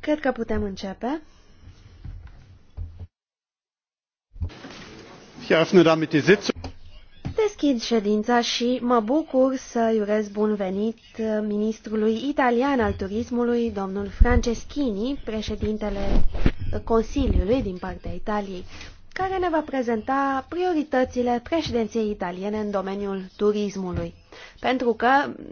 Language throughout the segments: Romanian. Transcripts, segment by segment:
Cred că putem începe. Deschid ședința și mă bucur să-i urez bun venit uh, ministrului italian al turismului, domnul Franceschini, președintele uh, Consiliului din partea Italiei care ne va prezenta prioritățile președinției italiene în domeniul turismului. Pentru că,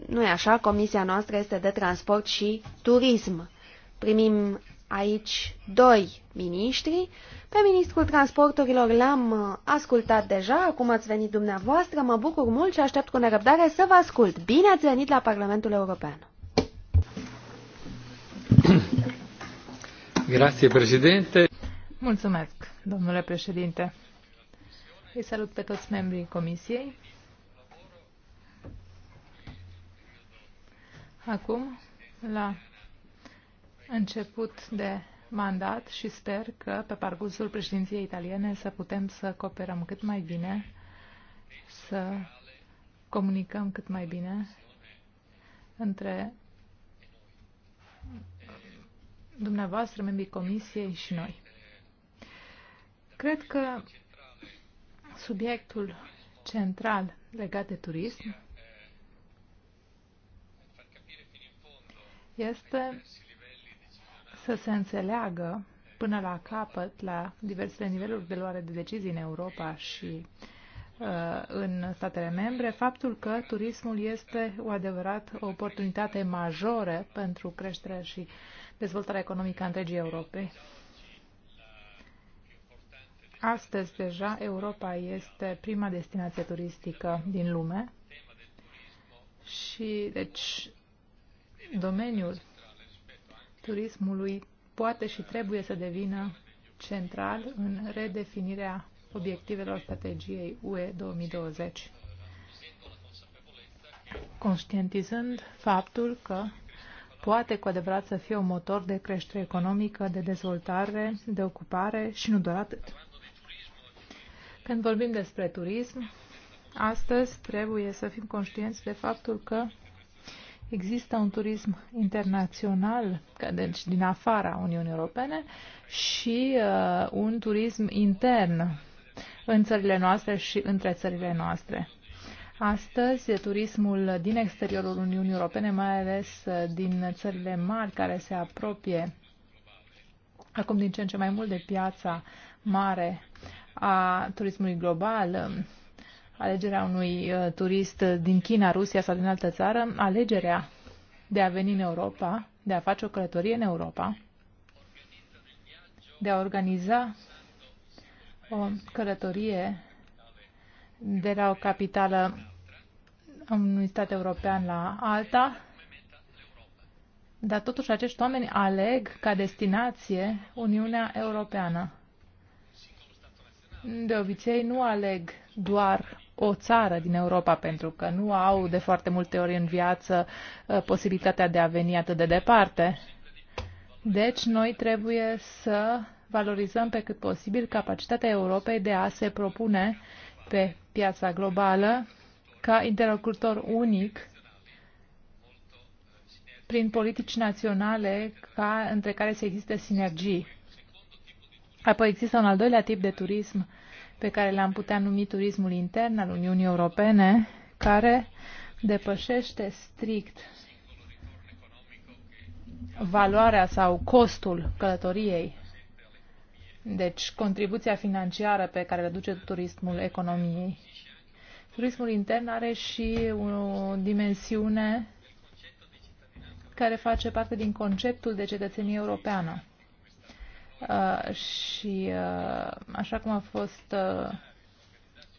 nu e așa, comisia noastră este de transport și turism. Primim aici doi miniștri. Pe ministrul transporturilor l-am ascultat deja, acum ați venit dumneavoastră, mă bucur mult și aștept cu nerăbdare să vă ascult. Bine ați venit la Parlamentul European! Grazie, Presidente. Mulțumesc, domnule președinte. Îi salut pe toți membrii comisiei. Acum, la început de mandat și sper că pe parcursul președinției italiene să putem să cooperăm cât mai bine, să comunicăm cât mai bine între dumneavoastră, membrii comisiei și noi. Cred că subiectul central legat de turism este să se înțeleagă până la capăt la diversele niveluri de luare de decizii în Europa și uh, în statele membre faptul că turismul este o adevărat o oportunitate majoră pentru creșterea și dezvoltarea economică a întregii Europei. Astăzi deja Europa este prima destinație turistică din lume și deci domeniul turismului poate și trebuie să devină central în redefinirea obiectivelor strategiei UE 2020, conștientizând faptul că poate cu adevărat să fie un motor de creștere economică, de dezvoltare, de ocupare și nu doar atât. Când vorbim despre turism, astăzi trebuie să fim conștienți de faptul că există un turism internațional, deci din afara Uniunii Europene, și uh, un turism intern în țările noastre și între țările noastre. Astăzi, turismul din exteriorul Uniunii Europene, mai ales uh, din țările mari care se apropie acum din ce în ce mai mult de piața mare a turismului global, um, alegerea unui uh, turist din China, Rusia sau din altă țară, alegerea de a veni în Europa, de a face o călătorie în Europa, de a organiza o călătorie de la o capitală a unui stat european la alta, dar totuși acești oameni aleg ca destinație Uniunea Europeană de obicei nu aleg doar o țară din Europa, pentru că nu au de foarte multe ori în viață uh, posibilitatea de a veni atât de departe. Deci, noi trebuie să valorizăm pe cât posibil capacitatea Europei de a se propune pe piața globală ca interlocutor unic prin politici naționale ca, între care să existe sinergii. Apoi există un al doilea tip de turism pe care l-am putea numi turismul intern al Uniunii Europene, care depășește strict valoarea sau costul călătoriei. Deci contribuția financiară pe care le duce turismul economiei. Turismul intern are și o dimensiune care face parte din conceptul de cetățenie europeană. Uh, și uh, așa cum a fost uh,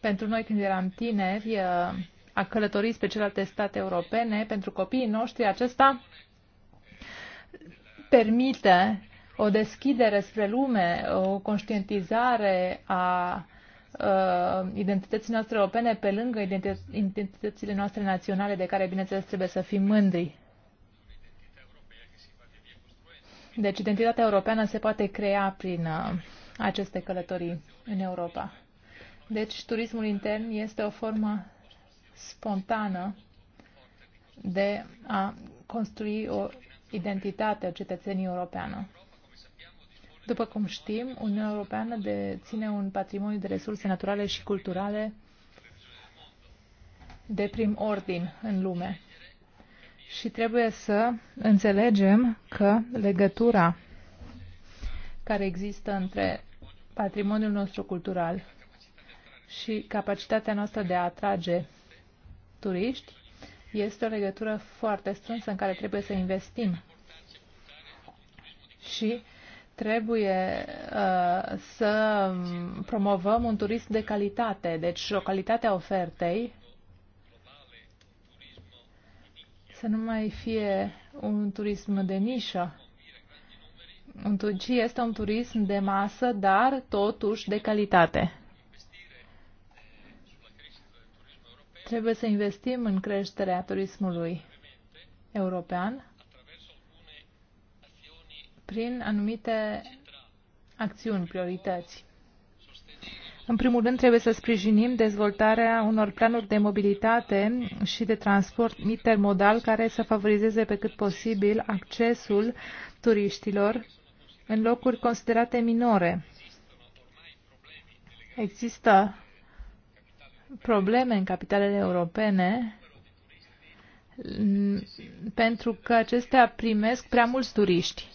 pentru noi când eram tineri, uh, a călătorit pe celelalte state europene, pentru copiii noștri acesta permite o deschidere spre lume, o conștientizare a uh, identității noastre europene pe lângă identitățile noastre naționale de care, bineînțeles, trebuie să fim mândri. Deci identitatea europeană se poate crea prin uh, aceste călătorii în Europa. Deci turismul intern este o formă spontană de a construi o identitate a cetățenii europeană. După cum știm, Uniunea Europeană deține un patrimoniu de resurse naturale și culturale de prim ordin în lume. Și trebuie să înțelegem că legătura care există între patrimoniul nostru cultural și capacitatea noastră de a atrage turiști este o legătură foarte strânsă în care trebuie să investim. Și trebuie uh, să promovăm un turism de calitate, deci o calitate a ofertei să nu mai fie un turism de nișă, ci este un turism de masă, dar totuși de calitate. Trebuie să investim în creșterea turismului european prin anumite acțiuni, priorități. În primul rând, trebuie să sprijinim dezvoltarea unor planuri de mobilitate și de transport intermodal care să favorizeze pe cât posibil accesul turiștilor în locuri considerate minore. Există probleme în capitalele europene pentru că acestea primesc prea mulți turiști.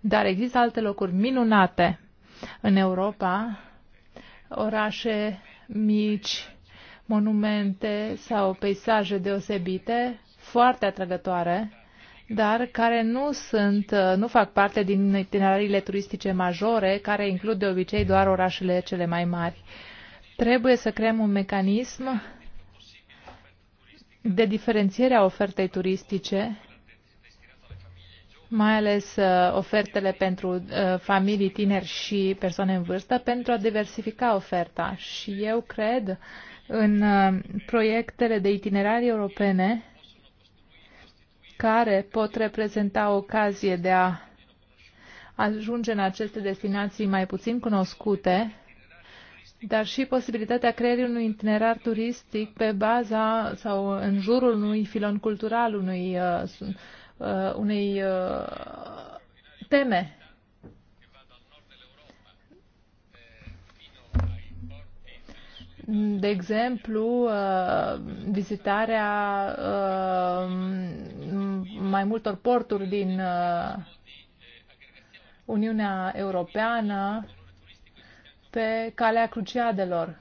Dar există alte locuri minunate în Europa orașe mici, monumente sau peisaje deosebite, foarte atrăgătoare, dar care nu sunt, nu fac parte din itinerariile turistice majore, care includ de obicei doar orașele cele mai mari. Trebuie să creăm un mecanism de diferențiere a ofertei turistice mai ales uh, ofertele pentru uh, familii tineri și persoane în vârstă, pentru a diversifica oferta. Și eu cred în uh, proiectele de itinerari europene care pot reprezenta ocazie de a ajunge în aceste destinații mai puțin cunoscute, dar și posibilitatea creierii unui itinerar turistic pe baza sau în jurul unui filon cultural, unui uh, uh, unei uh, teme. De exemplu, uh, vizitarea uh, mai multor porturi din uh, Uniunea Europeană pe calea cruciadelor.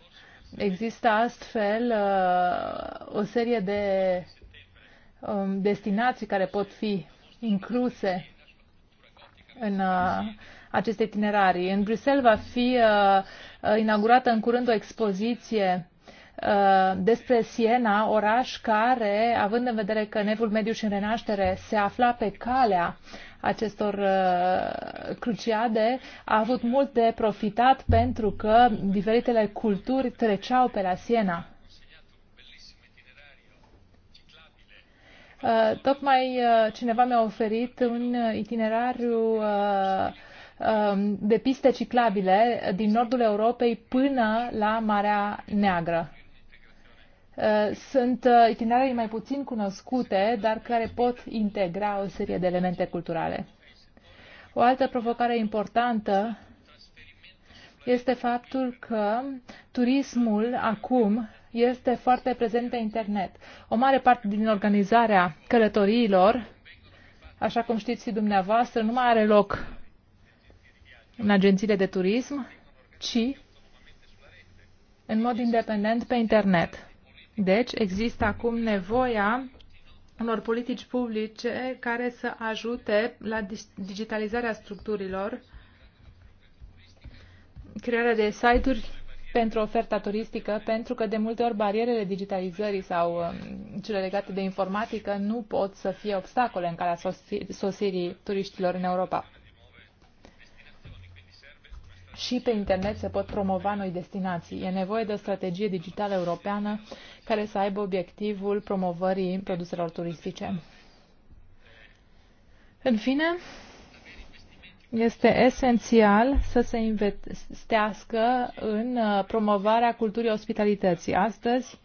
Există astfel uh, o serie de Um, destinații care pot fi incluse în uh, aceste itinerarii. În Bruxelles va fi uh, uh, inaugurată în curând o expoziție despre Siena, oraș care, având în vedere că nevul mediu și în renaștere se afla pe calea acestor cruciade, a avut mult de profitat pentru că diferitele culturi treceau pe la Siena. Uh, tocmai uh, cineva mi-a oferit un itinerariu uh, um, de piste ciclabile din nordul Europei până la Marea Neagră. Sunt itinerarii mai puțin cunoscute, dar care pot integra o serie de elemente culturale. O altă provocare importantă este faptul că turismul acum este foarte prezent pe internet. O mare parte din organizarea călătoriilor, așa cum știți și dumneavoastră, nu mai are loc în agențiile de turism, ci în mod independent pe internet. Deci există acum nevoia unor politici publice care să ajute la digitalizarea structurilor, crearea de site-uri pentru oferta turistică, pentru că de multe ori barierele digitalizării sau um, cele legate de informatică nu pot să fie obstacole în calea sosirii turiștilor în Europa. Și pe internet se pot promova noi destinații. E nevoie de o strategie digitală europeană care să aibă obiectivul promovării produselor turistice. În fine, este esențial să se investească în uh, promovarea culturii ospitalității. Astăzi,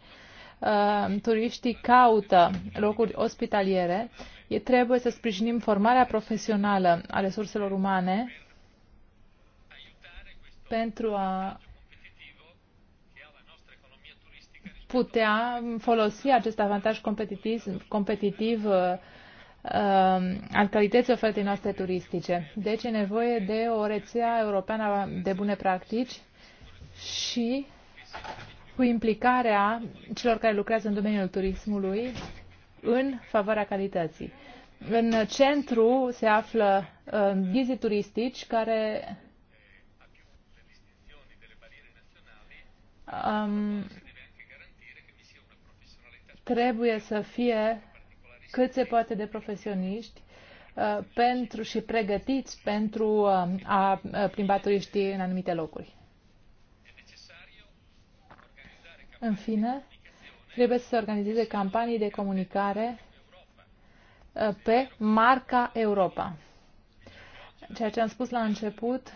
uh, turiștii caută locuri ospitaliere. E trebuie să sprijinim formarea profesională a resurselor umane pentru a putea folosi acest avantaj competitiv, competitiv uh, Um, al calității ofertei noastre turistice. Deci e nevoie de o rețea europeană de bune practici și cu implicarea celor care lucrează în domeniul turismului în favoarea calității. În centru se află uh, um, ghizii turistici care um, trebuie să fie cât se poate de profesioniști uh, pentru și pregătiți pentru uh, a uh, plimba turiștii în anumite locuri. În fine, trebuie să se organizeze campanii de comunicare pe marca Europa. Ceea ce am spus la început,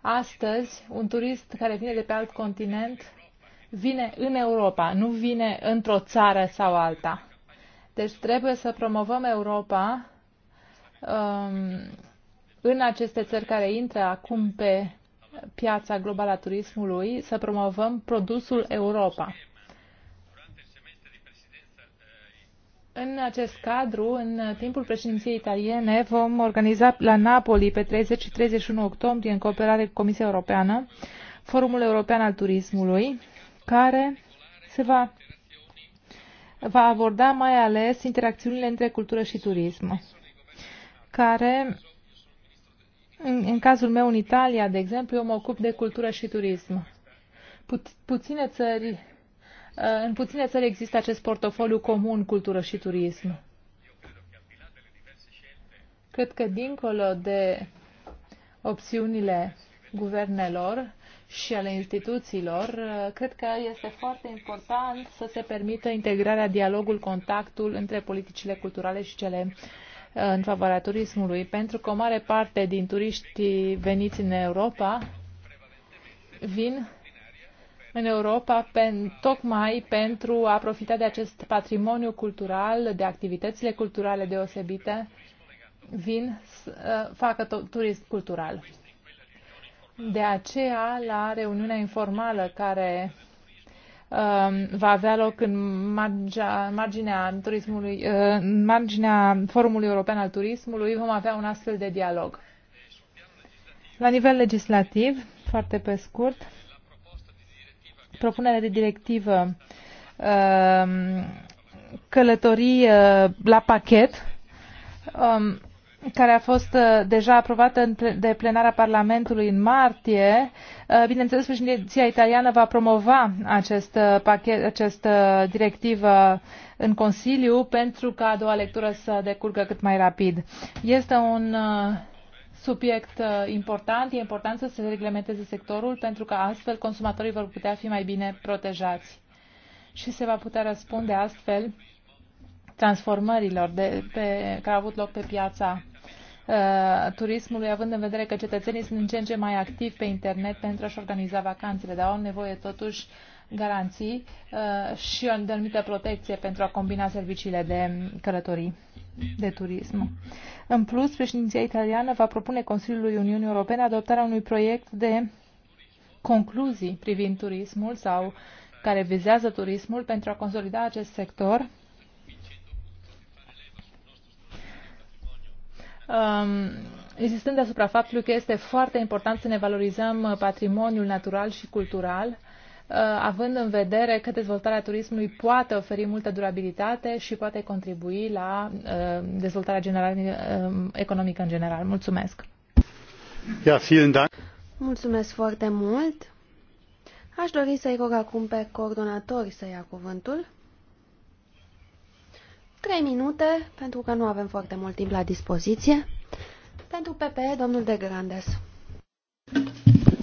astăzi un turist care vine de pe alt continent vine în Europa, nu vine într-o țară sau alta. Deci trebuie să promovăm Europa um, în aceste țări care intră acum pe piața globală a turismului, să promovăm produsul Europa. În acest cadru, în timpul președinției italiene, vom organiza la Napoli pe 30 și 31 octombrie, în cooperare cu Comisia Europeană, Forumul European al Turismului, care se va va aborda mai ales interacțiunile între cultură și turism, care, în, în cazul meu în Italia, de exemplu, eu mă ocup de cultură și turism. Pu puține țări, uh, în puține țări există acest portofoliu comun cultură și turism. Cred că dincolo de opțiunile guvernelor, și ale instituțiilor, uh, cred că este foarte important să se permită integrarea, dialogul, contactul între politicile culturale și cele uh, în favoarea turismului, pentru că o mare parte din turiștii veniți în Europa vin în Europa pen, tocmai pentru a profita de acest patrimoniu cultural, de activitățile culturale deosebite, vin să uh, facă turism cultural. De aceea, la reuniunea informală care um, va avea loc în marginea, marginea turismului, uh, în marginea Forumului European al Turismului, vom avea un astfel de dialog. La nivel legislativ, foarte pe scurt, propunerea de directivă um, călătorii uh, la pachet um, care a fost uh, deja aprobată de plenara Parlamentului în martie. Uh, bineînțeles, președinția italiană va promova acest uh, pachet, această directivă în Consiliu pentru ca a doua lectură să decurgă cât mai rapid. Este un subiect important, e important să se reglementeze sectorul pentru că astfel consumatorii vor putea fi mai bine protejați și se va putea răspunde astfel transformărilor de, pe, care au avut loc pe piața Uh, turismului, având în vedere că cetățenii sunt în ce în ce mai activi pe internet pentru a-și organiza vacanțele, dar au nevoie totuși garanții uh, și o anumită protecție pentru a combina serviciile de călătorii de turism. În plus, președinția italiană va propune Consiliului Uniunii Europene adoptarea unui proiect de concluzii privind turismul sau care vizează turismul pentru a consolida acest sector um, insistând asupra faptului că este foarte important să ne valorizăm uh, patrimoniul natural și cultural, uh, având în vedere că dezvoltarea turismului poate oferi multă durabilitate și poate contribui la uh, dezvoltarea general, um, economică în general. Mulțumesc! Ja, vielen Dank. Mulțumesc foarte mult! Aș dori să-i rog acum pe coordonatori să ia cuvântul. Trei minute, pentru că nu avem foarte mult timp la dispoziție. Pentru PPE, domnul de Grandes.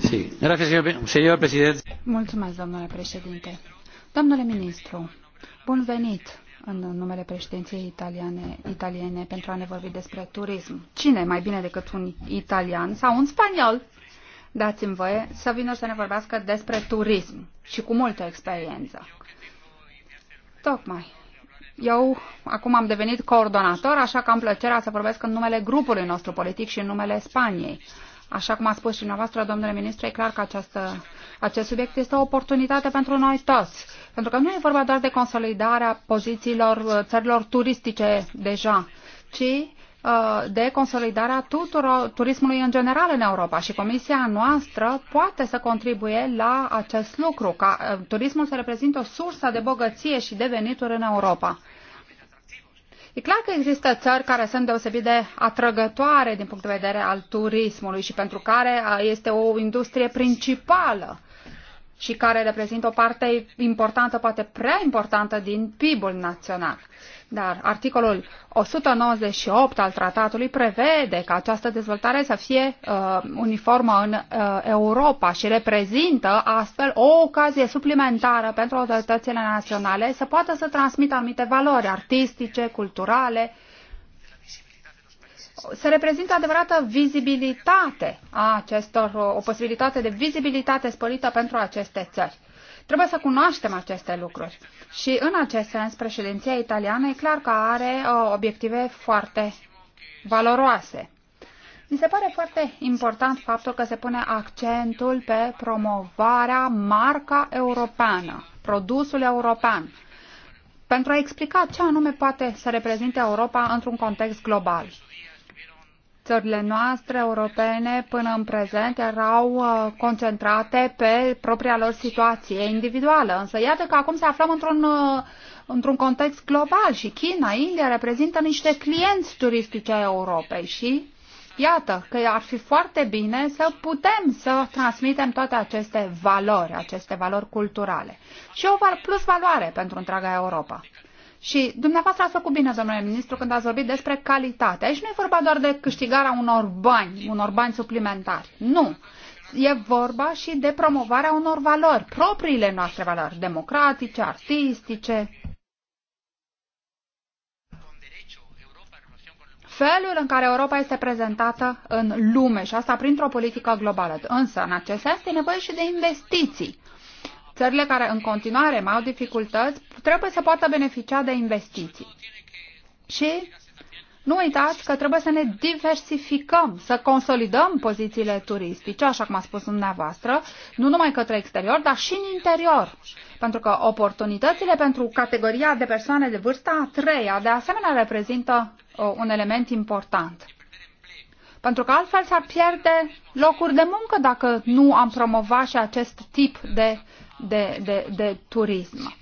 Sí. Gracias, Mulțumesc, domnule președinte. Domnule ministru, bun venit în numele președinției italiane, italiene pentru a ne vorbi despre turism. Cine mai bine decât un italian sau un spaniol? Dați-mi voie să vină să ne vorbească despre turism și cu multă experiență. Tocmai eu acum am devenit coordonator, așa că am plăcerea să vorbesc în numele grupului nostru politic și în numele Spaniei. Așa cum a spus și dumneavoastră, domnule ministru, e clar că această, acest subiect este o oportunitate pentru noi toți. Pentru că nu e vorba doar de consolidarea pozițiilor uh, țărilor turistice deja, ci Uh, de consolidarea tuturor turismului în general în Europa și comisia noastră poate să contribuie la acest lucru, ca uh, turismul să reprezintă o sursă de bogăție și de venituri în Europa. E clar că există țări care sunt deosebit de atrăgătoare din punct de vedere al turismului și pentru care uh, este o industrie principală și care reprezintă o parte importantă, poate prea importantă, din PIB-ul național. Dar articolul 198 al tratatului prevede că această dezvoltare să fie uh, uniformă în uh, Europa și reprezintă astfel o ocazie suplimentară pentru autoritățile naționale să poată să transmită anumite valori artistice, culturale, uh, să reprezintă adevărată vizibilitate a acestor, o posibilitate de vizibilitate sporită pentru aceste țări. Trebuie să cunoaștem aceste lucruri și în acest sens președinția italiană e clar că are uh, obiective foarte valoroase. Mi se pare foarte important faptul că se pune accentul pe promovarea marca europeană, produsul european, pentru a explica ce anume poate să reprezinte Europa într-un context global. Țările noastre europene până în prezent erau uh, concentrate pe propria lor situație individuală, însă iată că acum se aflăm într-un uh, într-un context global și China, India reprezintă niște clienți turistice a Europei și iată că ar fi foarte bine să putem să transmitem toate aceste valori, aceste valori culturale și o plus valoare pentru întreaga Europa. Și dumneavoastră ați făcut bine, domnule ministru, când ați vorbit despre calitate. Aici nu e vorba doar de câștigarea unor bani, unor bani suplimentari. Nu. E vorba și de promovarea unor valori, propriile noastre valori, democratice, artistice. Felul în care Europa este prezentată în lume și asta printr-o politică globală. Însă, în acest sens, e nevoie și de investiții. Țările care în continuare mai au dificultăți trebuie să poată beneficia de investiții. Și nu uitați că trebuie să ne diversificăm, să consolidăm pozițiile turistice, așa cum a spus dumneavoastră, nu numai către exterior, dar și în interior. Pentru că oportunitățile pentru categoria de persoane de vârsta a treia, de asemenea, reprezintă un element important. Pentru că altfel s-ar pierde locuri de muncă dacă nu am promovat și acest tip de uh, de, de, de turism.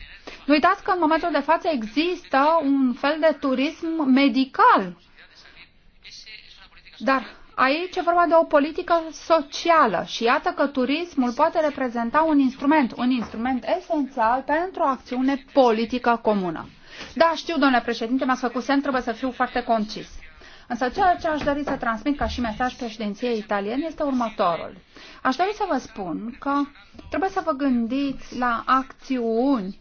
Nu uitați că în momentul de față există un fel de turism medical. Dar aici e vorba de o politică socială și iată că turismul poate reprezenta un instrument, un instrument esențial pentru o acțiune politică comună. Da, știu, domnule președinte, m-ați făcut semn, trebuie să fiu foarte concis. Însă ceea ce aș dori să transmit ca și mesaj președinției italiene este următorul. Aș dori să vă spun că trebuie să vă gândiți la acțiuni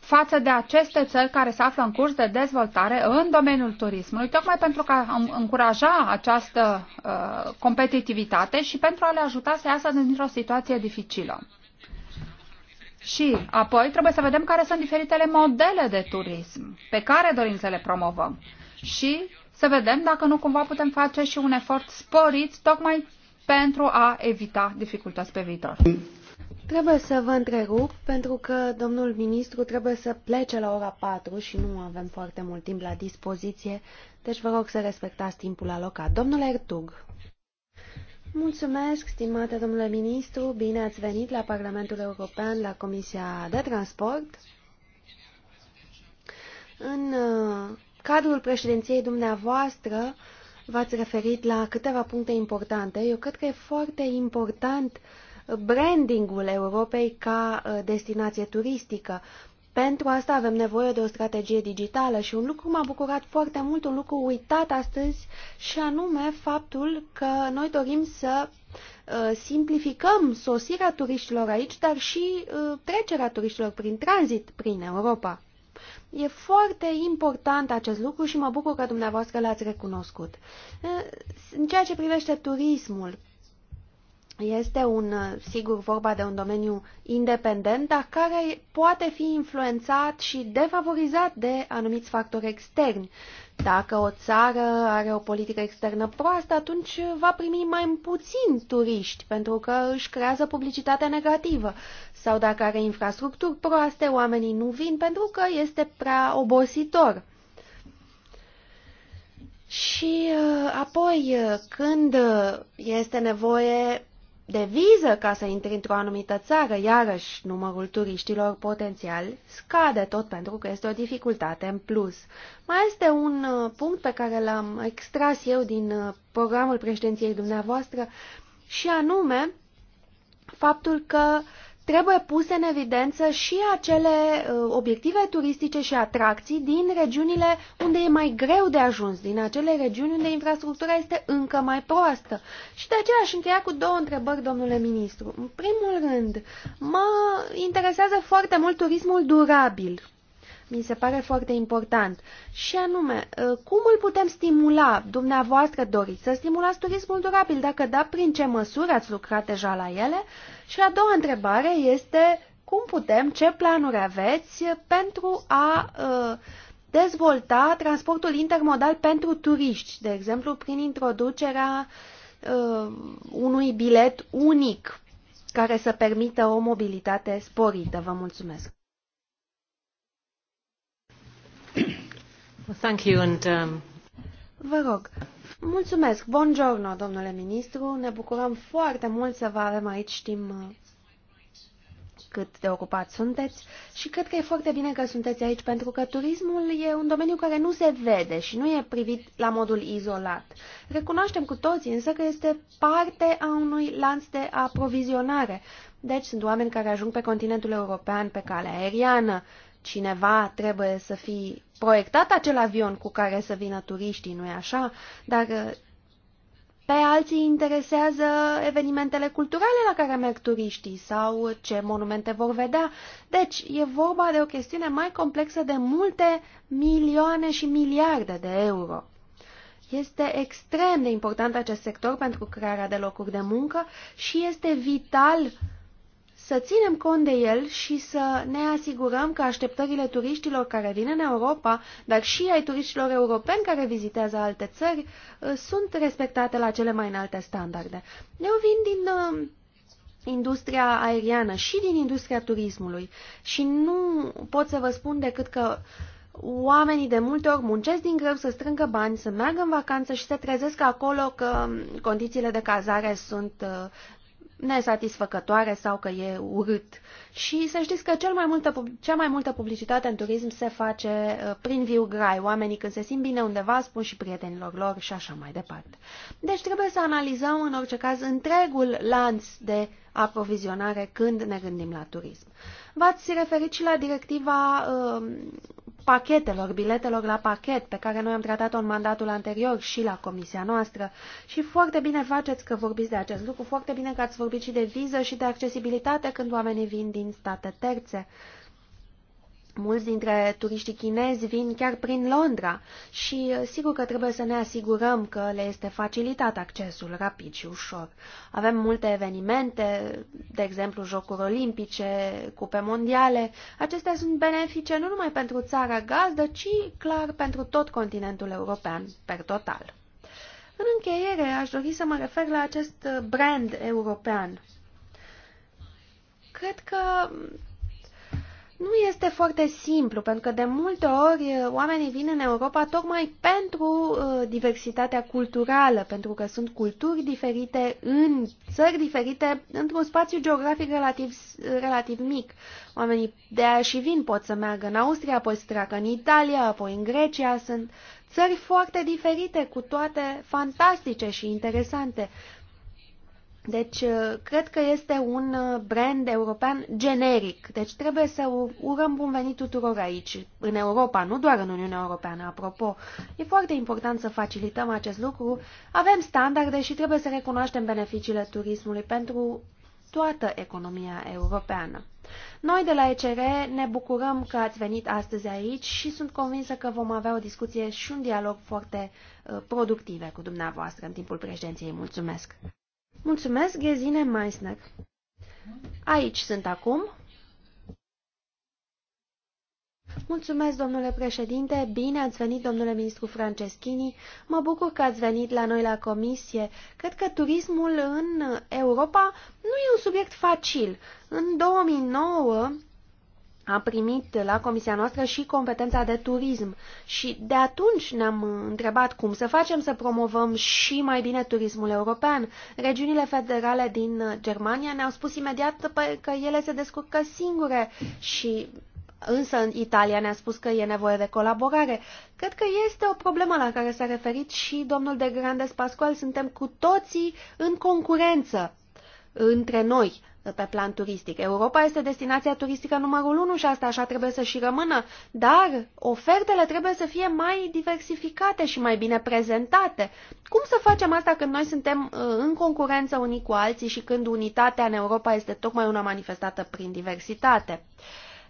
față de aceste țări care se află în curs de dezvoltare în domeniul turismului, tocmai pentru a încuraja această uh, competitivitate și pentru a le ajuta să iasă dintr-o situație dificilă. Și apoi trebuie să vedem care sunt diferitele modele de turism pe care dorim să le promovăm și să vedem dacă nu cumva putem face și un efort sporit tocmai pentru a evita dificultăți pe viitor. Trebuie să vă întrerup pentru că domnul ministru trebuie să plece la ora 4 și nu avem foarte mult timp la dispoziție, deci vă rog să respectați timpul alocat. Domnule Ertug. Mulțumesc, stimate domnule ministru, bine ați venit la Parlamentul European, la Comisia de Transport. În cadrul președinției dumneavoastră v-ați referit la câteva puncte importante. Eu cred că e foarte important brandingul Europei ca uh, destinație turistică. Pentru asta avem nevoie de o strategie digitală și un lucru m-a bucurat foarte mult, un lucru uitat astăzi, și anume faptul că noi dorim să uh, simplificăm sosirea turiștilor aici, dar și uh, trecerea turiștilor prin tranzit prin Europa. E foarte important acest lucru și mă bucur că dumneavoastră l-ați recunoscut. În ceea ce privește turismul, este un, sigur, vorba de un domeniu independent, dar care poate fi influențat și defavorizat de anumiți factori externi. Dacă o țară are o politică externă proastă, atunci va primi mai puțin turiști, pentru că își creează publicitatea negativă. Sau dacă are infrastructuri proaste, oamenii nu vin pentru că este prea obositor. Și uh, apoi, uh, când este nevoie de viză ca să intri într-o anumită țară, iarăși numărul turiștilor potențial scade tot pentru că este o dificultate în plus. Mai este un uh, punct pe care l-am extras eu din uh, programul președinției dumneavoastră și anume faptul că uh, trebuie puse în evidență și acele uh, obiective turistice și atracții din regiunile unde e mai greu de ajuns, din acele regiuni unde infrastructura este încă mai proastă. Și de aceea aș încheia cu două întrebări, domnule ministru. În primul rând, mă interesează foarte mult turismul durabil mi se pare foarte important. Și anume, ă, cum îl putem stimula? Dumneavoastră doriți să stimulați turismul durabil? Dacă da, prin ce măsuri ați lucrat deja la ele? Și a doua întrebare este cum putem, ce planuri aveți pentru a ă, dezvolta transportul intermodal pentru turiști, de exemplu, prin introducerea uh, unui bilet unic care să permită o mobilitate sporită. Vă mulțumesc! Thank you and, um... Vă rog. Mulțumesc. Buongiorno, domnule ministru. Ne bucurăm foarte mult să vă avem aici. Știm uh, cât de ocupați sunteți și cred că e foarte bine că sunteți aici pentru că turismul e un domeniu care nu se vede și nu e privit la modul izolat. Recunoaștem cu toții însă că este parte a unui lanț de aprovizionare. Deci sunt oameni care ajung pe continentul european pe calea aeriană cineva trebuie să fi proiectat acel avion cu care să vină turiștii, nu-i așa? Dar uh, pe alții interesează evenimentele culturale la care merg turiștii sau ce monumente vor vedea. Deci, e vorba de o chestiune mai complexă de multe milioane și miliarde de euro. Este extrem de important acest sector pentru crearea de locuri de muncă și este vital să ținem cont de el și să ne asigurăm că așteptările turiștilor care vin în Europa, dar și ai turiștilor europeni care vizitează alte țări, uh, sunt respectate la cele mai înalte standarde. Eu vin din uh, industria aeriană și din industria turismului și nu pot să vă spun decât că oamenii de multe ori muncesc din greu să strângă bani, să meargă în vacanță și se trezesc acolo că um, condițiile de cazare sunt uh, nesatisfăcătoare sau că e urât. Și să știți că cel mai multă, cea mai multă publicitate în turism se face uh, prin viu grai. Oamenii când se simt bine undeva spun și prietenilor lor și așa mai departe. Deci trebuie să analizăm în orice caz întregul lanț de aprovizionare când ne gândim la turism. V-ați referit și la directiva uh, pachetelor, biletelor la pachet, pe care noi am tratat-o în mandatul anterior și la comisia noastră. Și foarte bine faceți că vorbiți de acest lucru, foarte bine că ați vorbit și de viză și de accesibilitate când oamenii vin din state terțe. Uh, Mulți dintre turiștii chinezi vin chiar prin Londra și uh, sigur că trebuie să ne asigurăm că le este facilitat accesul rapid și ușor. Avem multe evenimente, de exemplu jocuri olimpice, cupe mondiale. Acestea sunt benefice nu numai pentru țara gazdă, ci clar pentru tot continentul european per total. În încheiere, aș dori să mă refer la acest brand european. Cred că nu este foarte simplu, pentru că de multe ori eh, oamenii vin în Europa tocmai pentru uh, diversitatea culturală, pentru că sunt culturi diferite în țări diferite, într-un spațiu geografic relativ, eh, relativ mic. Oamenii de aia și vin pot să meargă în Austria, apoi să treacă în Italia, apoi în Grecia. Sunt țări foarte diferite, cu toate fantastice și interesante. Deci, uh, cred că este un uh, brand european generic. Deci, trebuie să urăm bun venit tuturor aici, în Europa, nu doar în Uniunea Europeană, apropo. E foarte important să facilităm acest lucru. Avem standarde și trebuie să recunoaștem beneficiile turismului pentru toată economia europeană. Noi de la ECR ne bucurăm că ați venit astăzi aici și sunt convinsă că vom avea o discuție și un dialog foarte uh, productive cu dumneavoastră în timpul președinției. Mulțumesc! Mulțumesc, Gezine Meissner. Aici sunt acum. Mulțumesc, domnule președinte, bine ați venit, domnule ministru Franceschini. Mă bucur că ați venit la noi la comisie. Cred că turismul în Europa nu e un subiect facil. În 2009, a primit la comisia noastră și competența de turism și de atunci ne-am întrebat cum să facem să promovăm și mai bine turismul european. Regiunile federale din Germania ne-au spus imediat că ele se descurcă singure și însă în Italia ne-a spus că e nevoie de colaborare. Cred că este o problemă la care s-a referit și domnul de Grandes Pascual. Suntem cu toții în concurență între noi pe plan turistic. Europa este destinația turistică numărul 1 și asta așa trebuie să și rămână, dar ofertele trebuie să fie mai diversificate și mai bine prezentate. Cum să facem asta când noi suntem uh, în concurență unii cu alții și când unitatea în Europa este tocmai una manifestată prin diversitate?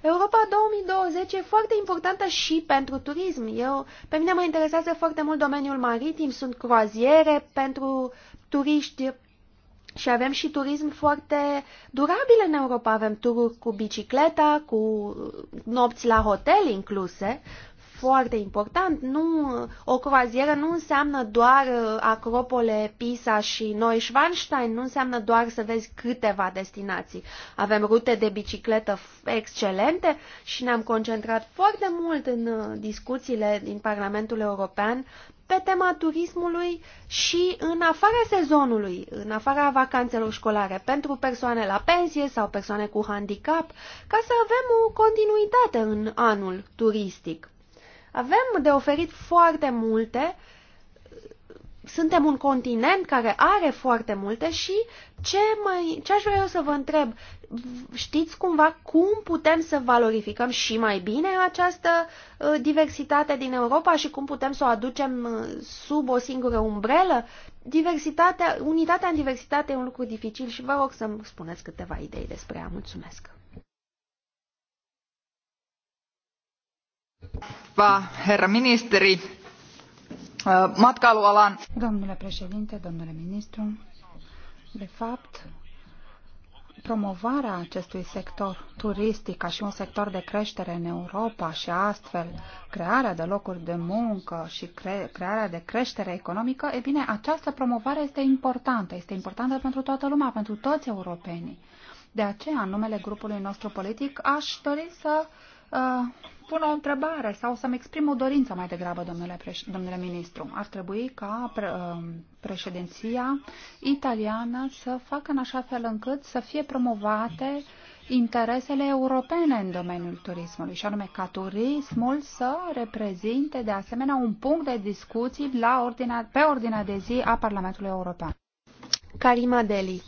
Europa 2020 e foarte importantă și pentru turism. Eu, pe mine mă interesează foarte mult domeniul maritim, sunt croaziere pentru turiști și avem și turism foarte durabil în Europa. Avem tururi cu bicicleta, cu nopți la hotel incluse foarte important. Nu, o croazieră nu înseamnă doar uh, Acropole, Pisa și Neuschwanstein, nu înseamnă doar să vezi câteva destinații. Avem rute de bicicletă excelente și ne-am concentrat foarte mult în uh, discuțiile din Parlamentul European pe tema turismului și în afara sezonului, în afara vacanțelor școlare, pentru persoane la pensie sau persoane cu handicap, ca să avem o continuitate în anul turistic. Avem de oferit foarte multe, suntem un continent care are foarte multe și ce, mai, ce aș vrea eu să vă întreb, știți cumva cum putem să valorificăm și mai bine această uh, diversitate din Europa și cum putem să o aducem uh, sub o singură umbrelă? Diversitatea, unitatea în diversitate e un lucru dificil și vă rog să-mi spuneți câteva idei despre ea. Mulțumesc! herra ministeri, uh, Domnule președinte, domnule ministru, de fapt, promovarea acestui sector turistic ca și un sector de creștere în Europa și astfel crearea de locuri de muncă și cre crearea de creștere economică, e bine, această promovare este importantă. Este importantă pentru toată lumea, pentru toți europenii. De aceea, în numele grupului nostru politic, aș dori să Uh, pun o întrebare sau să-mi exprim o dorință mai degrabă, domnule, preș- domnule ministru. Ar trebui ca pre- uh, președinția italiană să facă în așa fel încât să fie promovate interesele europene în domeniul turismului, și anume ca turismul să reprezinte de asemenea un punct de discuții la ordinea, pe ordinea de zi a Parlamentului European. Karima Deli.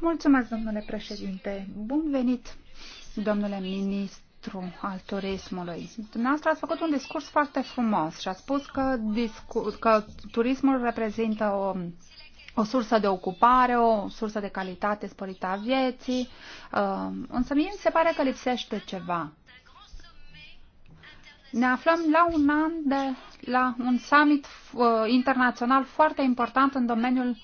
Mulțumesc, domnule președinte. Bun venit domnule ministru al turismului. Dumneavoastră ați făcut un discurs foarte frumos și a spus că, că turismul reprezintă o, o sursă de ocupare, o sursă de calitate sporită a vieții, uh, însă mie mi se pare că lipsește ceva. Ne aflăm la un an de la un summit uh, internațional foarte important în domeniul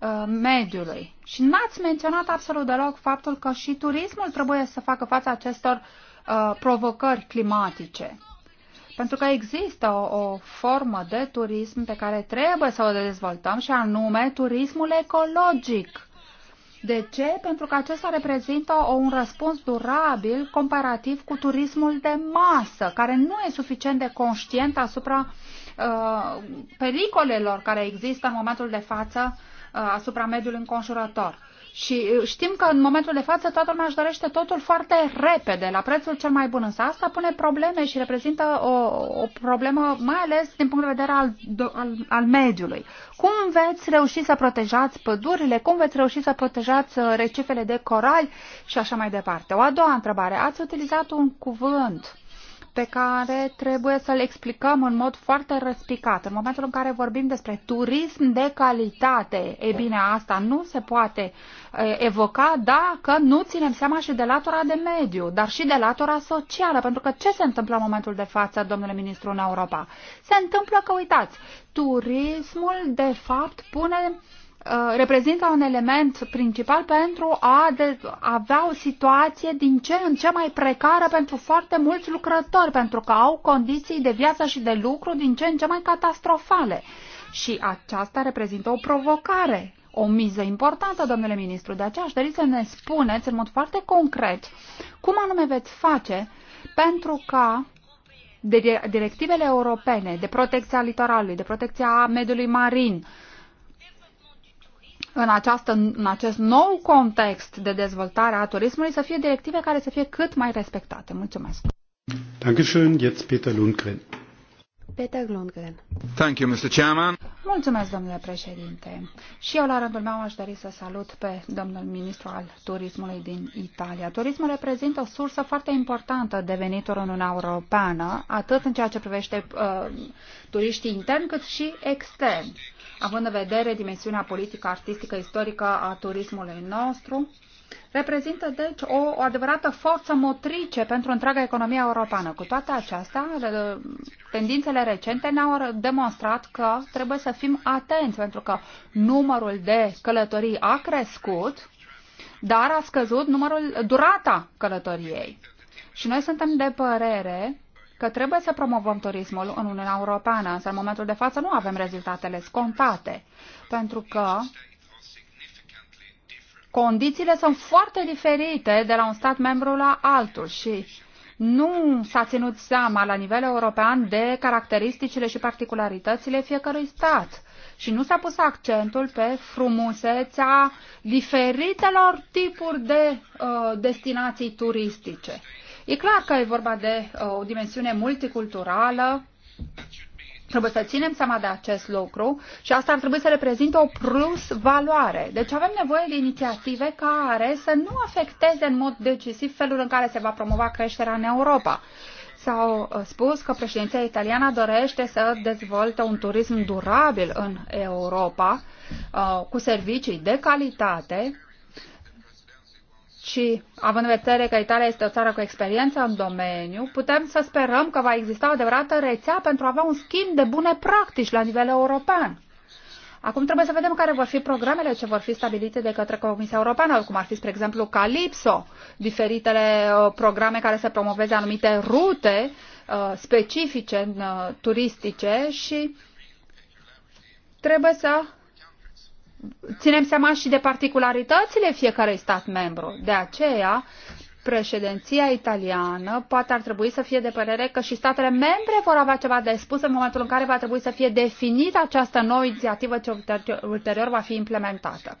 Uh, mediului. Și n-ați menționat absolut deloc faptul că și turismul trebuie să facă față acestor uh, provocări climatice. Pentru că există o, o formă de turism pe care trebuie să o dezvoltăm și anume turismul ecologic. De ce? Pentru că acesta reprezintă un răspuns durabil comparativ cu turismul de masă, care nu e suficient de conștient asupra uh, pericolelor care există în momentul de față Uh, asupra mediului înconjurător. Și uh, știm că în momentul de față toată lumea își dorește totul foarte repede, la prețul cel mai bun. Însă asta pune probleme și reprezintă o, o problemă, mai ales din punct de vedere al, al, al mediului. Cum veți reuși să protejați pădurile? Cum veți reuși să protejați uh, recifele de corali și așa mai departe? O a doua întrebare. Ați utilizat un cuvânt pe care trebuie să l explicăm în mod foarte răspicat. În momentul în care vorbim despre turism de calitate, e bine, asta nu se poate evoca dacă nu ținem seama și de latura de mediu, dar și de latura socială, pentru că ce se întâmplă în momentul de față, domnule ministru, în Europa? Se întâmplă că, uitați, turismul, de fapt, pune Uh, reprezintă un element principal pentru a avea o situație din ce în ce mai precară pentru foarte mulți lucrători, pentru că au condiții de viață și de lucru din ce în ce mai catastrofale. Și aceasta reprezintă o provocare, o miză importantă, domnule ministru. De aceea aș dori să ne spuneți în mod foarte concret cum anume veți face pentru ca directivele europene de protecția litoralului, de protecția mediului marin, uh, în, această, în acest nou context de dezvoltare a turismului să fie directive care să fie cât mai respectate. Mulțumesc! Dankeschön, jetzt Peter Lundgren. Peter Lundgren. Thank you, Mr. Chairman. Mulțumesc, domnule președinte. Și eu, la rândul meu, aș dori să salut pe domnul ministru al turismului din Italia. Turismul reprezintă o sursă foarte importantă de venituri în Uniunea Europeană, atât în ceea ce privește uh, turiștii interni, cât și externi având în vedere dimensiunea politică, artistică, istorică a turismului nostru, reprezintă deci o o adevărată forță motrice pentru întreaga economie europeană. Cu toate acestea, tendințele recente ne-au demonstrat că trebuie să fim atenți, pentru că numărul de călătorii a crescut, dar a scăzut numărul, durata călătoriei. Și noi suntem de părere că trebuie să promovăm turismul în Uniunea Europeană, însă în momentul de față nu avem rezultatele scontate, pentru că condițiile sunt foarte diferite de la un stat membru la altul și nu s-a ținut seama la nivel european de caracteristicile și particularitățile fiecărui stat și nu s-a pus accentul pe frumusețea diferitelor tipuri de uh, destinații turistice. E clar că e vorba de uh, o dimensiune multiculturală. Trebuie să ținem seama de acest lucru și asta ar trebui să reprezinte o plus valoare. Deci avem nevoie de inițiative care să nu afecteze în mod decisiv felul în care se va promova creșterea în Europa. S-au uh, spus că președinția italiană dorește să dezvolte un turism durabil în Europa, uh, cu servicii de calitate, și având în vedere că Italia este o țară cu experiență în domeniu, putem să sperăm că va exista o adevărată rețea pentru a avea un schimb de bune practici la nivel european. Acum trebuie să vedem care vor fi programele ce vor fi stabilite de către Comisia Europeană, cum ar fi, spre exemplu, Calipso, diferitele uh, programe care să promoveze anumite rute uh, specifice uh, turistice și trebuie să ținem seama și de particularitățile fiecărui stat membru. De aceea, președinția italiană poate ar trebui să fie de părere că și statele membre vor avea ceva de spus în momentul în care va trebui să fie definită această nouă inițiativă ce ulterior va fi implementată.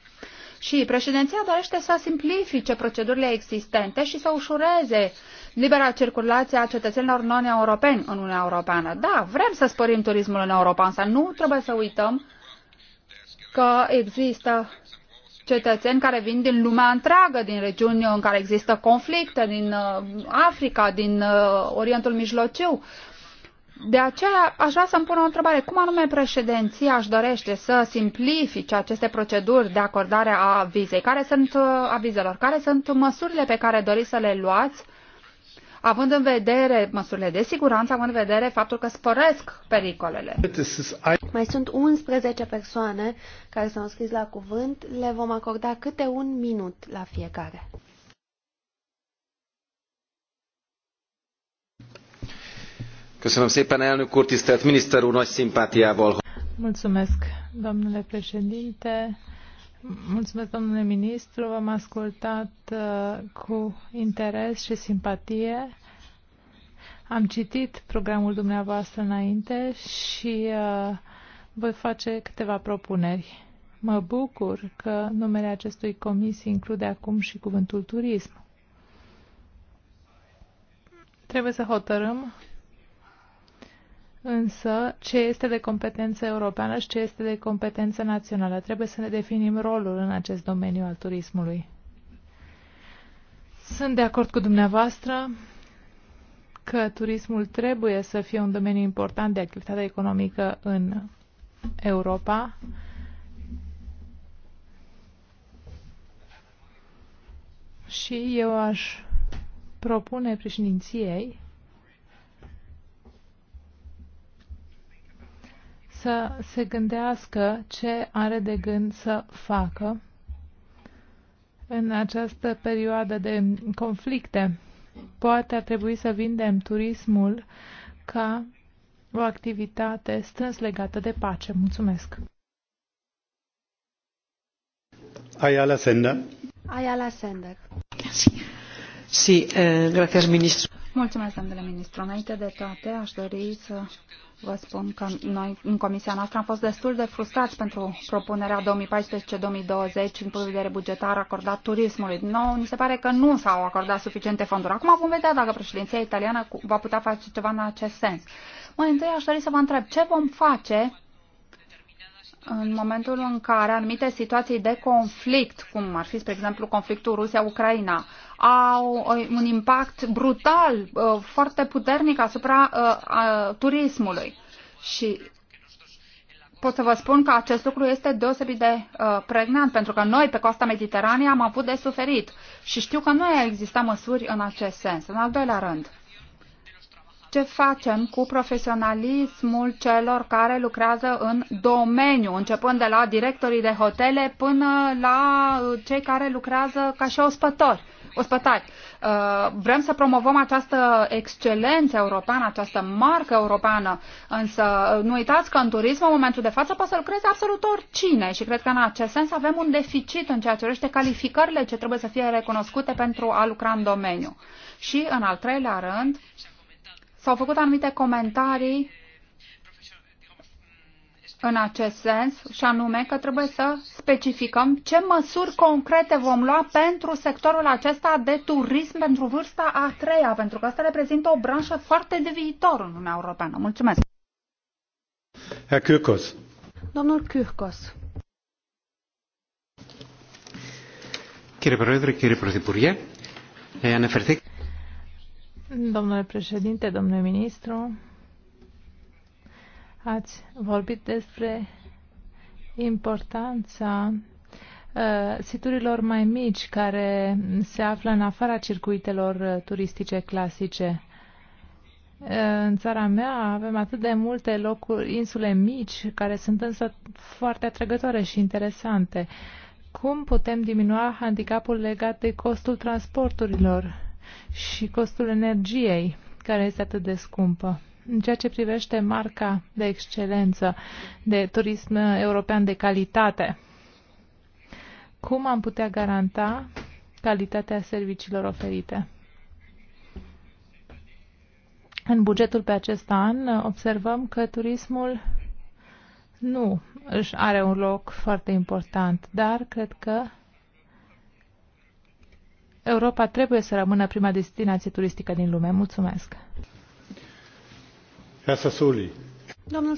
Și președinția dorește să simplifice procedurile existente și să ușureze libera circulație a cetățenilor non-europeni în Uniunea Europeană. Da, vrem să sporim turismul în Europa, însă nu trebuie să uităm că există cetățeni care vin din lumea întreagă, din regiuni în care există conflicte, din uh, Africa, din uh, Orientul Mijlociu. De aceea aș vrea să-mi pun o întrebare. Cum anume președinția își dorește să simplifice aceste proceduri de acordare a vizei? Care sunt uh, avizelor? Care sunt măsurile pe care doriți să le luați uh, având în vedere măsurile de siguranță, având în vedere faptul că sporesc pericolele. Mai sunt 11 persoane care s-au scris la cuvânt. Le vom acorda câte un minut la fiecare. Köszönöm szépen, elnök úr, tisztelt miniszter úr, nagy szimpátiával. Mulțumesc, domnule președinte. Mulțumesc, domnule ministru. V-am ascultat uh, cu interes și simpatie. Am citit programul dumneavoastră înainte și uh, voi face câteva propuneri. Mă bucur că numele acestui comisii include acum și cuvântul turism. Trebuie să hotărâm însă ce este de competență europeană și ce este de competență națională. Trebuie să ne definim rolul în acest domeniu al turismului. Sunt de acord cu dumneavoastră că turismul trebuie să fie un domeniu important de activitate economică în Europa. Și eu aș propune președinției să se gândească ce are de gând să facă în această perioadă de conflicte. Poate ar trebui să vindem turismul ca o activitate strâns legată de pace. Mulțumesc! Ayala Sender. Ayala Sender. Gracias. Sí, eh, gracias, ministru. Mulțumesc, domnule ministru. Înainte de toate, aș dori să vă spun că noi, în comisia noastră, am fost destul de frustrați pentru propunerea 2014-2020 în punct de vedere bugetar acordat turismului. Nou, ni se pare că nu s-au acordat suficiente fonduri. Acum vom vedea dacă președinția italiană va putea face ceva în acest sens. Mai întâi aș dori să vă întreb ce vom face în momentul în care anumite situații de conflict, cum ar fi, spre exemplu, conflictul Rusia-Ucraina, au uh, un impact brutal, uh, foarte puternic asupra uh, turismului. Și pot să vă spun că acest lucru este deosebit de pregnant, pentru că noi pe coasta Mediteranei am avut de suferit și știu că nu a existat măsuri în acest sens. În al doilea rând, ce facem cu profesionalismul celor care lucrează în domeniu, începând de la directorii de hotele până la cei care lucrează ca și ospători? ospătari. Uh, vrem să promovăm această excelență europeană, această marcă europeană, însă uh, nu uitați că în turism în momentul de față poate să lucreze absolut oricine și cred că în acest sens avem un deficit în ceea ce urește calificările ce trebuie să fie recunoscute pentru a lucra în domeniu. Și în al treilea rând, s-au făcut anumite comentarii în acest sens, și anume că trebuie să specificăm ce măsuri concrete vom lua pentru sectorul acesta de turism pentru vârsta a treia, pentru că asta reprezintă o branșă foarte de viitor în Uniunea Europeană. Mulțumesc! Herr Kyrkos. Domnul Kyrkos. Κύριε Πρόεδρε, κύριε Domnule președinte, domnule ministru, Ați vorbit despre importanța uh, siturilor mai mici care se află în afara circuitelor uh, turistice clasice. Uh, în țara mea avem atât de multe locuri, insule mici, care sunt însă foarte atrăgătoare și interesante. Cum putem diminua handicapul legat de costul transporturilor și costul energiei, care este atât de scumpă? În ceea ce privește marca de excelență, de turism european de calitate, cum am putea garanta calitatea serviciilor oferite? În bugetul pe acest an observăm că turismul nu își are un loc foarte important, dar cred că Europa trebuie să rămână prima destinație turistică din lume. Mulțumesc! Domnul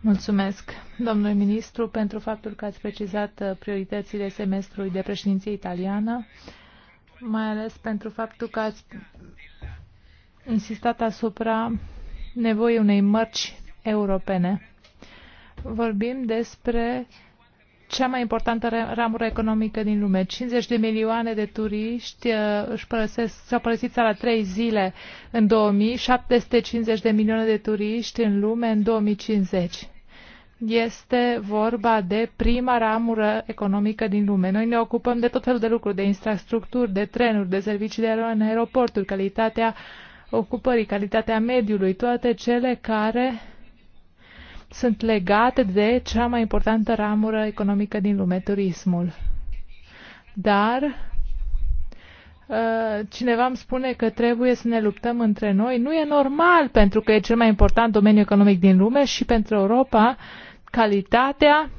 Mulțumesc, domnule ministru, pentru faptul că ați precizat uh, prioritățile semestrului de președinție italiană, mai ales pentru faptul că ați insistat asupra nevoii unei mărci europene. Vorbim despre cea mai importantă ramură economică din lume. 50 de milioane de turiști uh, își părăsesc, și-au părăsit țara trei zile în 2000, 750 de milioane de turiști în lume în 2050. Este vorba de prima ramură economică din lume. Noi ne ocupăm de tot felul de lucruri, de infrastructuri, de trenuri, de servicii de în aeroporturi, calitatea ocupării, calitatea mediului, toate cele care uh, sunt legate de cea mai importantă ramură economică din lume, turismul. Dar ă, cineva îmi spune că trebuie să ne luptăm între noi. Nu e normal, pentru că e cel mai important domeniu economic din lume și pentru Europa calitatea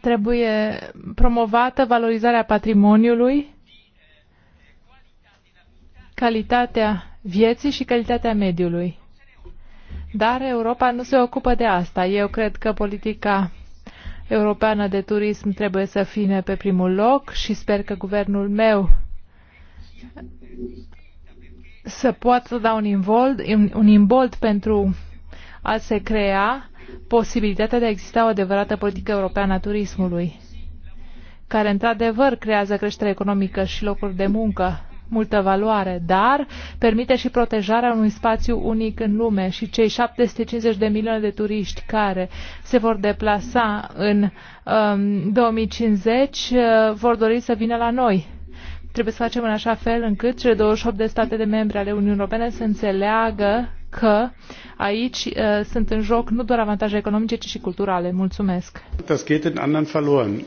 trebuie promovată, valorizarea patrimoniului, calitatea vieții și calitatea mediului. Dar Europa nu se ocupă de asta. Eu cred că politica europeană de turism trebuie să fie pe primul loc și sper că guvernul meu să poată da un imbold, un imbold pentru a se crea posibilitatea de a exista o adevărată politică europeană a turismului, care într-adevăr creează creștere economică și locuri de muncă multă valoare, dar permite și protejarea unui spațiu unic în lume și cei 750 de milioane de turiști care se vor deplasa în um, 2050 uh, vor dori să vină la noi. Trebuie să facem în așa fel încât cele 28 de state de membre ale Uniunii Europene să înțeleagă că aici uh, sunt în joc nu doar avantaje economice, ci și culturale. Mulțumesc. Das geht in anderen verloren.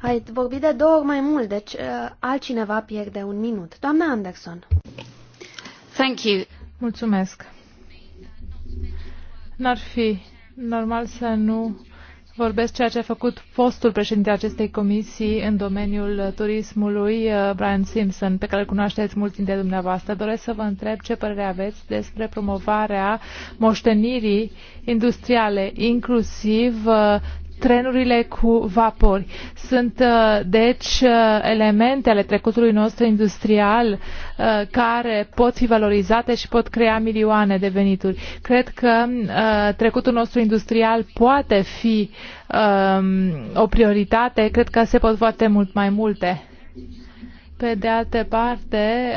Ai vorbit de două ori mai mult, deci uh, altcineva pierde un minut. Doamna Anderson. Thank you. Mulțumesc. N-ar fi normal să nu vorbesc ceea ce a făcut fostul președinte acestei comisii în domeniul turismului, uh, Brian Simpson, pe care îl cunoașteți mulți dintre dumneavoastră. Doresc să vă întreb ce părere aveți despre promovarea moștenirii industriale, inclusiv uh, trenurile cu vapori. Sunt, uh, deci, uh, elemente ale trecutului nostru industrial uh, care pot fi valorizate și pot crea milioane de venituri. Cred că trecutul nostru industrial poate fi um, o prioritate. Cred că se pot face mult mai multe. Pe de altă parte,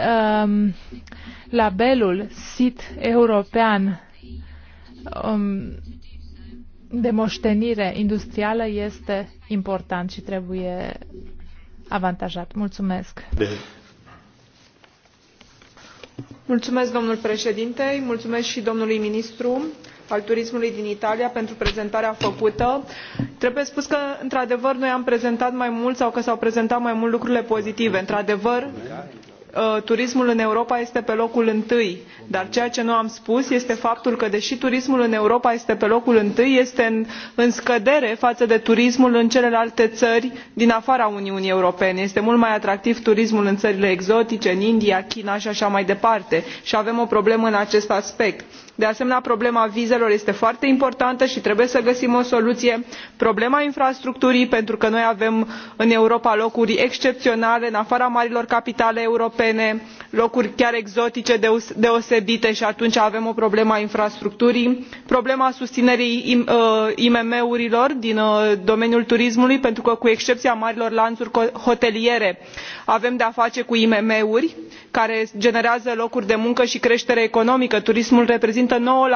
um, labelul SIT european um, de moștenire industrială este important și trebuie avantajat. Mulțumesc! Mulțumesc, domnul președinte, mulțumesc și domnului ministru al turismului din italia pentru prezentarea făcută. trebuie spus că într adevăr noi am prezentat mai mult sau că s au prezentat mai mult lucrurile pozitive. într adevăr Uh, turismul în europa este pe locul întâi dar ceea ce nu am spus este faptul că deși turismul în europa este pe locul întâi este în scădere față de turismul în celelalte țări din afara uniunii europene este mult mai atractiv turismul în țările exotice în india china și așa mai departe și avem o problemă în acest aspect de asemenea problema vizelor este foarte importantă și trebuie să găsim o soluție problema infrastructurii pentru că noi avem în europa locuri excepționale în afara marilor capitale europene europene locuri chiar exotice deosebite și atunci avem o problemă a infrastructurii problema susținerii imm uh, urilor din uh, domeniul turismului pentru că cu excepția marilor lanțuri hoteliere avem de a face cu imm uri care generează locuri de muncă și creștere economică turismul reprezintă nouă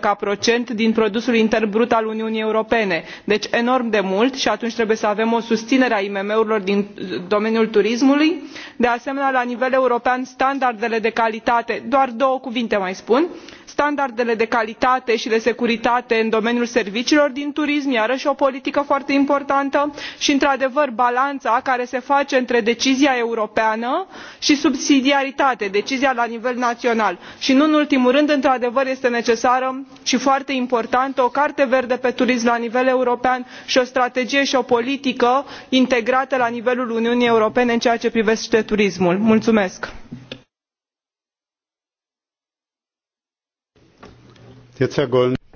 ca procent din produsul intern brut al uniunii europene deci enorm de mult și atunci trebuie să avem o susținere a imm urilor din domeniul turismului de asemenea la nivel nivel european standardele de calitate doar două cuvinte mai spun și standardele de calitate și de securitate în domeniul serviciilor din turism iarăși o politică foarte importantă și într adevăr balanța care se face între decizia europeană și subsidiaritate decizia la nivel național și nu în ultimul rând într adevăr este necesară și foarte importantă o carte verde pe turism la nivel european și o strategie și o politică integrată la nivelul uniunii europene în ceea ce privește turismul. mulțumesc.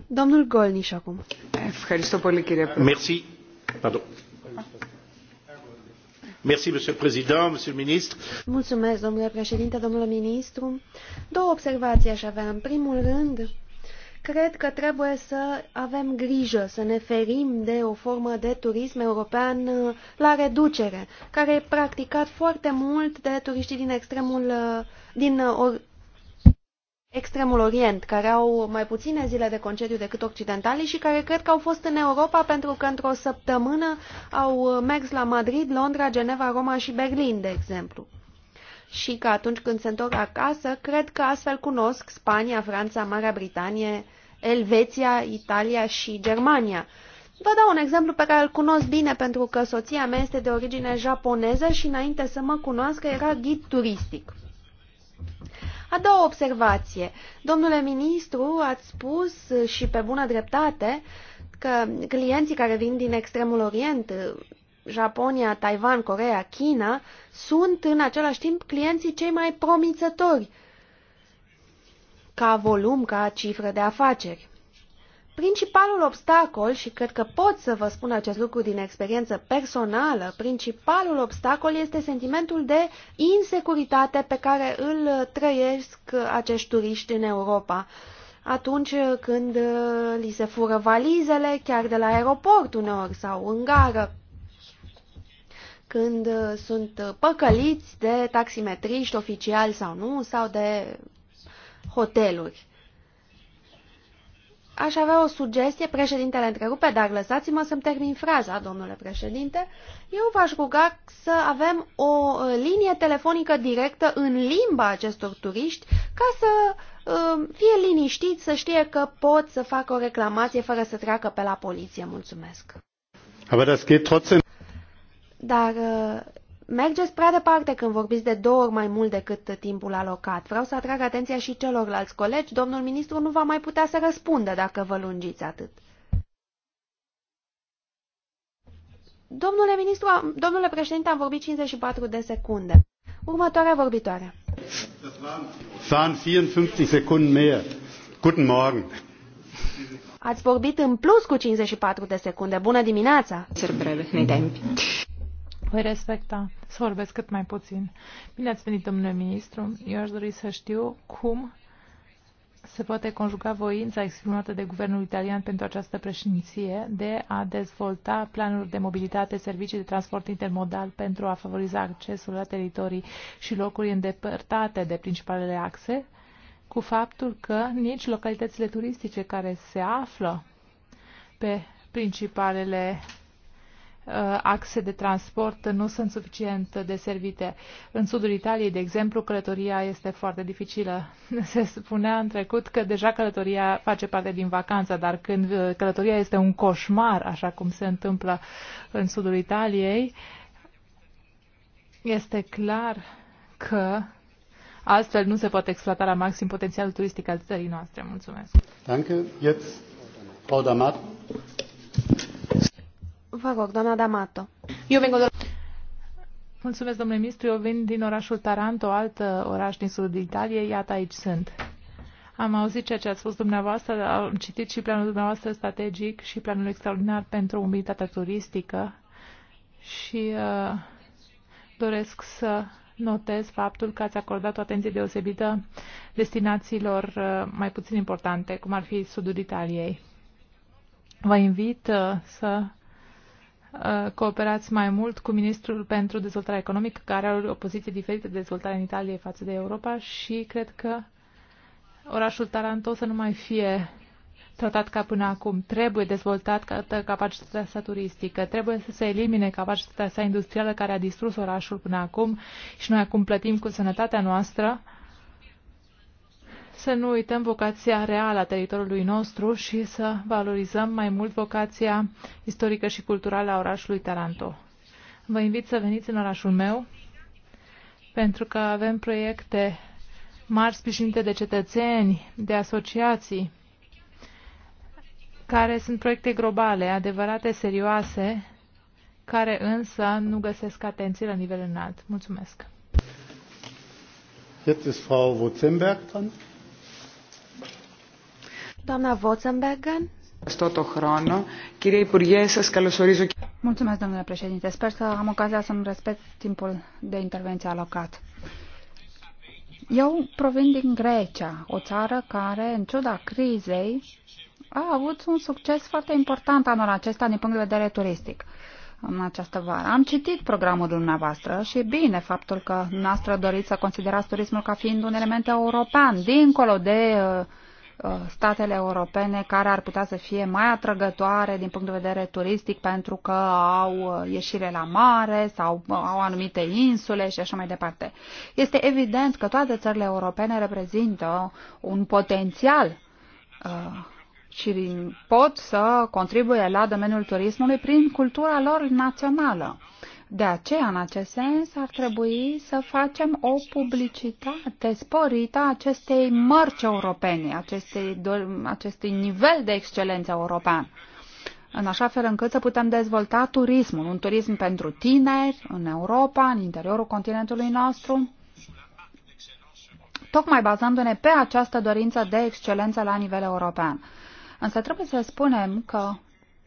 Domnul Golniș acum. Merci. Pardon. Merci, monsieur le président, monsieur le ministre. Mulțumesc, domnule președinte, domnule ministru. Două observații aș avea. În primul rând, cred că trebuie să avem grijă, să ne ferim de o formă de turism european uh, la reducere, care e practicat foarte mult de turiștii din extremul, uh, din uh, Extremul Orient, care au mai puține zile de concediu decât occidentalii și care cred că au fost în Europa pentru că într-o săptămână au mers la Madrid, Londra, Geneva, Roma și Berlin, de exemplu. Și că atunci când se întorc acasă, cred că astfel cunosc Spania, Franța, Marea Britanie, Elveția, Italia și Germania. Vă dau un exemplu pe care îl cunosc bine pentru că soția mea este de origine japoneză și înainte să mă cunoască era ghid turistic. A doua observație. Domnule ministru, ați spus și pe bună dreptate că clienții care vin din extremul orient, Japonia, Taiwan, Corea, China, sunt în același timp clienții cei mai promițători ca volum, ca cifră de afaceri. Principalul obstacol, și cred că pot să vă spun acest lucru din experiență personală, principalul obstacol este sentimentul de insecuritate pe care îl trăiesc acești turiști în Europa. Atunci când li se fură valizele, chiar de la aeroport uneori sau în gară, când sunt păcăliți de taximetriști oficiali sau nu, sau de hoteluri. Aș avea o sugestie, președintele întrerupe, dar lăsați-mă să-mi termin fraza, domnule președinte. Eu v-aș ruga să avem o uh, linie telefonică directă în limba acestor turiști ca să uh, fie liniștiți, să știe că pot să facă o reclamație fără să treacă pe la poliție. Mulțumesc. Aber das geht trotzdem. Dar uh, Mergeți prea departe când vorbiți de două ori mai mult decât timpul alocat. Vreau să atrag atenția și celorlalți colegi. Domnul ministru nu va mai putea să răspundă dacă vă lungiți atât. Domnule, ministru, am, domnule președinte, am vorbit 54 de secunde. Următoarea vorbitoare. Waren 54 secunde mehr. Guten Morgen. Ați vorbit în plus cu 54 de secunde. Bună dimineața! Ser breve, nei tempi. Voi respecta să vorbesc cât mai puțin. Bine ați venit, domnule ministru. Eu aș dori să știu cum se poate conjuga voința exprimată de guvernul italian pentru această președinție de a dezvolta planuri de mobilitate, servicii de transport intermodal pentru a favoriza accesul la teritorii și locuri îndepărtate de principalele axe, cu faptul că nici localitățile turistice care se află pe principalele Uh, axe de transport nu sunt suficient de servite În sudul Italiei, de exemplu, călătoria este foarte dificilă. Se spunea în trecut că deja călătoria face parte din vacanță, dar când uh, călătoria este un coșmar, așa cum se întâmplă în sudul Italiei, este clar că Astfel nu se poate exploata la maxim potențialul turistic al țării noastre. Mulțumesc. Danke. Jetzt Frau Damat. Vă rog, doamna D'Amato. Eu vengo de... Mulțumesc, domnule ministru. Eu vin din orașul Taranto, alt uh, oraș din sudul Italiei. Iată, aici sunt. Am auzit ceea ce ați spus dumneavoastră, am citit și planul dumneavoastră strategic și planul extraordinar pentru mobilitatea turistică și uh, doresc să notez faptul că ați acordat o atenție deosebită destinațiilor uh, mai puțin importante, cum ar fi sudul Italiei. Vă invit uh, să Uh, cooperați mai mult cu Ministrul pentru Dezvoltare Economică, care are o poziție diferită de dezvoltare în Italia față de Europa și cred că orașul Taranto să nu mai fie tratat ca până acum. Trebuie dezvoltat capacitatea sa turistică, trebuie să se elimine capacitatea sa industrială care a distrus orașul până acum și noi acum plătim cu sănătatea noastră uh, să nu uităm vocația reală a teritoriului nostru și să valorizăm mai mult vocația istorică și culturală a orașului Taranto. Vă invit să veniți în orașul meu pentru că avem proiecte mari sprijinite de cetățeni, de asociații, care sunt proiecte globale, adevărate, serioase, care însă nu găsesc atenție la nivel înalt. Mulțumesc! Jetzt ist Frau Wurzenberg dran. Doamna Votzenbergen? Mulțumesc, domnule președinte. Sper să am ocazia să-mi respect timpul de intervenție alocat. Eu provin din Grecia, o țară care, în ciuda crizei, a avut un succes foarte important anul acesta din punct de vedere turistic în această vară. Am citit programul dumneavoastră și bine faptul că dumneavoastră doriți să considerați turismul ca fiind un element european, dincolo de uh, Uh, statele europene care ar putea să fie mai atrăgătoare din punct de vedere turistic pentru că au uh, ieșire la mare sau uh, au anumite insule și așa mai departe. Este evident că toate țările europene reprezintă un potențial și pot să contribuie la domeniul turismului prin cultura lor națională. De aceea, în acest sens, ar trebui să facem o publicitate sporită a acestei mărci europene, acestei, acestui nivel de excelență european în așa fel încât să putem dezvolta turismul, un turism pentru tineri în Europa, în interiorul continentului nostru, tocmai bazându-ne pe această dorință de excelență la nivel european. Însă trebuie să spunem că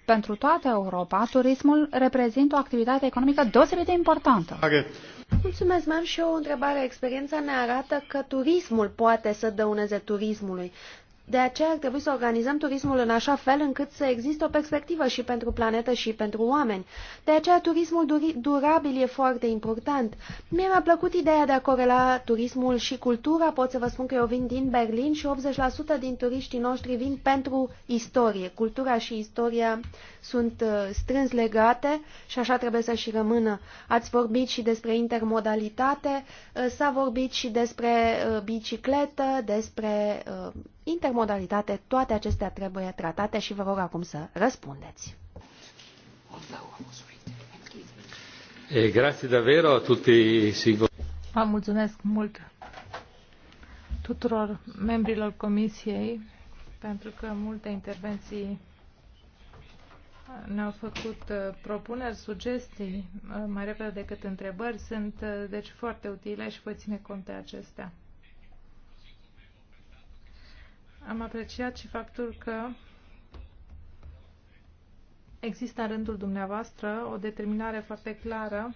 pentru toată Europa, turismul reprezintă o activitate economică deosebit de importantă. Okay. Mulțumesc, mai am și eu o întrebare. Experiența ne arată că turismul poate să dăuneze turismului. De aceea ar trebui să organizăm turismul în așa fel încât să existe o perspectivă și pentru planetă și pentru oameni. De aceea turismul durabil e foarte important. Mie mi-a plăcut ideea de a corela turismul și cultura. Pot să vă spun că eu vin din Berlin și 80% din turiștii noștri vin pentru istorie. Cultura și istoria sunt uh, strâns legate și așa trebuie să și rămână. Ați vorbit și despre intermodalitate, uh, s-a vorbit și despre uh, bicicletă, despre intermodalitate, toate acestea trebuie tratate și vă rog acum să răspundeți. E, grazie davvero a tutti Vă mulțumesc mult tuturor membrilor Comisiei pentru că multe intervenții ne-au făcut uh, propuneri, sugestii uh, mai repede decât întrebări. Sunt uh, deci foarte utile și voi ține cont de acestea. Am apreciat și faptul că există în rândul dumneavoastră o determinare foarte clară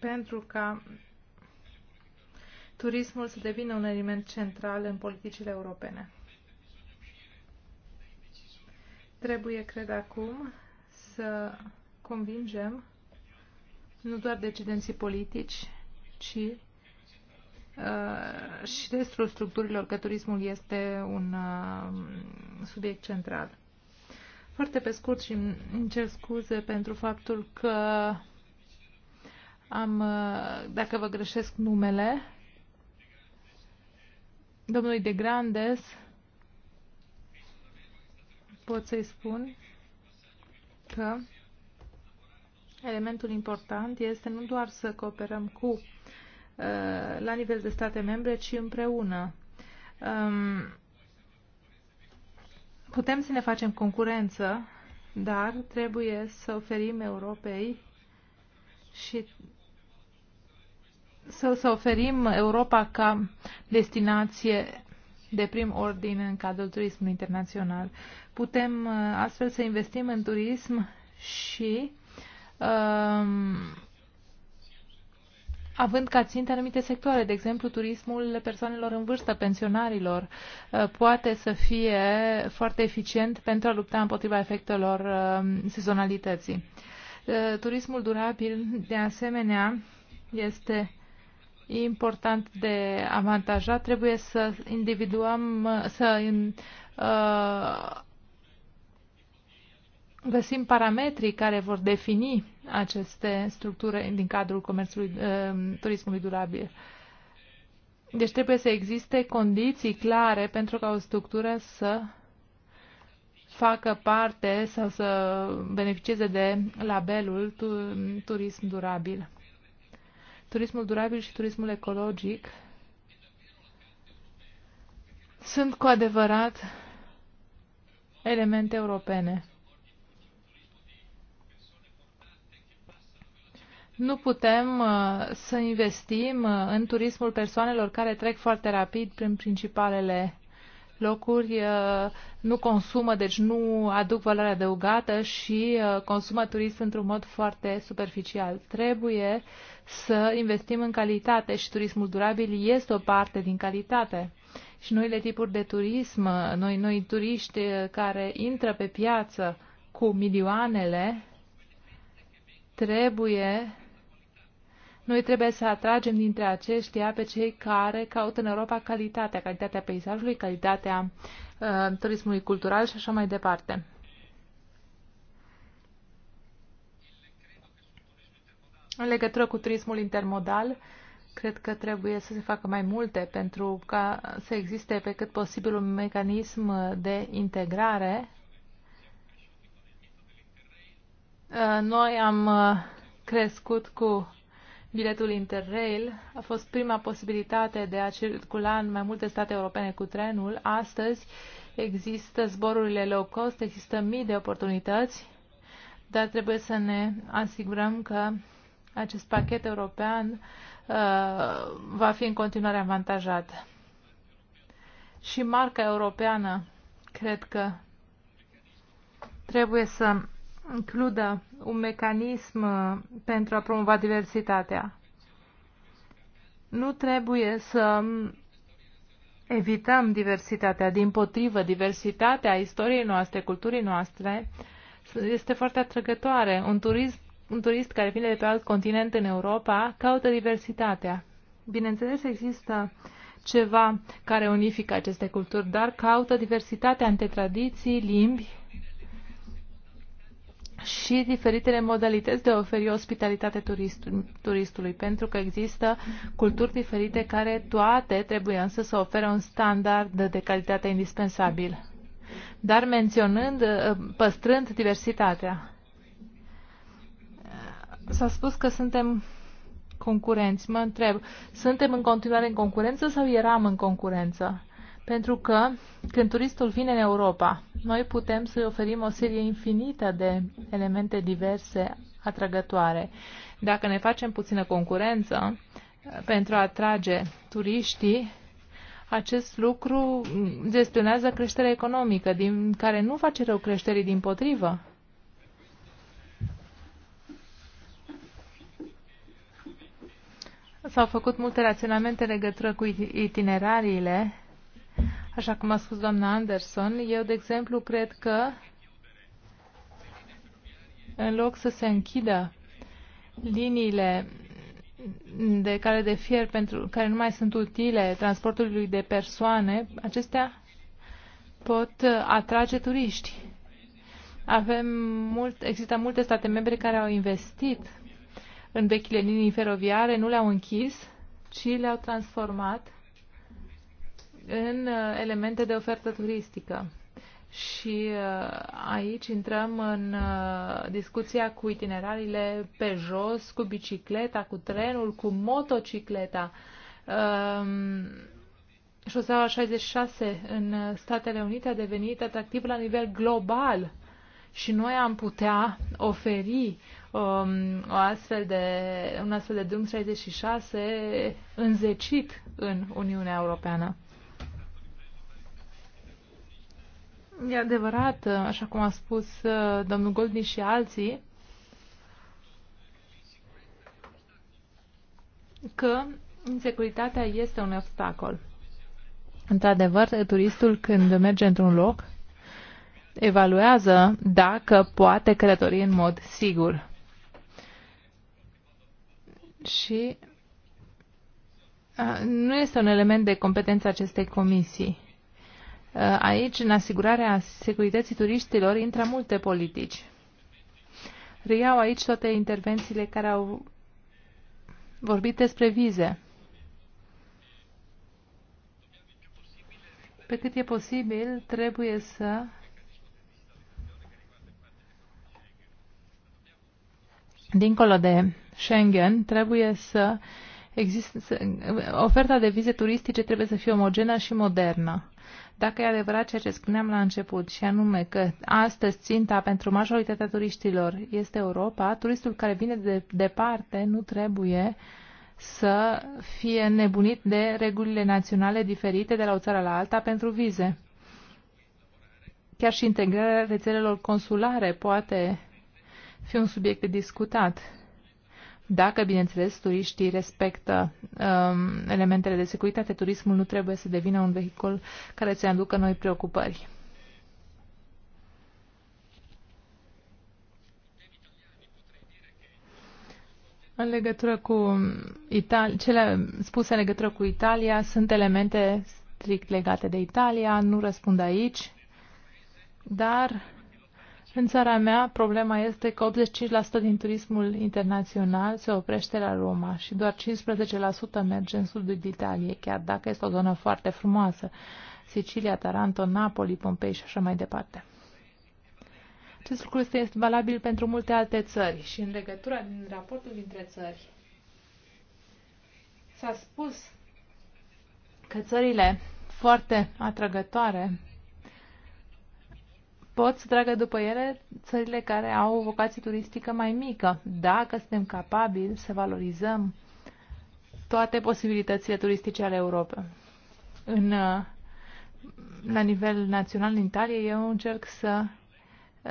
pentru ca turismul să devină un element central în politicile europene. Trebuie, cred acum, să convingem nu doar decidenții politici, ci Uh, și restul structurilor, că turismul este un uh, subiect central. Foarte pe scurt și îmi cer scuze pentru faptul că am, uh, dacă vă greșesc numele, domnului de Grandes, pot să-i spun că elementul important este nu doar să cooperăm cu Uh, la nivel de state membre, ci împreună. Um, putem să ne facem concurență, dar trebuie să oferim Europei și să, să oferim Europa ca destinație de prim ordin în cadrul turismului internațional. Putem uh, astfel să investim în turism și um, având ca ținte anumite sectoare, de exemplu turismul persoanelor în vârstă, pensionarilor, uh, poate să fie foarte eficient pentru a lupta împotriva efectelor uh, sezonalității. Uh, turismul durabil, de asemenea, este important de avantajat. Trebuie să individuăm, să uh, găsim parametrii care vor defini aceste structuri din cadrul comerțului, uh, turismului durabil. Deci trebuie să existe condiții clare pentru ca o structură să facă parte sau să beneficieze de labelul turism durabil. Turismul durabil și turismul ecologic sunt cu adevărat elemente europene. Nu putem uh, să investim uh, în turismul persoanelor care trec foarte rapid prin principalele locuri, uh, nu consumă, deci nu aduc valoare adăugată și consumă turism într-un mod foarte superficial. Trebuie să investim în calitate și turismul durabil este o parte din calitate. Și noile tipuri de turism, noi, noi turiști care intră pe piață cu milioanele, trebuie noi trebuie să atragem dintre aceștia pe cei care caută în Europa calitatea, calitatea peisajului, calitatea uh, turismului cultural și așa mai departe. În legătură cu turismul intermodal, cred că trebuie să se facă mai multe pentru ca să existe pe cât posibil un mecanism de integrare. Uh, noi am uh, crescut cu Biletul Interrail a fost prima posibilitate de a circula în mai multe state europene cu trenul. Astăzi există zborurile low cost, există mii de oportunități, dar trebuie să ne asigurăm că acest pachet european uh, va fi în continuare avantajat. Și marca europeană, cred că trebuie să includă un mecanism uh, pentru a promova diversitatea. Nu trebuie să um, evităm diversitatea, din potrivă, diversitatea istoriei noastre, culturii noastre este foarte atrăgătoare. Un turist, un turist care vine de pe alt continent în Europa caută diversitatea. Bineînțeles, există ceva care unifică aceste culturi, dar caută diversitatea între tradiții, limbi și diferitele modalități de a oferi ospitalitate turist, turistului, pentru că există culturi diferite care toate trebuie însă să ofere un standard de calitate indispensabil, dar menționând, păstrând diversitatea. S-a spus că suntem concurenți. Mă întreb, suntem în continuare în concurență sau eram în concurență? Pentru că când turistul vine în Europa, noi putem să-i oferim o serie infinită de elemente diverse atrăgătoare. Dacă ne facem puțină concurență uh, pentru a atrage turiștii, acest lucru mm, gestionează creșterea economică, din care nu face rău creșterii din potrivă. S-au făcut multe raționamente legătură cu itinerariile Așa cum a spus doamna Anderson, eu, de exemplu, cred că în loc să se închidă liniile de care de fier pentru care nu mai sunt utile transportului de persoane, acestea pot atrage turiști. Avem mult, există multe state membre care au investit în vechile linii feroviare, nu le-au închis, ci le-au transformat în uh, elemente de ofertă turistică. Și uh, aici intrăm în uh, discuția cu itinerariile pe jos, cu bicicleta, cu trenul, cu motocicleta. Um, șoseaua 66 în Statele Unite a devenit atractiv la nivel global și noi am putea oferi um, o astfel de, un astfel de drum 66 înzecit în Uniunea Europeană. E adevărat, așa cum a spus uh, domnul Goldni și alții, că insecuritatea este un obstacol. Într-adevăr, turistul când merge într-un loc, evaluează dacă poate călători în mod sigur. Și uh, nu este un element de competență acestei comisii. Uh, aici, în asigurarea securității turiștilor, intră multe politici. Reiau aici toate intervențiile care au vorbit despre vize. Pe cât e posibil, trebuie să dincolo de Schengen, trebuie să există oferta de vize turistice trebuie să fie omogenă și modernă dacă e adevărat ceea ce spuneam la început, și anume că astăzi ținta pentru majoritatea turiștilor este Europa, turistul care vine de departe nu trebuie să fie nebunit de regulile naționale diferite de la o țară la alta pentru vize. Chiar și integrarea rețelelor consulare poate fi un subiect de discutat dacă, bineînțeles, turiștii respectă um, elementele de securitate, turismul nu trebuie să devină un vehicul care să aducă noi preocupări. În legătură cu Italia, cele spuse în legătură cu Italia sunt elemente strict legate de Italia, nu răspund aici, dar în țara mea, problema este că 85% din turismul internațional se oprește la Roma și doar 15% merge în sudul Italiei, chiar dacă este o zonă foarte frumoasă. Sicilia, Taranto, Napoli, Pompei și așa mai departe. Acest lucru este valabil pentru multe alte țări și în legătura din raportul dintre țări s-a spus că țările foarte atrăgătoare pot să tragă după ele țările care au o vocație turistică mai mică, dacă suntem capabili să valorizăm toate posibilitățile turistice ale Europei. În, uh, la nivel național, în Italia, eu încerc să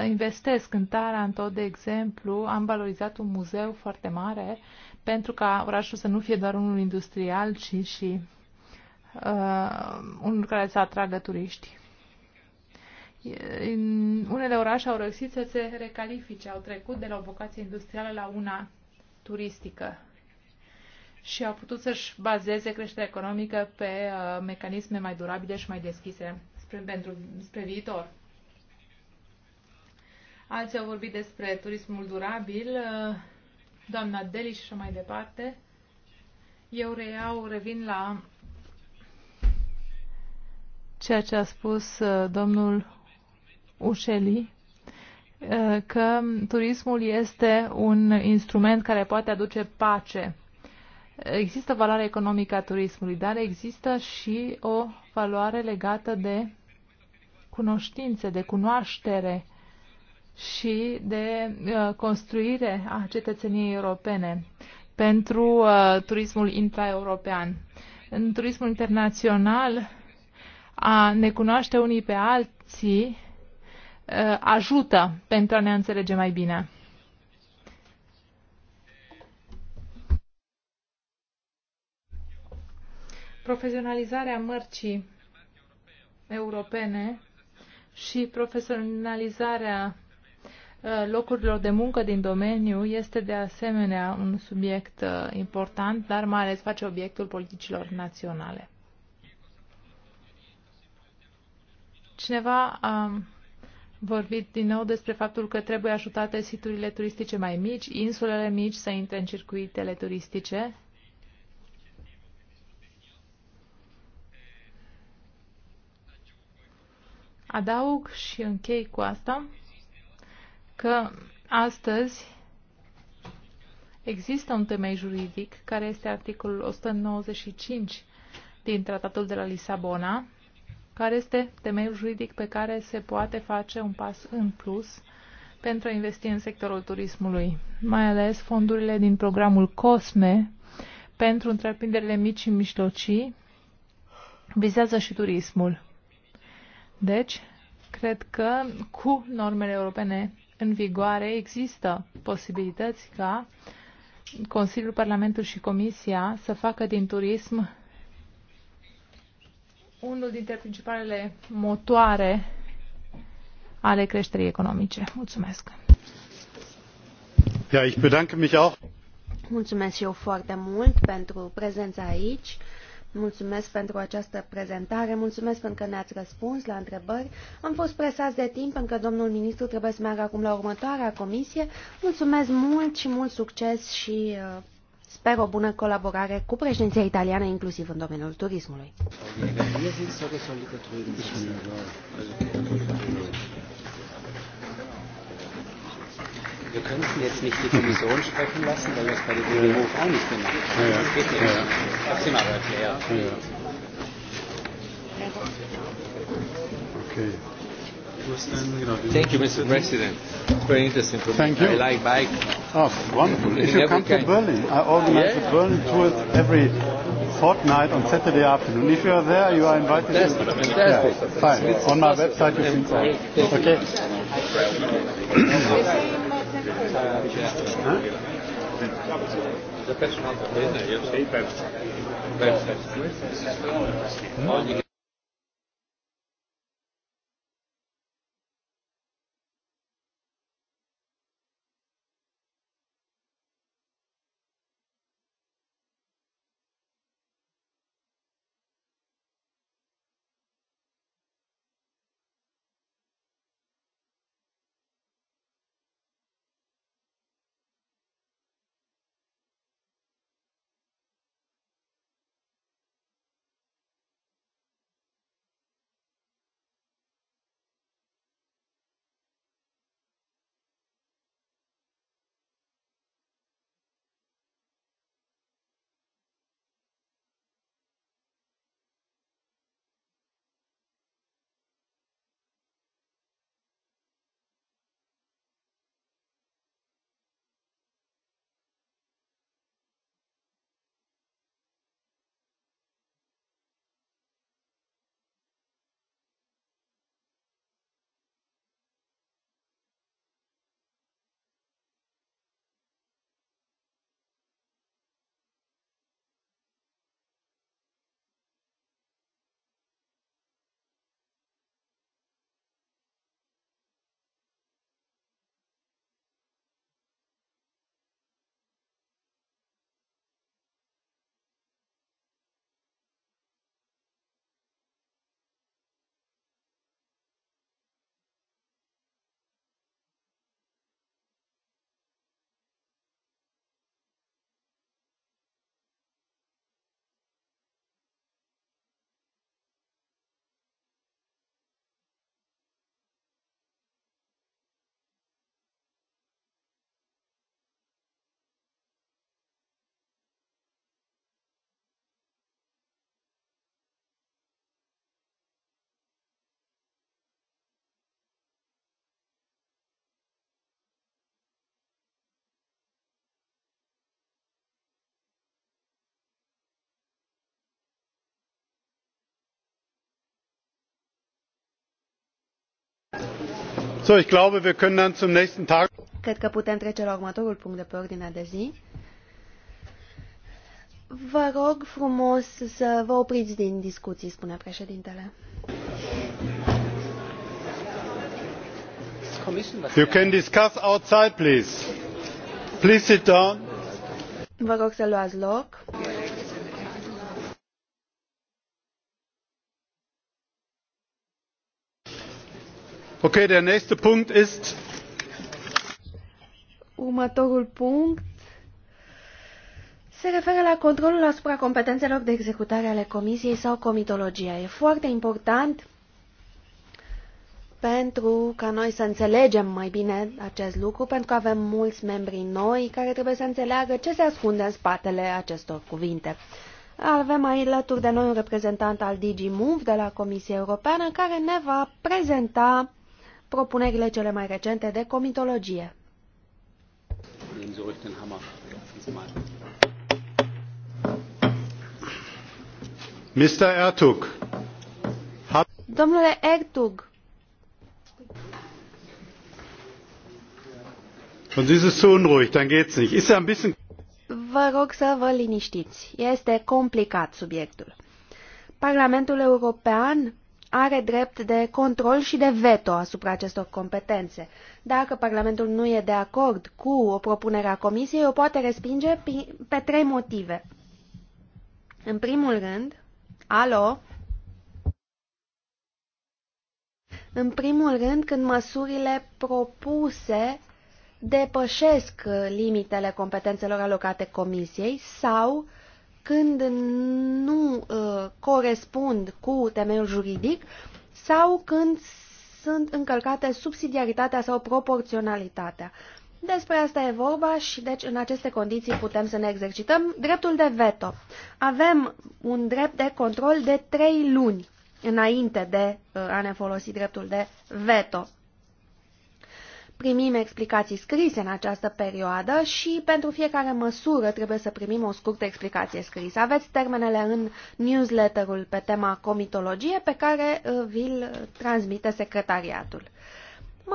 investesc în tara, tot, de exemplu, am valorizat un muzeu foarte mare pentru ca orașul să nu fie doar unul industrial, ci și uh, unul care să atragă turiști. Unele orașe au reușit să se recalifice, au trecut de la o vocație industrială la una turistică și au putut să-și bazeze creșterea economică pe uh, mecanisme mai durabile și mai deschise spre, pentru, spre viitor. Alții au vorbit despre turismul durabil, uh, doamna Deli și așa mai departe. Eu reiau, revin la ceea ce a spus uh, domnul Ușeli uh, că turismul este un instrument care poate aduce pace. Există valoare economică a turismului, dar există și o valoare legată de cunoștințe, de cunoaștere și de uh, construire a cetățeniei europene pentru uh, turismul intraeuropean. În turismul internațional, a ne cunoaște unii pe alții Uh, ajută pentru a ne înțelege mai bine. Profesionalizarea mărcii europene și profesionalizarea uh, locurilor de muncă din domeniu este de asemenea un subiect uh, important, dar mai ales face obiectul politicilor naționale. Cineva a um, vorbit din nou despre faptul că trebuie ajutate siturile turistice mai mici, insulele mici să intre în circuitele turistice. Adaug și închei cu asta că astăzi există un temei juridic care este articolul 195 din Tratatul de la Lisabona, care este temeiul juridic pe care se poate face un pas în plus pentru a investi în sectorul turismului, mai ales fondurile din programul COSME pentru întreprinderile mici și mijlocii vizează și turismul. Deci, cred că cu normele europene în vigoare există posibilități ca Consiliul, Parlamentul și Comisia să facă din turism unul dintre principalele motoare ale creșterii economice. Mulțumesc! Ja, ich bedanke mich auch. Mulțumesc și eu foarte mult pentru prezența aici. Mulțumesc pentru această prezentare, mulțumesc pentru că ne-ați răspuns la întrebări. Am fost presați de timp pentru că domnul ministru trebuie să meargă acum la următoarea comisie. Mulțumesc mult și mult succes și uh, Sper o bună colaborare cu președinția italiană, inclusiv în domeniul turismului. Wir könnten jetzt nicht die Kommission sprechen lassen, weil wir es bei dem ja. Hof auch nicht gemacht haben. Ja, ja. Das geht nicht. Ja. Das sind aber erklärt. Ja. Okay. Thank you, Mr. President. It's very interesting for Thank You. I like bike. Oh, wonderful. If you come kind. to Berlin, I organize yeah. a Berlin tour every fortnight on Saturday afternoon. If you are there, you are invited. Yes, To... Fantastic. Yeah. Fine. on my website, you can call. Okay. huh? you So, ich glaube, wir können dann zum nächsten Tag. Cred că putem trece la următorul punct de pe ordinea de zi. Vă rog frumos să vă opriți din discuții, spune președintele. You can discuss outside, please. Please sit down. Vă rog să luați loc. Okay, der nächste Punkt ist Următorul punct se referă la controlul asupra competențelor de executare ale Comisiei sau comitologia. E foarte important pentru ca noi să înțelegem mai bine acest lucru, pentru că avem mulți membri noi care trebuie să înțeleagă ce se ascunde în spatele acestor cuvinte. Avem alături de noi un reprezentant al DigiMove de la Comisia Europeană care ne va prezenta propunerile cele mai recente de comitologie. Mr. Ertug. Domnule Ertug. Und Sie sind so unruhig, dann geht's nicht. Ist ja ein bisschen Vă rog să vă liniștiți. Este complicat subiectul. Parlamentul European are drept de control și de veto asupra acestor competențe. Dacă Parlamentul nu e de acord cu o propunere a Comisiei, o poate respinge pe trei motive. În primul rând, alo, în primul rând când măsurile propuse depășesc limitele competențelor alocate Comisiei sau când nu uh, corespund cu temeiul juridic sau când sunt încălcate subsidiaritatea sau proporționalitatea. Despre asta e vorba și deci în aceste condiții putem să ne exercităm dreptul de veto. Avem un drept de control de trei luni înainte de uh, a ne folosi dreptul de veto primim explicații scrise în această perioadă și pentru fiecare măsură trebuie să primim o scurtă explicație scrisă. Aveți termenele în newsletterul pe tema comitologie pe care uh, vi-l transmite secretariatul.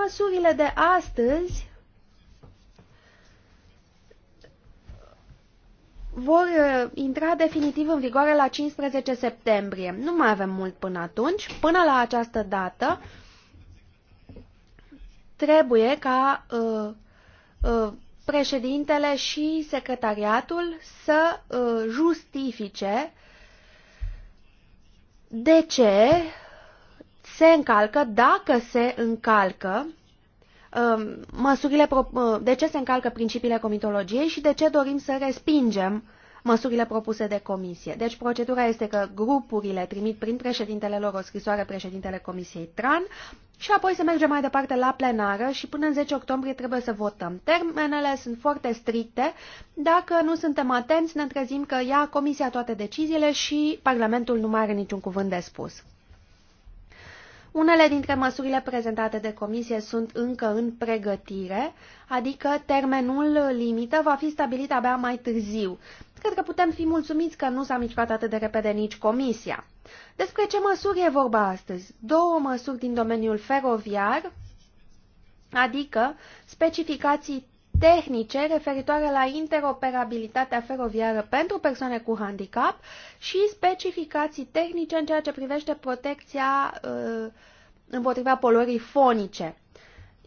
Măsurile de astăzi vor uh, intra definitiv în vigoare la 15 septembrie. Nu mai avem mult până atunci. Până la această dată, Trebuie ca uh, uh, președintele și secretariatul să uh, justifice de ce se încalcă, dacă se încalcă, um, măsurile, uh, de ce se încalcă principiile comitologiei și de ce dorim să respingem măsurile propuse de comisie. Deci procedura este că grupurile trimit prin președintele lor o scrisoare președintele Comisiei TRAN și apoi se merge mai departe la plenară și până în 10 octombrie trebuie să votăm. Termenele sunt foarte stricte. Dacă nu suntem atenți, ne trezim că ia Comisia toate deciziile și Parlamentul nu mai are niciun cuvânt de spus. Unele dintre măsurile prezentate de comisie sunt încă în pregătire, adică termenul limită va fi stabilit abia mai târziu. Cred că putem fi mulțumiți că nu s-a mișcat atât de repede nici comisia. Despre ce măsuri e vorba astăzi? Două măsuri din domeniul feroviar, adică specificații tehnice referitoare la interoperabilitatea feroviară pentru persoane cu handicap și specificații tehnice în ceea ce privește protecția uh, împotriva poluării fonice.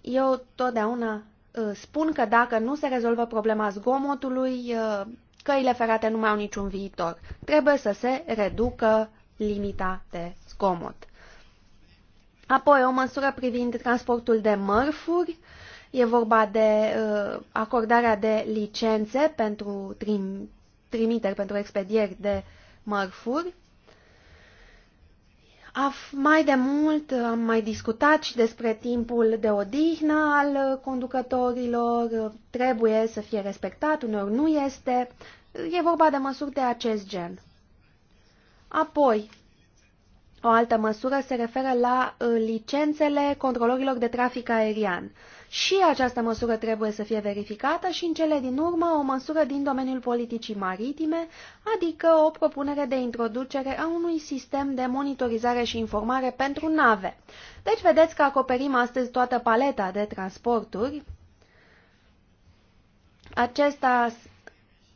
Eu totdeauna uh, spun că dacă nu se rezolvă problema zgomotului, uh, căile ferate nu mai au niciun viitor. Trebuie să se reducă limita de zgomot. Apoi, o măsură privind transportul de mărfuri. E vorba de uh, acordarea de licențe pentru trim, trimiteri, pentru expedieri de mărfuri. Mai de mult am mai discutat și despre timpul de odihnă al conducătorilor, trebuie să fie respectat, uneori nu este, e vorba de măsuri de acest gen. Apoi, o altă măsură se referă la uh, licențele controlorilor de trafic aerian. Și această măsură trebuie să fie verificată și în cele din urmă o măsură din domeniul politicii maritime, adică o propunere de introducere a unui sistem de monitorizare și informare pentru nave. Deci vedeți că acoperim astăzi toată paleta de transporturi. Acesta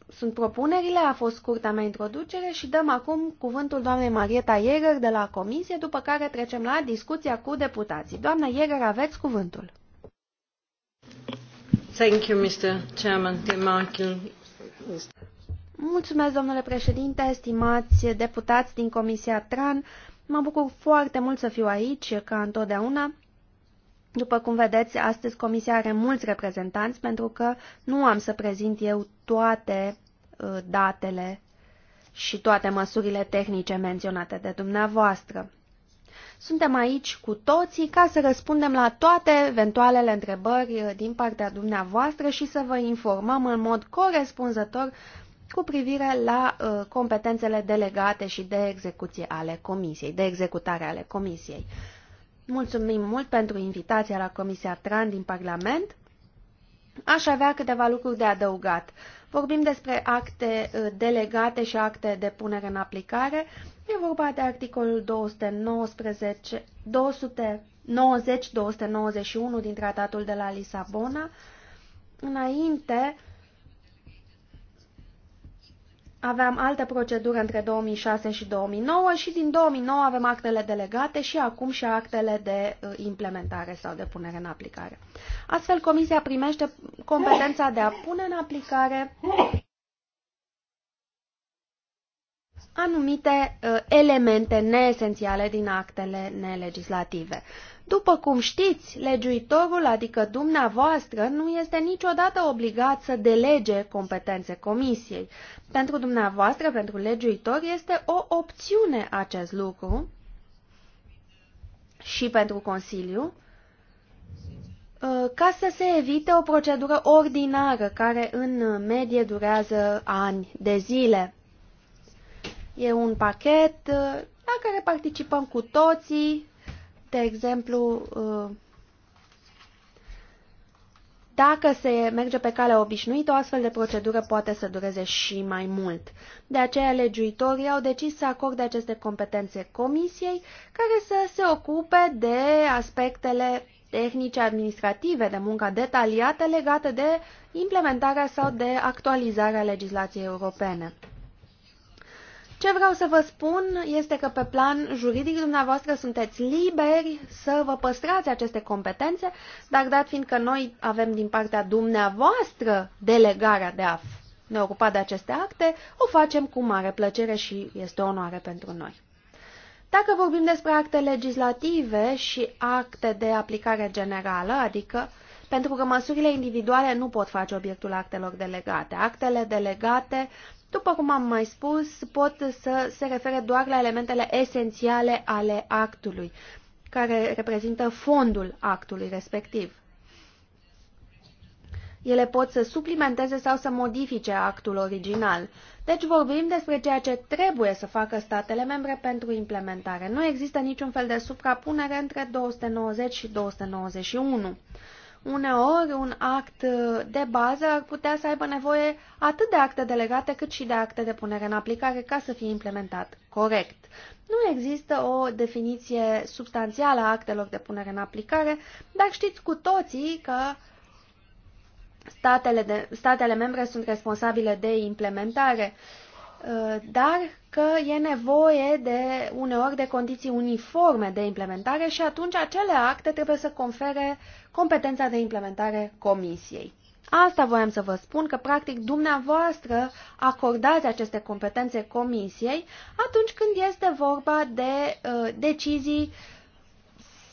sunt propunerile, a fost scurta mea introducere și dăm acum cuvântul doamnei Marieta Ieger de la Comisie, după care trecem la discuția cu deputații. Doamna Ieger, aveți cuvântul. Mulțumesc, domnule președinte, stimați deputați din Comisia TRAN. Mă bucur foarte mult să fiu aici, ca întotdeauna. După cum vedeți, astăzi Comisia are mulți reprezentanți, pentru că nu am să prezint eu toate uh, datele și toate măsurile tehnice menționate de dumneavoastră. Suntem aici cu toții ca să răspundem la toate eventualele întrebări uh, din partea dumneavoastră și să vă informăm în mod corespunzător cu privire la uh, competențele delegate și de execuție ale comisiei, de executare ale comisiei. Mulțumim mult pentru invitația la Comisia Tran din Parlament. Aș avea câteva lucruri de adăugat. Uh, Vorbim despre acte uh, delegate și acte de punere în aplicare. E vorba de articolul 219, 290-291 din tratatul de la Lisabona. Înainte, aveam altă procedură între 2006 și 2009 și din 2009 avem actele delegate și acum și actele de uh, implementare sau de punere în aplicare. Astfel, Comisia primește competența de a pune în aplicare anumite uh, elemente neesențiale din actele nelegislative. După cum știți, legiuitorul, adică dumneavoastră, nu este niciodată obligat să delege competențe comisiei. Pentru dumneavoastră, pentru legiuitor, este o opțiune acest lucru și pentru Consiliu, ă, ca să se evite o procedură ordinară care în medie durează ani de zile. E un pachet ă, la care participăm cu toții, de exemplu, uh, dacă se merge pe calea obișnuită, o astfel de procedură poate să dureze și mai mult. De aceea, legiuitorii au decis să acorde aceste competențe comisiei, care să se ocupe de aspectele tehnice administrative, de munca detaliată legată de implementarea sau de actualizarea legislației europene. Ce vreau să vă spun este că pe plan juridic dumneavoastră sunteți liberi să vă păstrați aceste competențe, dar dat fiindcă noi avem din partea dumneavoastră delegarea de a ne ocupa de aceste acte, o facem cu mare plăcere și este o onoare pentru noi. Dacă vorbim despre acte legislative și acte de aplicare generală, adică pentru că măsurile individuale nu pot face obiectul actelor delegate. Actele delegate după cum am mai spus, pot să se refere doar la elementele esențiale ale actului, care reprezintă fondul actului respectiv. Ele pot să suplimenteze sau să modifice actul original. Deci vorbim despre ceea ce trebuie să facă statele membre pentru implementare. Nu există niciun fel de suprapunere între 290 și 291. Uneori, un act uh, de bază ar putea să aibă nevoie atât de acte delegate cât și de acte de punere în aplicare ca să fie implementat corect. Nu există o definiție substanțială a actelor de punere în aplicare, dar știți cu toții că statele, de, statele membre sunt responsabile de implementare, uh, dar că e nevoie de uneori de condiții uniforme de implementare și atunci acele acte trebuie să confere competența de implementare comisiei. Asta voiam să vă spun, că practic dumneavoastră acordați aceste competențe comisiei atunci când este vorba de uh, decizii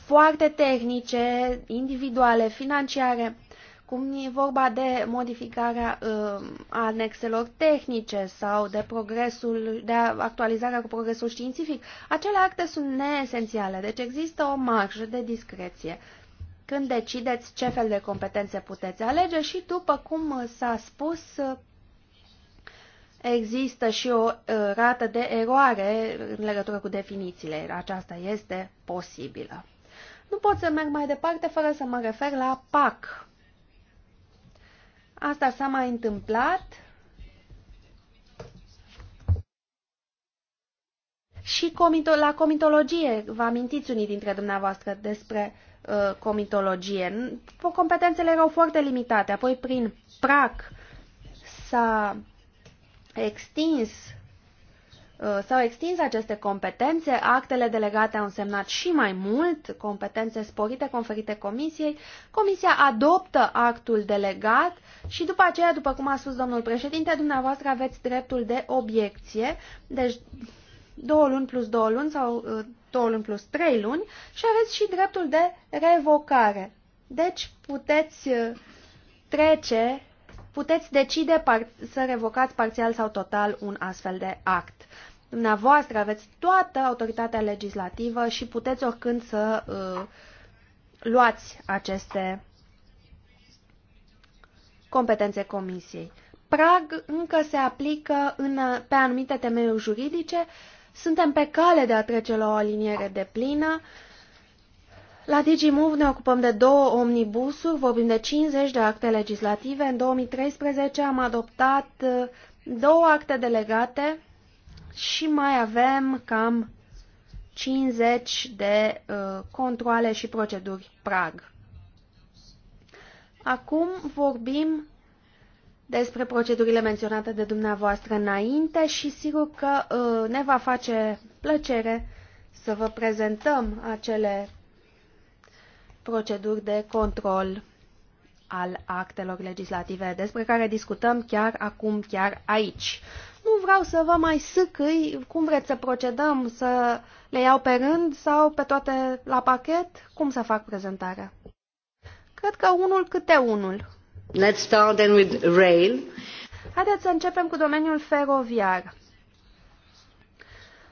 foarte tehnice, individuale, financiare. Cum e vorba de modificarea uh, anexelor tehnice sau de progresul, de actualizarea cu progresul științific, acele acte sunt neesențiale, deci există o marjă de discreție când decideți ce fel de competențe puteți alege și după cum s-a spus, există și o uh, rată de eroare în legătură cu definițiile. Aceasta este posibilă. Nu pot să merg mai departe fără să mă refer la PAC. Asta s-a mai întâmplat și comito la comitologie. Vă amintiți unii dintre dumneavoastră despre uh, comitologie. Competențele erau foarte limitate. Apoi, prin PRAC s-a extins Uh, s-au extins aceste competențe, actele delegate au însemnat și mai mult competențe sporite conferite comisiei. Comisia adoptă actul delegat și după aceea, după cum a spus domnul președinte, dumneavoastră aveți dreptul de obiecție, deci două luni plus două luni sau uh, două luni plus trei luni și aveți și dreptul de revocare. Deci puteți uh, trece, puteți decide să revocați parțial sau total un astfel de act. Dumneavoastră aveți toată autoritatea legislativă și puteți oricând să uh, luați aceste competențe comisiei. Prag încă se aplică în, pe anumite temeiuri juridice. Suntem pe cale de a trece la o aliniere de plină. La DigiMove ne ocupăm de două omnibusuri, vorbim de 50 de acte legislative. În 2013 am adoptat uh, două acte delegate și mai avem cam 50 de uh, controle și proceduri prag. Acum vorbim despre procedurile menționate de dumneavoastră înainte și sigur că uh, ne va face plăcere să vă prezentăm acele proceduri de control al actelor legislative despre care discutăm chiar acum, chiar aici. Nu vreau să vă mai sâcâi cum vreți să procedăm, să le iau pe rând sau pe toate la pachet, cum să fac prezentarea. Cred că unul câte unul. Let's start then with rail. Haideți să începem cu domeniul feroviar.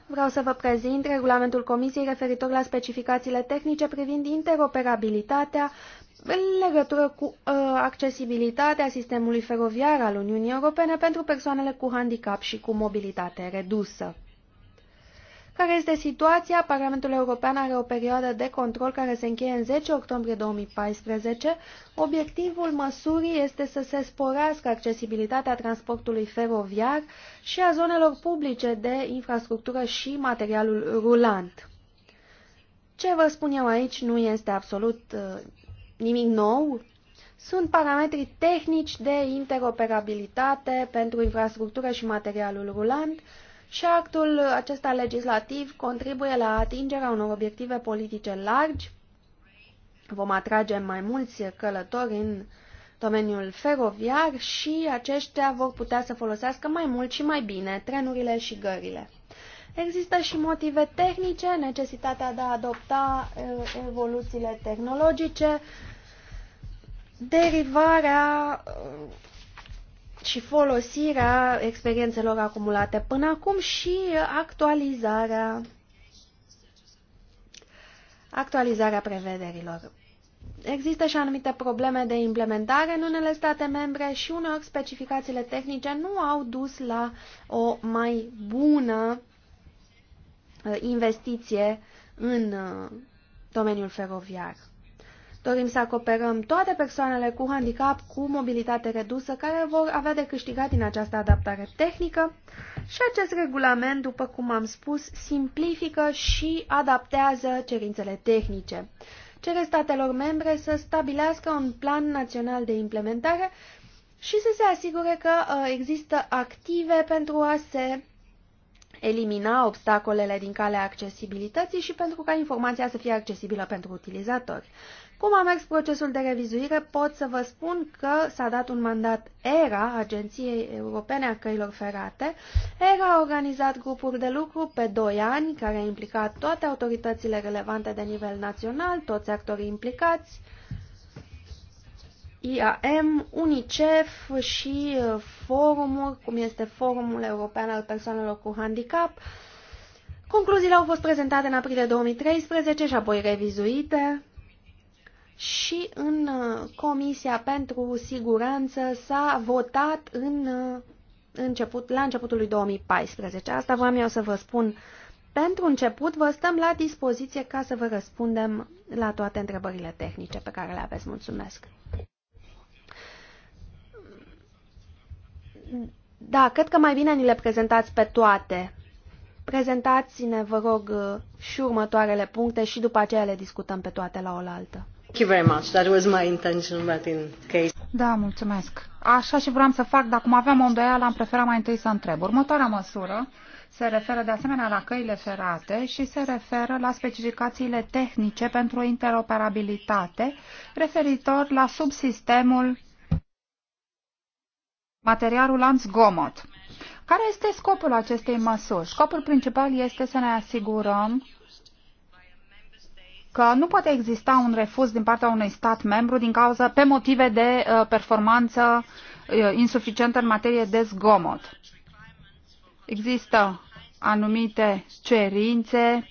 Vreau să vă prezint regulamentul Comisiei referitor la specificațiile tehnice privind interoperabilitatea în legătură cu uh, accesibilitatea sistemului feroviar al Uniunii Europene pentru persoanele cu handicap și cu mobilitate redusă. Care este situația? Parlamentul European are o perioadă de control care se încheie în 10 octombrie 2014. Obiectivul măsurii este să se sporească accesibilitatea transportului feroviar și a zonelor publice de infrastructură și materialul rulant. Ce vă spun eu aici nu este absolut uh, nimic nou. Sunt parametri tehnici de interoperabilitate pentru infrastructură și materialul rulant și actul acesta legislativ contribuie la atingerea unor obiective politice largi. Vom atrage mai mulți călători în domeniul feroviar și aceștia vor putea să folosească mai mult și mai bine trenurile și gările. Există și motive tehnice, necesitatea de a adopta uh, evoluțiile tehnologice, derivarea uh, și folosirea experiențelor acumulate până acum și actualizarea actualizarea prevederilor. Există și anumite probleme de implementare în unele state membre și uneori specificațiile tehnice nu au dus la o mai bună uh, investiție în uh, domeniul feroviar. Dorim să acoperăm toate persoanele cu handicap cu mobilitate redusă care vor avea de câștigat din această adaptare tehnică și acest regulament, după cum am spus, simplifică și adaptează cerințele tehnice. Cere statelor membre să stabilească un plan național de implementare și să se asigure că uh, există active pentru a se elimina obstacolele din calea accesibilității și pentru ca informația să fie accesibilă pentru utilizatori. Cum a mers procesul de revizuire, pot să vă spun că s-a dat un mandat ERA, Agenției Europene a Căilor Ferate. ERA a organizat grupuri de lucru pe 2 ani, care a implicat toate autoritățile relevante de nivel național, toți actorii implicați, IAM, UNICEF și uh, forumuri, cum este Forumul European al Persoanelor cu Handicap. Concluziile au fost prezentate în aprilie 2013 și apoi revizuite și în uh, Comisia pentru Siguranță s-a votat în uh, început, la începutul lui 2014. Asta v-am eu să vă spun pentru început, vă stăm la dispoziție ca să vă răspundem la toate întrebările tehnice pe care le aveți. Mulțumesc! Da, cred că mai bine ni le prezentați pe toate. Prezentați-ne, vă rog, uh, și următoarele puncte și după aceea le discutăm pe toate la oaltă. Thank you very much. That was my intention, but in case... Da, mulțumesc. Așa și vreau să fac, Dacă cum aveam o îndoială, am preferat mai întâi să întreb. Următoarea măsură se referă de asemenea la căile ferate și se referă la specificațiile tehnice pentru interoperabilitate referitor la subsistemul materialul lanț gomot. Care este scopul acestei măsuri? Scopul principal este să ne asigurăm că nu poate exista un refuz din partea unui stat membru din cauza pe motive de uh, performanță uh, insuficientă în materie de zgomot. Există anumite cerințe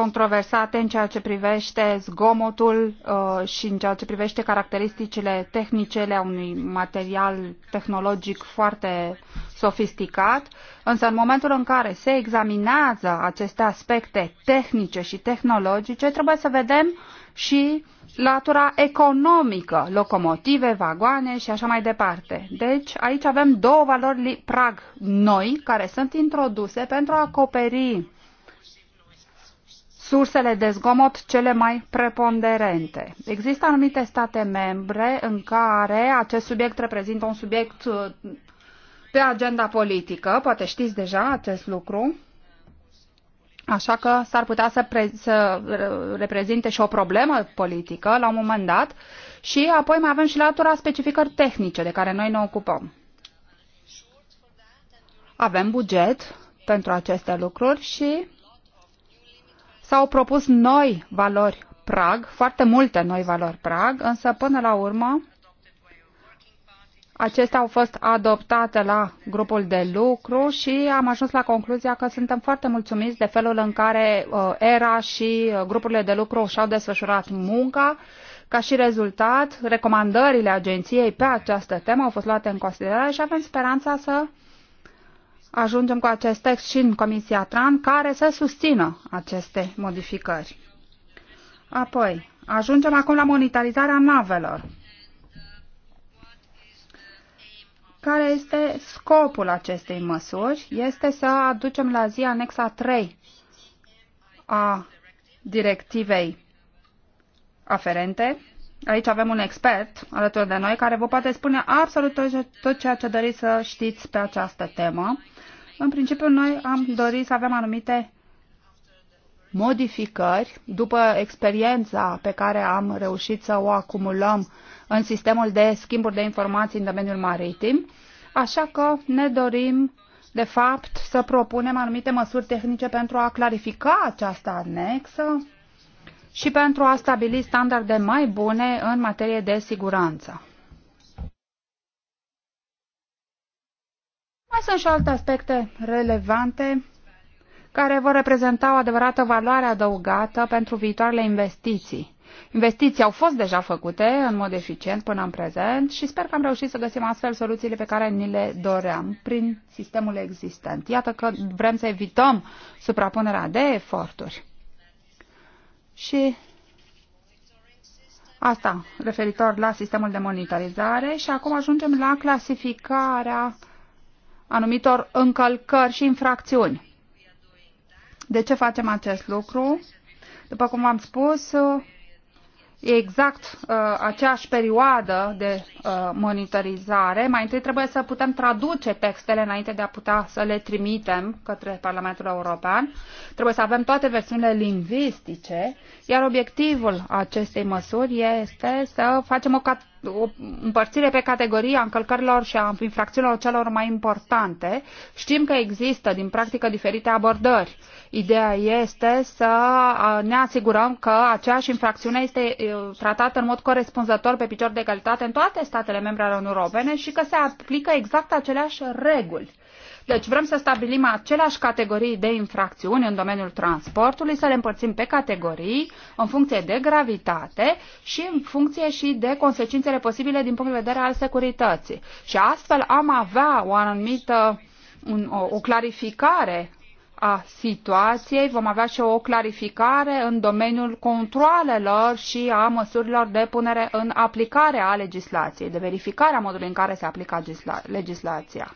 controversate în ceea ce privește zgomotul uh, și în ceea ce privește caracteristicile tehnice ale unui material tehnologic foarte sofisticat, însă în momentul în care se examinează aceste aspecte tehnice și tehnologice, trebuie să vedem și latura economică, locomotive, vagoane și așa mai departe. Deci aici avem două valori prag noi care sunt introduse pentru a acoperi sursele de zgomot cele mai preponderente. Există anumite state membre în care acest subiect reprezintă un subiect uh, pe agenda politică, poate știți deja acest lucru, așa că s-ar putea să, pre- să reprezinte și o problemă politică la un moment dat și apoi mai avem și latura specificări tehnice de care noi ne ocupăm. Avem buget pentru aceste lucruri și S-au propus noi valori prag, foarte multe noi valori prag, însă până la urmă acestea au fost adoptate la grupul de lucru și am ajuns la concluzia că suntem foarte mulțumiți de felul în care uh, ERA și uh, grupurile de lucru și-au desfășurat munca. Ca și rezultat, recomandările agenției pe această temă au fost luate în considerare și avem speranța să ajungem cu acest text și în Comisia TRAN care să susțină aceste modificări. Apoi, ajungem acum la monitorizarea navelor. Care este scopul acestei măsuri? Este să aducem la zi anexa 3 a directivei aferente Aici avem un expert alături de noi care vă poate spune absolut tot, tot ceea ce doriți să știți pe această temă. În principiu, noi am dorit să avem anumite modificări după experiența pe care am reușit să o acumulăm în sistemul de schimburi de informații în domeniul maritim, așa că ne dorim, de fapt, să propunem anumite măsuri tehnice pentru a clarifica această anexă, și pentru a stabili standarde mai bune în materie de siguranță. Mai sunt și alte aspecte relevante care vor reprezenta o adevărată valoare adăugată pentru viitoarele investiții. Investiții au fost deja făcute în mod eficient până în prezent și sper că am reușit să găsim astfel soluțiile pe care ni le doream prin sistemul existent. Iată că vrem să evităm suprapunerea de eforturi și asta referitor la sistemul de monitorizare și acum ajungem la clasificarea anumitor încălcări și infracțiuni. De ce facem acest lucru? După cum v-am spus, exact uh, aceeași perioadă de uh, monitorizare. Mai întâi trebuie să putem traduce textele înainte de a putea să le trimitem către Parlamentul European. Trebuie să avem toate versiunile lingvistice, iar obiectivul acestei măsuri este să facem o cat o împărțire pe categorii a încălcărilor și a infracțiunilor celor mai importante. Știm că există din practică diferite abordări. Ideea este să ne asigurăm că aceeași infracțiune este tratată în mod corespunzător pe picior de egalitate în toate statele membre ale Uniunii Europene și că se aplică exact aceleași reguli. Deci vrem să stabilim aceleași categorii de infracțiuni în domeniul transportului, să le împărțim pe categorii în funcție de gravitate și în funcție și de consecințele posibile din punct de vedere al securității. Și astfel am avea o anumită un, o, o clarificare a situației, vom avea și o clarificare în domeniul controlelor și a măsurilor de punere în aplicare a legislației, de verificare a modului în care se aplică legislația.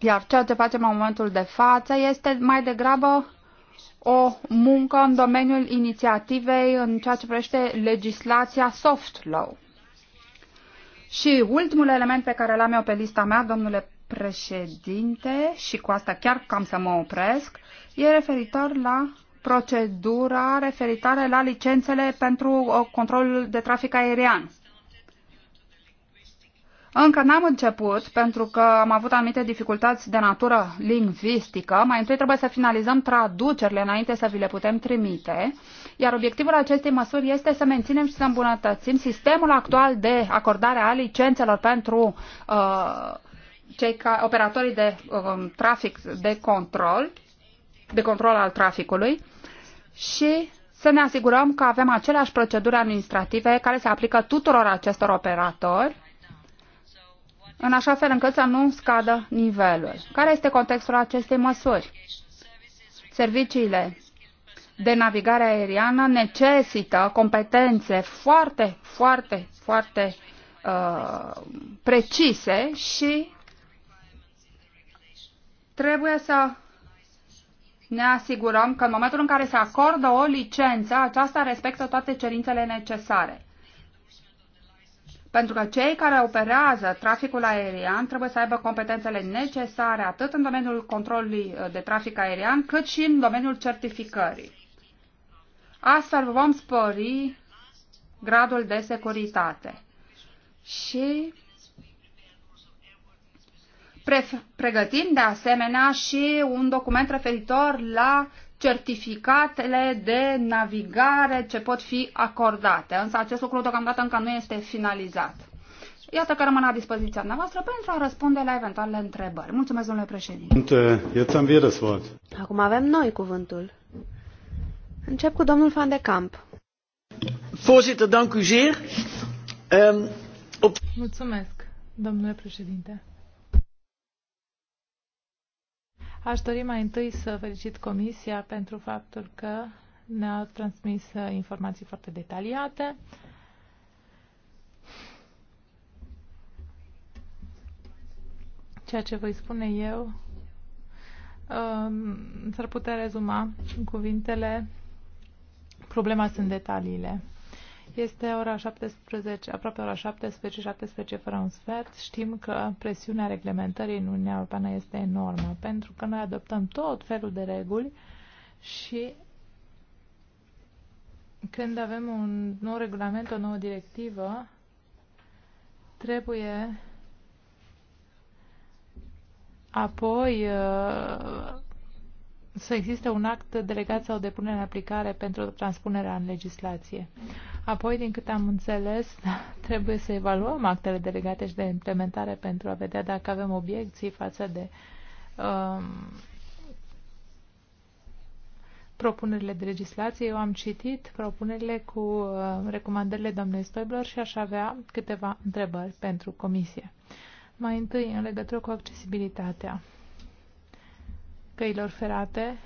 Iar ceea ce facem în momentul de față este mai degrabă o muncă în domeniul inițiativei în ceea ce privește legislația soft law. Și ultimul element pe care l-am eu pe lista mea, domnule președinte, și cu asta chiar cam să mă opresc, e referitor la procedura referitoare la licențele pentru uh, controlul de trafic aerian. Încă n-am început, pentru că am avut anumite dificultăți de natură lingvistică. Mai întâi trebuie să finalizăm traducerile înainte să vi le putem trimite, iar obiectivul acestei măsuri este să menținem și să îmbunătățim sistemul actual de acordare a licențelor pentru uh, cei ca, operatorii de uh, trafic de control, de control al traficului și să ne asigurăm că avem aceleași proceduri administrative care se aplică tuturor acestor operatori în așa fel încât să nu scadă nivelul. Care este contextul acestei măsuri? Serviciile de navigare aeriană necesită competențe foarte, foarte, foarte uh, precise și trebuie să ne asigurăm că în momentul în care se acordă o licență, aceasta respectă toate cerințele necesare pentru că cei care operează traficul aerian trebuie să aibă competențele necesare atât în domeniul controlului uh, de trafic aerian, cât și în domeniul certificării. Astfel vom spori gradul de securitate. Și pregătim de asemenea și un document referitor la certificatele de navigare ce pot fi acordate. Însă acest lucru deocamdată încă nu este finalizat. Iată că rămân la dispoziția noastră pentru a răspunde la eventuale întrebări. Mulțumesc, domnule președinte. Acum avem noi cuvântul. Încep cu domnul Van de Camp. Voorzitter, dank u zeer. Um, op... Mulțumesc, domnule președinte. Aș dori mai întâi să felicit Comisia pentru faptul că ne-a transmis uh, informații foarte detaliate. Ceea ce voi spune eu um, s-ar putea rezuma în cuvintele problema sunt detaliile. Este ora 17, aproape ora 17, 17 fără un sfert. Știm că presiunea reglementării în Uniunea Europeană este enormă, pentru că noi adoptăm tot felul de reguli și când avem un nou regulament, o nouă directivă, trebuie apoi uh, să existe un act delegat sau de punere în aplicare pentru transpunerea în legislație. Apoi, din câte am înțeles, trebuie să evaluăm actele delegate și de implementare pentru a vedea dacă avem obiecții față de um, propunerile de legislație. Eu am citit propunerile cu uh, recomandările doamnei Stoibler și aș avea câteva întrebări pentru comisie. Mai întâi, în legătură cu accesibilitatea căilor ferate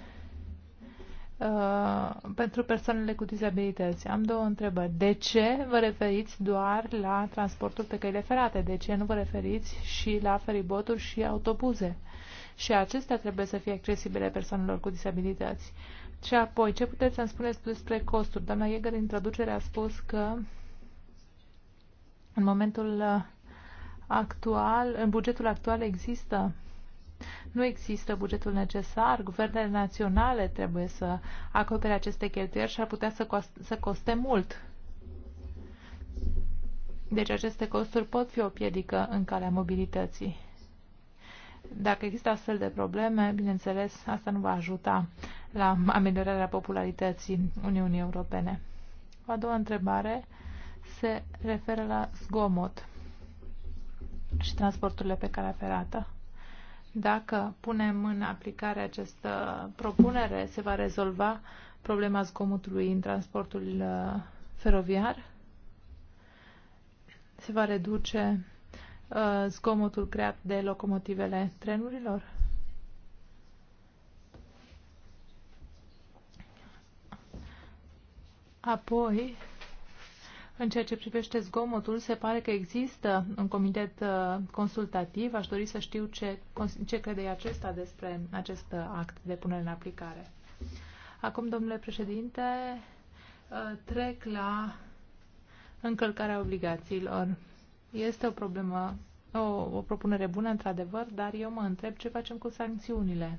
uh, pentru persoanele cu dizabilități. Am două întrebări. De ce vă referiți doar la transportul pe căile ferate? De ce nu vă referiți și la feriboturi și autobuze? Și acestea trebuie să fie accesibile persoanelor cu dizabilități. Și apoi, ce puteți să-mi spuneți despre costuri? Doamna Iegăr, în traducere, a spus că în momentul uh, actual, în bugetul actual există nu există bugetul necesar, guvernele naționale trebuie să acopere aceste cheltuieli și ar putea să, cost- să coste mult. Deci aceste costuri pot fi o piedică în calea mobilității. Dacă există astfel de probleme, bineînțeles, asta nu va ajuta la ameliorarea popularității Uniunii Europene. O a doua întrebare se referă la zgomot și transporturile pe calea ferată. Dacă punem în aplicare această propunere, se va rezolva problema zgomotului în transportul uh, feroviar? Se va reduce uh, zgomotul creat de locomotivele trenurilor? Apoi, în ceea ce privește zgomotul, se pare că există un comitet uh, consultativ. Aș dori să știu ce, ce crede acesta despre acest uh, act de punere în aplicare. Acum, domnule președinte, uh, trec la încălcarea obligațiilor. Este o problemă, o, o propunere bună, într-adevăr, dar eu mă întreb ce facem cu sancțiunile.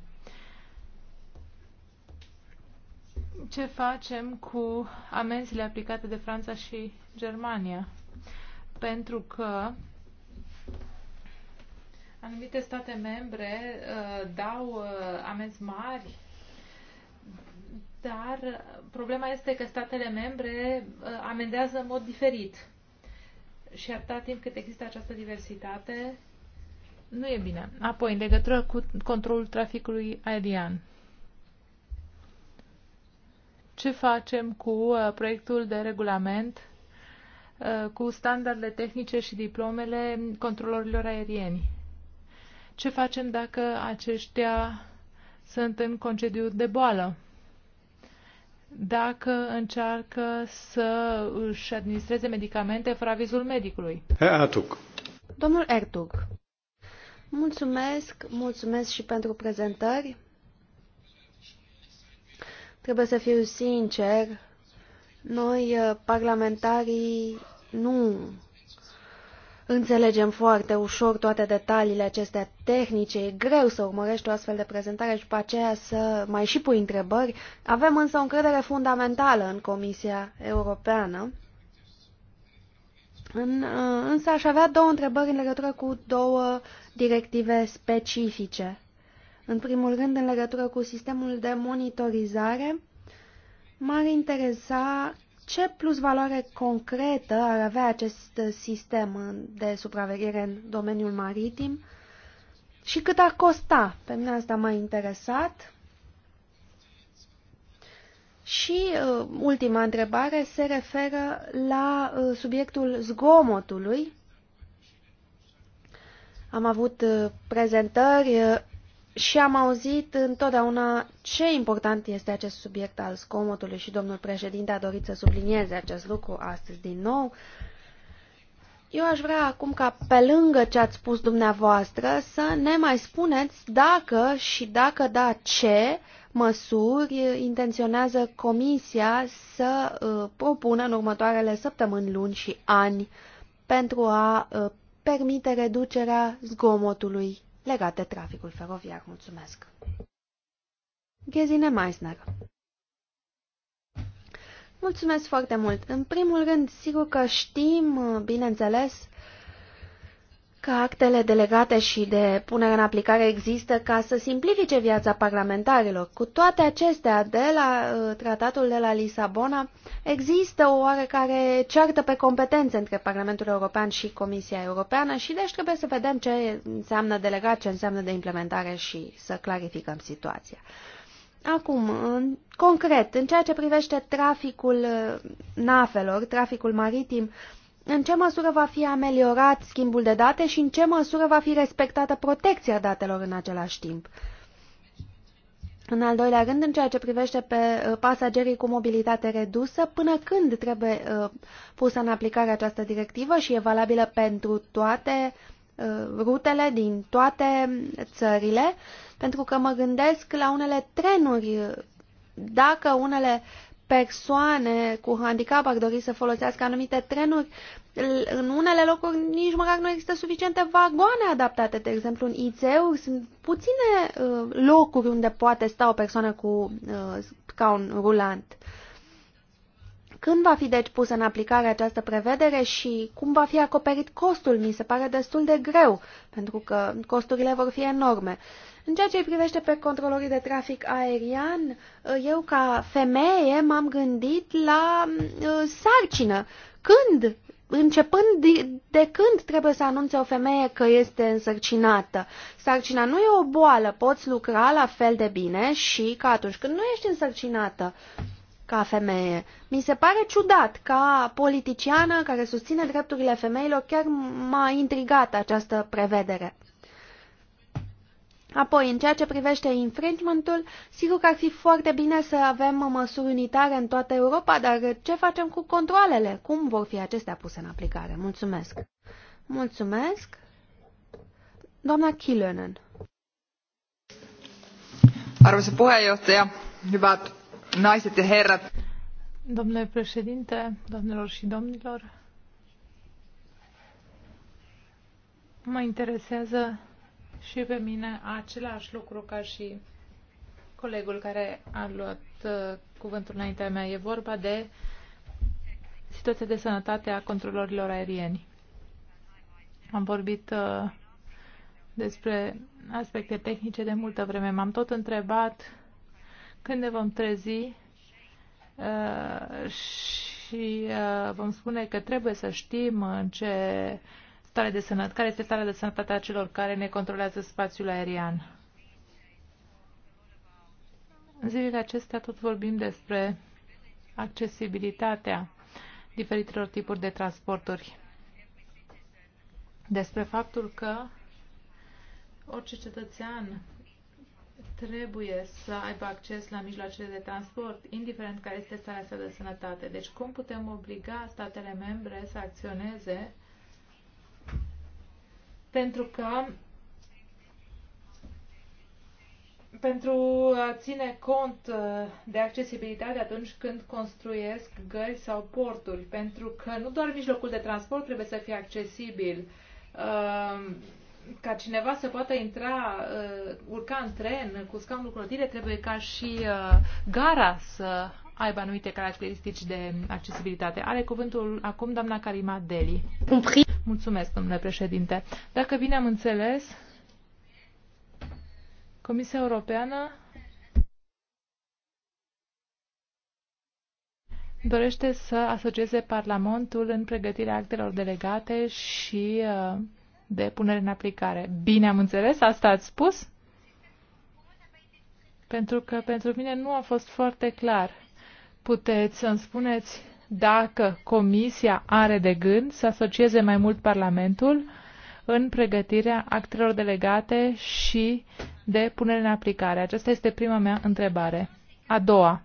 ce facem cu amenziile aplicate de Franța și Germania. Pentru că anumite state membre uh, dau uh, amenzi mari, dar problema este că statele membre uh, amendează în mod diferit. Și atâta timp cât există această diversitate, nu e bine. Apoi, în legătură cu controlul traficului aerian ce facem cu uh, proiectul de regulament uh, cu standardele tehnice și diplomele controlorilor aerieni. Ce facem dacă aceștia sunt în concediu de boală? Dacă încearcă să își administreze medicamente fără avizul medicului? Ertug. Domnul Ertug, mulțumesc, mulțumesc și pentru prezentări. Trebuie să fiu sincer, noi uh, parlamentarii nu înțelegem foarte ușor toate detaliile acestea tehnice, e greu să urmărești o astfel de prezentare și după aceea să mai și pui întrebări. Avem însă o încredere fundamentală în Comisia Europeană. În, uh, însă aș avea două întrebări în legătură cu două directive specifice. În primul rând, în legătură cu sistemul de monitorizare, m-ar interesa ce plus valoare concretă ar avea acest sistem de supraveghere în domeniul maritim și cât ar costa. Pe mine asta m-a interesat. Și uh, ultima întrebare se referă la uh, subiectul zgomotului. Am avut uh, prezentări uh, și am auzit întotdeauna ce important este acest subiect al scomotului și domnul președinte a dorit să sublinieze acest lucru astăzi din nou. Eu aș vrea acum ca pe lângă ce ați spus dumneavoastră să ne mai spuneți dacă și dacă da ce măsuri intenționează Comisia să uh, propună în următoarele săptămâni, luni și ani pentru a uh, permite reducerea zgomotului legat de traficul feroviar. Mulțumesc! Ghezine Meisner Mulțumesc foarte mult! În primul rând, sigur că știm, bineînțeles, că actele delegate și de punere în aplicare există ca să simplifice viața parlamentarilor. Cu toate acestea, de la uh, tratatul de la Lisabona, există o oarecare ceartă pe competențe între Parlamentul European și Comisia Europeană și deci trebuie să vedem ce înseamnă delegat, ce înseamnă de implementare și să clarificăm situația. Acum, în, concret, în ceea ce privește traficul uh, nafelor, traficul maritim, în ce măsură va fi ameliorat schimbul de date și în ce măsură va fi respectată protecția datelor în același timp. În al doilea rând, în ceea ce privește pe uh, pasagerii cu mobilitate redusă, până când trebuie uh, pusă în aplicare această directivă și e valabilă pentru toate uh, rutele din toate țările, pentru că mă gândesc la unele trenuri, dacă unele persoane cu handicap ar dori să folosească anumite trenuri, în unele locuri nici măcar nu există suficiente vagoane adaptate. De exemplu, în ITU sunt puține uh, locuri unde poate sta o persoană cu uh, ca scaun rulant. Când va fi deci pusă în aplicare această prevedere și cum va fi acoperit costul, mi se pare destul de greu, pentru că costurile vor fi enorme. Uh, în ceea ce îi privește pe controlorii de trafic aerian, eu ca femeie m-am gândit la mm, sarcină. Când începând de când trebuie să anunțe o femeie că este însărcinată. Sarcina nu e o boală, poți lucra la fel de bine și ca atunci când nu ești însărcinată ca femeie. Mi se pare ciudat ca politiciană care susține drepturile femeilor, chiar m-a intrigat această prevedere. Apoi, în ceea ce privește infringementul, sigur că ar fi foarte bine să avem măsuri unitare în toată Europa, dar ce facem cu controlele? Cum vor fi acestea puse în aplicare? Mulțumesc! Mulțumesc! Doamna Kilönen. Arvoisa puheenjohtaja, hyvät naiset ja herrat. Domnule președinte, doamnelor și domnilor, mă interesează și pe mine același lucru ca și colegul care a luat uh, cuvântul înaintea mea. E vorba de situația de sănătate a controlorilor aerieni. Am vorbit uh, despre aspecte tehnice de multă vreme. M-am tot întrebat când ne vom trezi uh, și uh, vom spune că trebuie să știm în ce uh, stare de sănătate, care este starea de sănătate a celor care ne controlează spațiul aerian. În zilele acestea tot vorbim despre accesibilitatea diferitelor tipuri de transporturi. Despre faptul că orice cetățean trebuie să aibă acces la mijloacele de transport, indiferent care este starea sa de sănătate. Deci cum putem obliga statele membre să acționeze pentru că pentru a ține cont uh, de accesibilitate atunci când construiesc gări sau porturi, pentru că nu doar mijlocul de transport trebuie să fie accesibil, uh, ca cineva să poată intra, uh, urca în tren cu scaunul cu rotile, trebuie ca și gara să aibă anumite caracteristici de accesibilitate. Are cuvântul acum doamna Karima Deli. Mulțumesc, domnule președinte. Dacă bine am înțeles, Comisia Europeană dorește să asocieze Parlamentul în pregătirea actelor delegate și uh, de punere în aplicare. Bine am înțeles? Asta ați spus? Pentru că pentru mine nu a fost foarte clar puteți să-mi spuneți dacă Comisia are de gând să asocieze mai mult Parlamentul în pregătirea actelor delegate și de punere în aplicare? Aceasta este prima mea întrebare. A doua.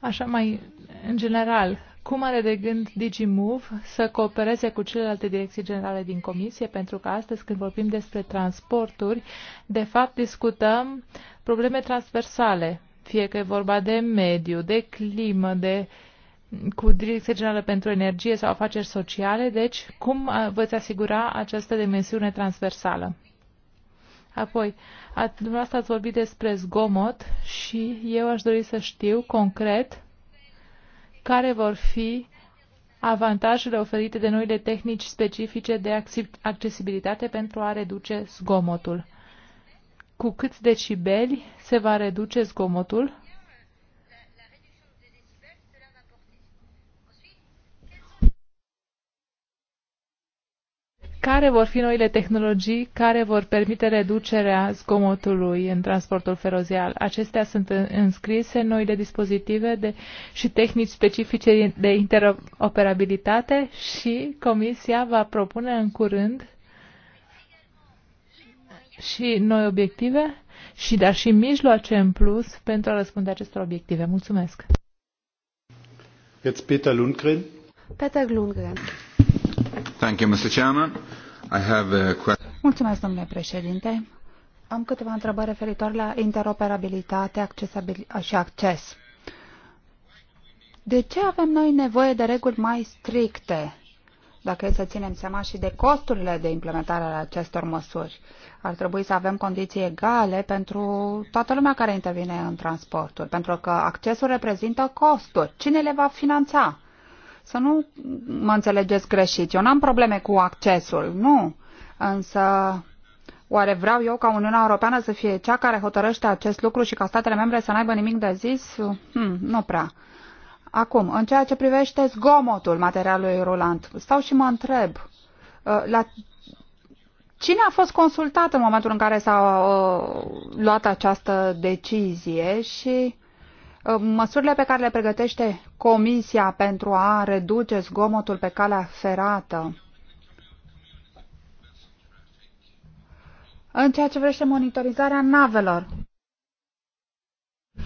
Așa mai în general, cum are de gând DigiMove să coopereze cu celelalte direcții generale din Comisie? Pentru că astăzi, când vorbim despre transporturi, de fapt discutăm probleme transversale, fie că e vorba de mediu, de climă, de cu Direcția Generală pentru Energie sau Afaceri Sociale, deci cum veți asigura această dimensiune transversală? Apoi, dumneavoastră ați vorbit despre zgomot și eu aș dori să știu concret care vor fi avantajele oferite de noile tehnici specifice de accesibilitate pentru a reduce zgomotul. Cu câți decibeli se va reduce zgomotul? care vor fi noile tehnologii care vor permite reducerea zgomotului în transportul ferozial. Acestea sunt înscrise în noile dispozitive de, și tehnici specifice de interoperabilitate și Comisia va propune în curând și noi obiective, și dar și mijloace în plus pentru a răspunde acestor obiective. Mulțumesc! Jetzt Peter Lundgren. Peter Lundgren. Mulțumesc, domnule președinte. Am câteva întrebări referitoare la interoperabilitate și acces. De ce avem noi nevoie de reguli mai stricte dacă e să ținem seama și de costurile de implementare ale acestor măsuri. Ar trebui să avem condiții egale pentru toată lumea care intervine în transporturi, pentru că accesul reprezintă costuri. Cine le va finanța? Să nu mă înțelegeți greșit. Eu n-am probleme cu accesul, nu. Însă Oare vreau eu ca Uniunea Europeană să fie cea care hotărăște acest lucru și ca statele membre să n-aibă nimic de zis? Hmm, nu prea. Acum, în ceea ce privește zgomotul materialului rulant, stau și mă întreb, uh, la cine a fost consultat în momentul în care s-a uh, luat această decizie și Ă, măsurile pe care le pregătește Comisia pentru a reduce zgomotul pe calea ferată, în ceea ce vrește monitorizarea navelor.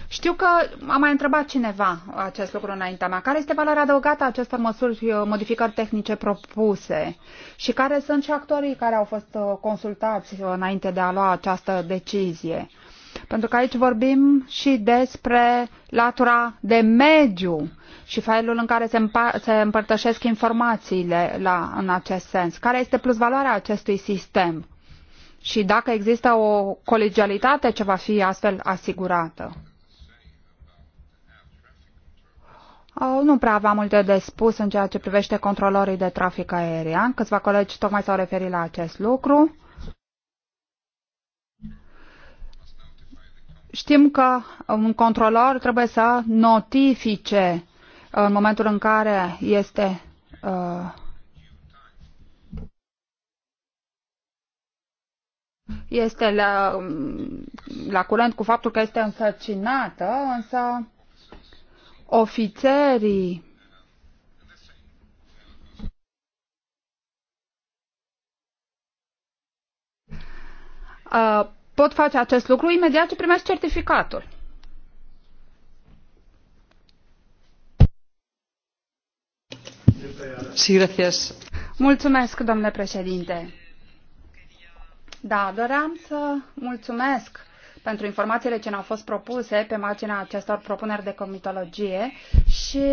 Știu că a mai întrebat cineva acest lucru înaintea mea. Care este valoarea adăugată a acestor măsuri, ă, modificări tehnice propuse și care sunt și actorii care au fost ă, consultați înainte de a lua această decizie? Pentru că aici vorbim și despre latura de mediu și felul în care se, împar- se împărtășesc informațiile la, în acest sens. Care este plusvaloarea acestui sistem? Și dacă există o colegialitate ce va fi astfel asigurată? Nu prea aveam multe de spus în ceea ce privește controlorii de trafic aerian. Câțiva colegi tocmai s-au referit la acest lucru. Știm că un controlor trebuie să notifice uh, în momentul în care este uh, este la, la curent cu faptul că este însărcinată, însă ofițerii uh, pot face acest lucru imediat ce primesc certificatul. Sí, gracias. Mulțumesc, domnule președinte. Da, doream să mulțumesc pentru informațiile ce ne-au fost propuse pe marginea acestor propuneri de comitologie și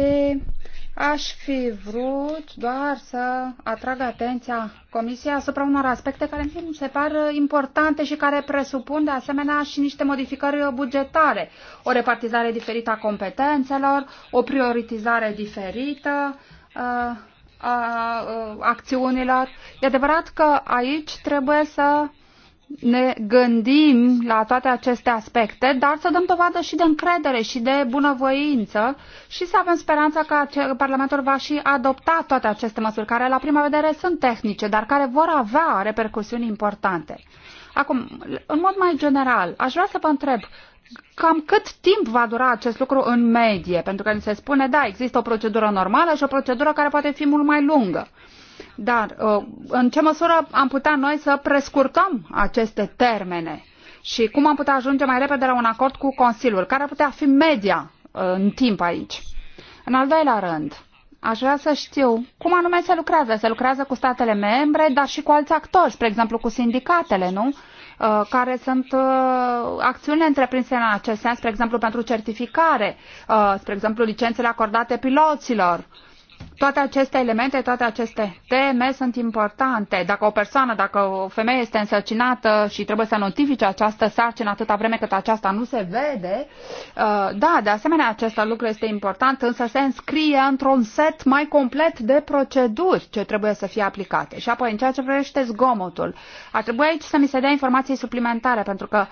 Aș fi vrut doar să atrag atenția Comisiei asupra unor aspecte care mi se par importante și care presupun de asemenea și niște modificări bugetare, o repartizare diferită a competențelor, o prioritizare diferită uh, a uh, acțiunilor. E adevărat că aici trebuie să ne gândim la toate aceste aspecte, dar să dăm dovadă și de încredere și de bunăvoință și să avem speranța că Parlamentul va și adopta toate aceste măsuri, care la prima vedere sunt tehnice, dar care vor avea repercusiuni importante. Acum, în mod mai general, aș vrea să vă întreb, cam cât timp va dura acest lucru în medie? Pentru că ni se spune, da, există o procedură normală și o procedură care poate fi mult mai lungă. Dar uh, în ce măsură am putea noi să prescurtăm aceste termene? Și cum am putea ajunge mai repede la un acord cu Consiliul? Care ar putea fi media uh, în timp aici? În al doilea rând, aș vrea să știu cum anume se lucrează. Se lucrează cu statele membre, dar și cu alți actori, spre exemplu cu sindicatele, nu? Uh, care sunt acțiunile întreprinse în acest sens, spre exemplu pentru certificare, spre exemplu licențele acordate piloților toate aceste elemente, toate aceste teme sunt importante. Dacă o persoană, dacă o femeie este însărcinată și trebuie să notifice această sarcină atâta vreme cât aceasta nu se vede, uh, da, de asemenea, acest lucru este important, însă se înscrie într-un set mai complet de proceduri ce trebuie să fie aplicate. Și apoi, în ceea ce privește zgomotul, ar trebui aici să mi se dea informații suplimentare, pentru că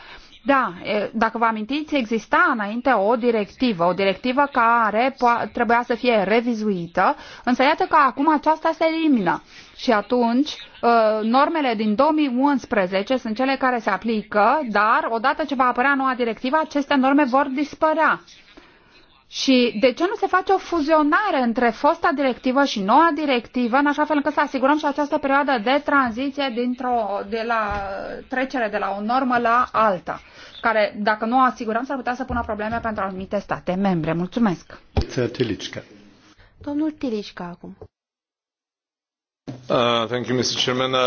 da, dacă vă amintiți, exista înainte o directivă, o directivă care trebuia să fie revizuită, însă iată că acum aceasta se elimină. Și atunci, ă, normele din 2011 sunt cele care se aplică, dar odată ce va apărea noua directivă, aceste norme vor dispărea. Și de ce nu se face o fuzionare între fosta directivă și noua directivă, în așa fel încât să asigurăm și această perioadă de tranziție dintr-o, de la trecere de la o normă la alta? care, dacă nu o asigurăm, s-ar putea să pună probleme pentru anumite state membre. Mulțumesc! Tilicica. Domnul Tilișca acum. Uh, thank you, Mr. Chairman. Uh...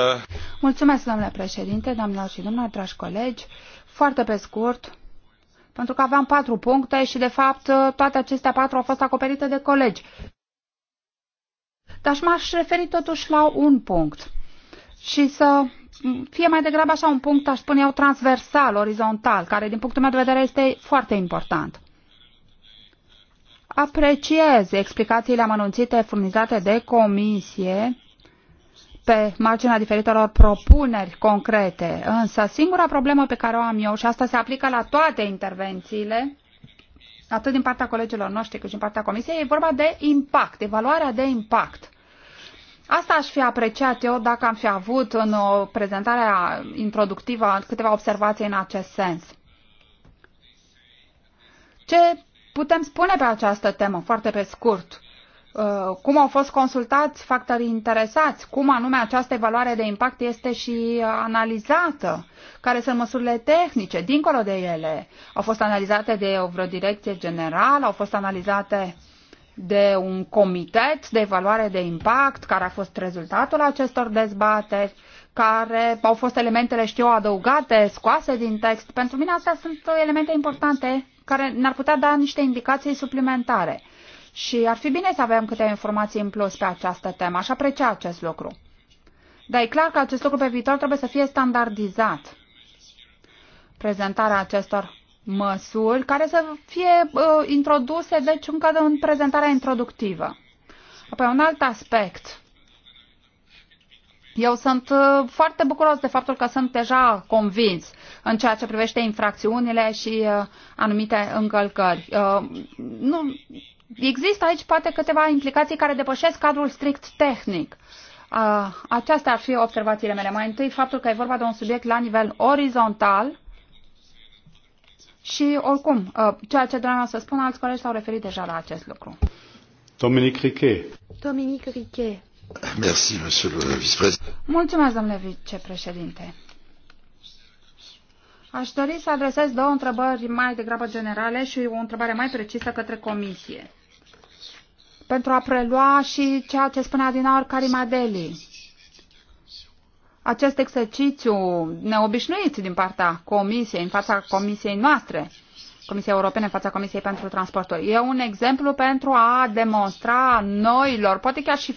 Mulțumesc, domnule președinte, doamnelor și domnilor, dragi colegi. Foarte pe scurt, pentru că aveam patru puncte și, de fapt, toate acestea patru au fost acoperite de colegi. Dar m-aș referi totuși la un punct și să fie mai degrabă așa un punct, aș spune eu, transversal, orizontal, care din punctul meu de vedere este foarte important. Apreciez explicațiile amănunțite furnizate de comisie pe marginea diferitelor propuneri concrete, însă singura problemă pe care o am eu, și asta se aplică la toate intervențiile, atât din partea colegilor noștri cât și din partea comisiei, e vorba de impact, evaluarea de impact. Asta aș fi apreciat eu dacă am fi avut în o prezentare introductivă câteva observații în acest sens. Ce putem spune pe această temă, foarte pe scurt? Uh, cum au fost consultați factorii interesați? Cum anume această evaluare de impact este și analizată? Care sunt măsurile tehnice dincolo de ele? Au fost analizate de o vreo direcție generală? Au fost analizate de un comitet de evaluare de impact, care a fost rezultatul acestor dezbateri, care au fost elementele, știu, adăugate, scoase din text. Pentru mine astea sunt elemente importante care ne-ar putea da niște indicații suplimentare. Și ar fi bine să avem câte informații în plus pe această temă. Aș aprecia acest lucru. Dar e clar că acest lucru pe viitor trebuie să fie standardizat. Prezentarea acestor măsuri care să fie uh, introduse, deci, încă de în prezentarea introductivă. Apoi, un alt aspect. Eu sunt uh, foarte bucuros de faptul că sunt deja convins în ceea ce privește infracțiunile și uh, anumite încălcări. Uh, nu, există aici poate câteva implicații care depășesc cadrul strict tehnic. Uh, acestea ar fi observațiile mele. Mai întâi, faptul că e vorba de un subiect la nivel orizontal, și oricum, uh, ceea ce doream să spun, alți colegi s-au referit deja la acest lucru. Dominic Riquet. Dominic Riquet. Merci, monsieur le vicepreședinte. Mulțumesc, domnule vicepreședinte. Aș dori să adresez două întrebări mai degrabă generale și o întrebare mai precisă către comisie. Pentru a prelua și ceea ce spunea din aur Karima Deli acest exercițiu neobișnuit din partea Comisiei, în fața Comisiei noastre, Comisia Europene în fața Comisiei pentru Transporturi. E un exemplu pentru a demonstra noilor, poate chiar și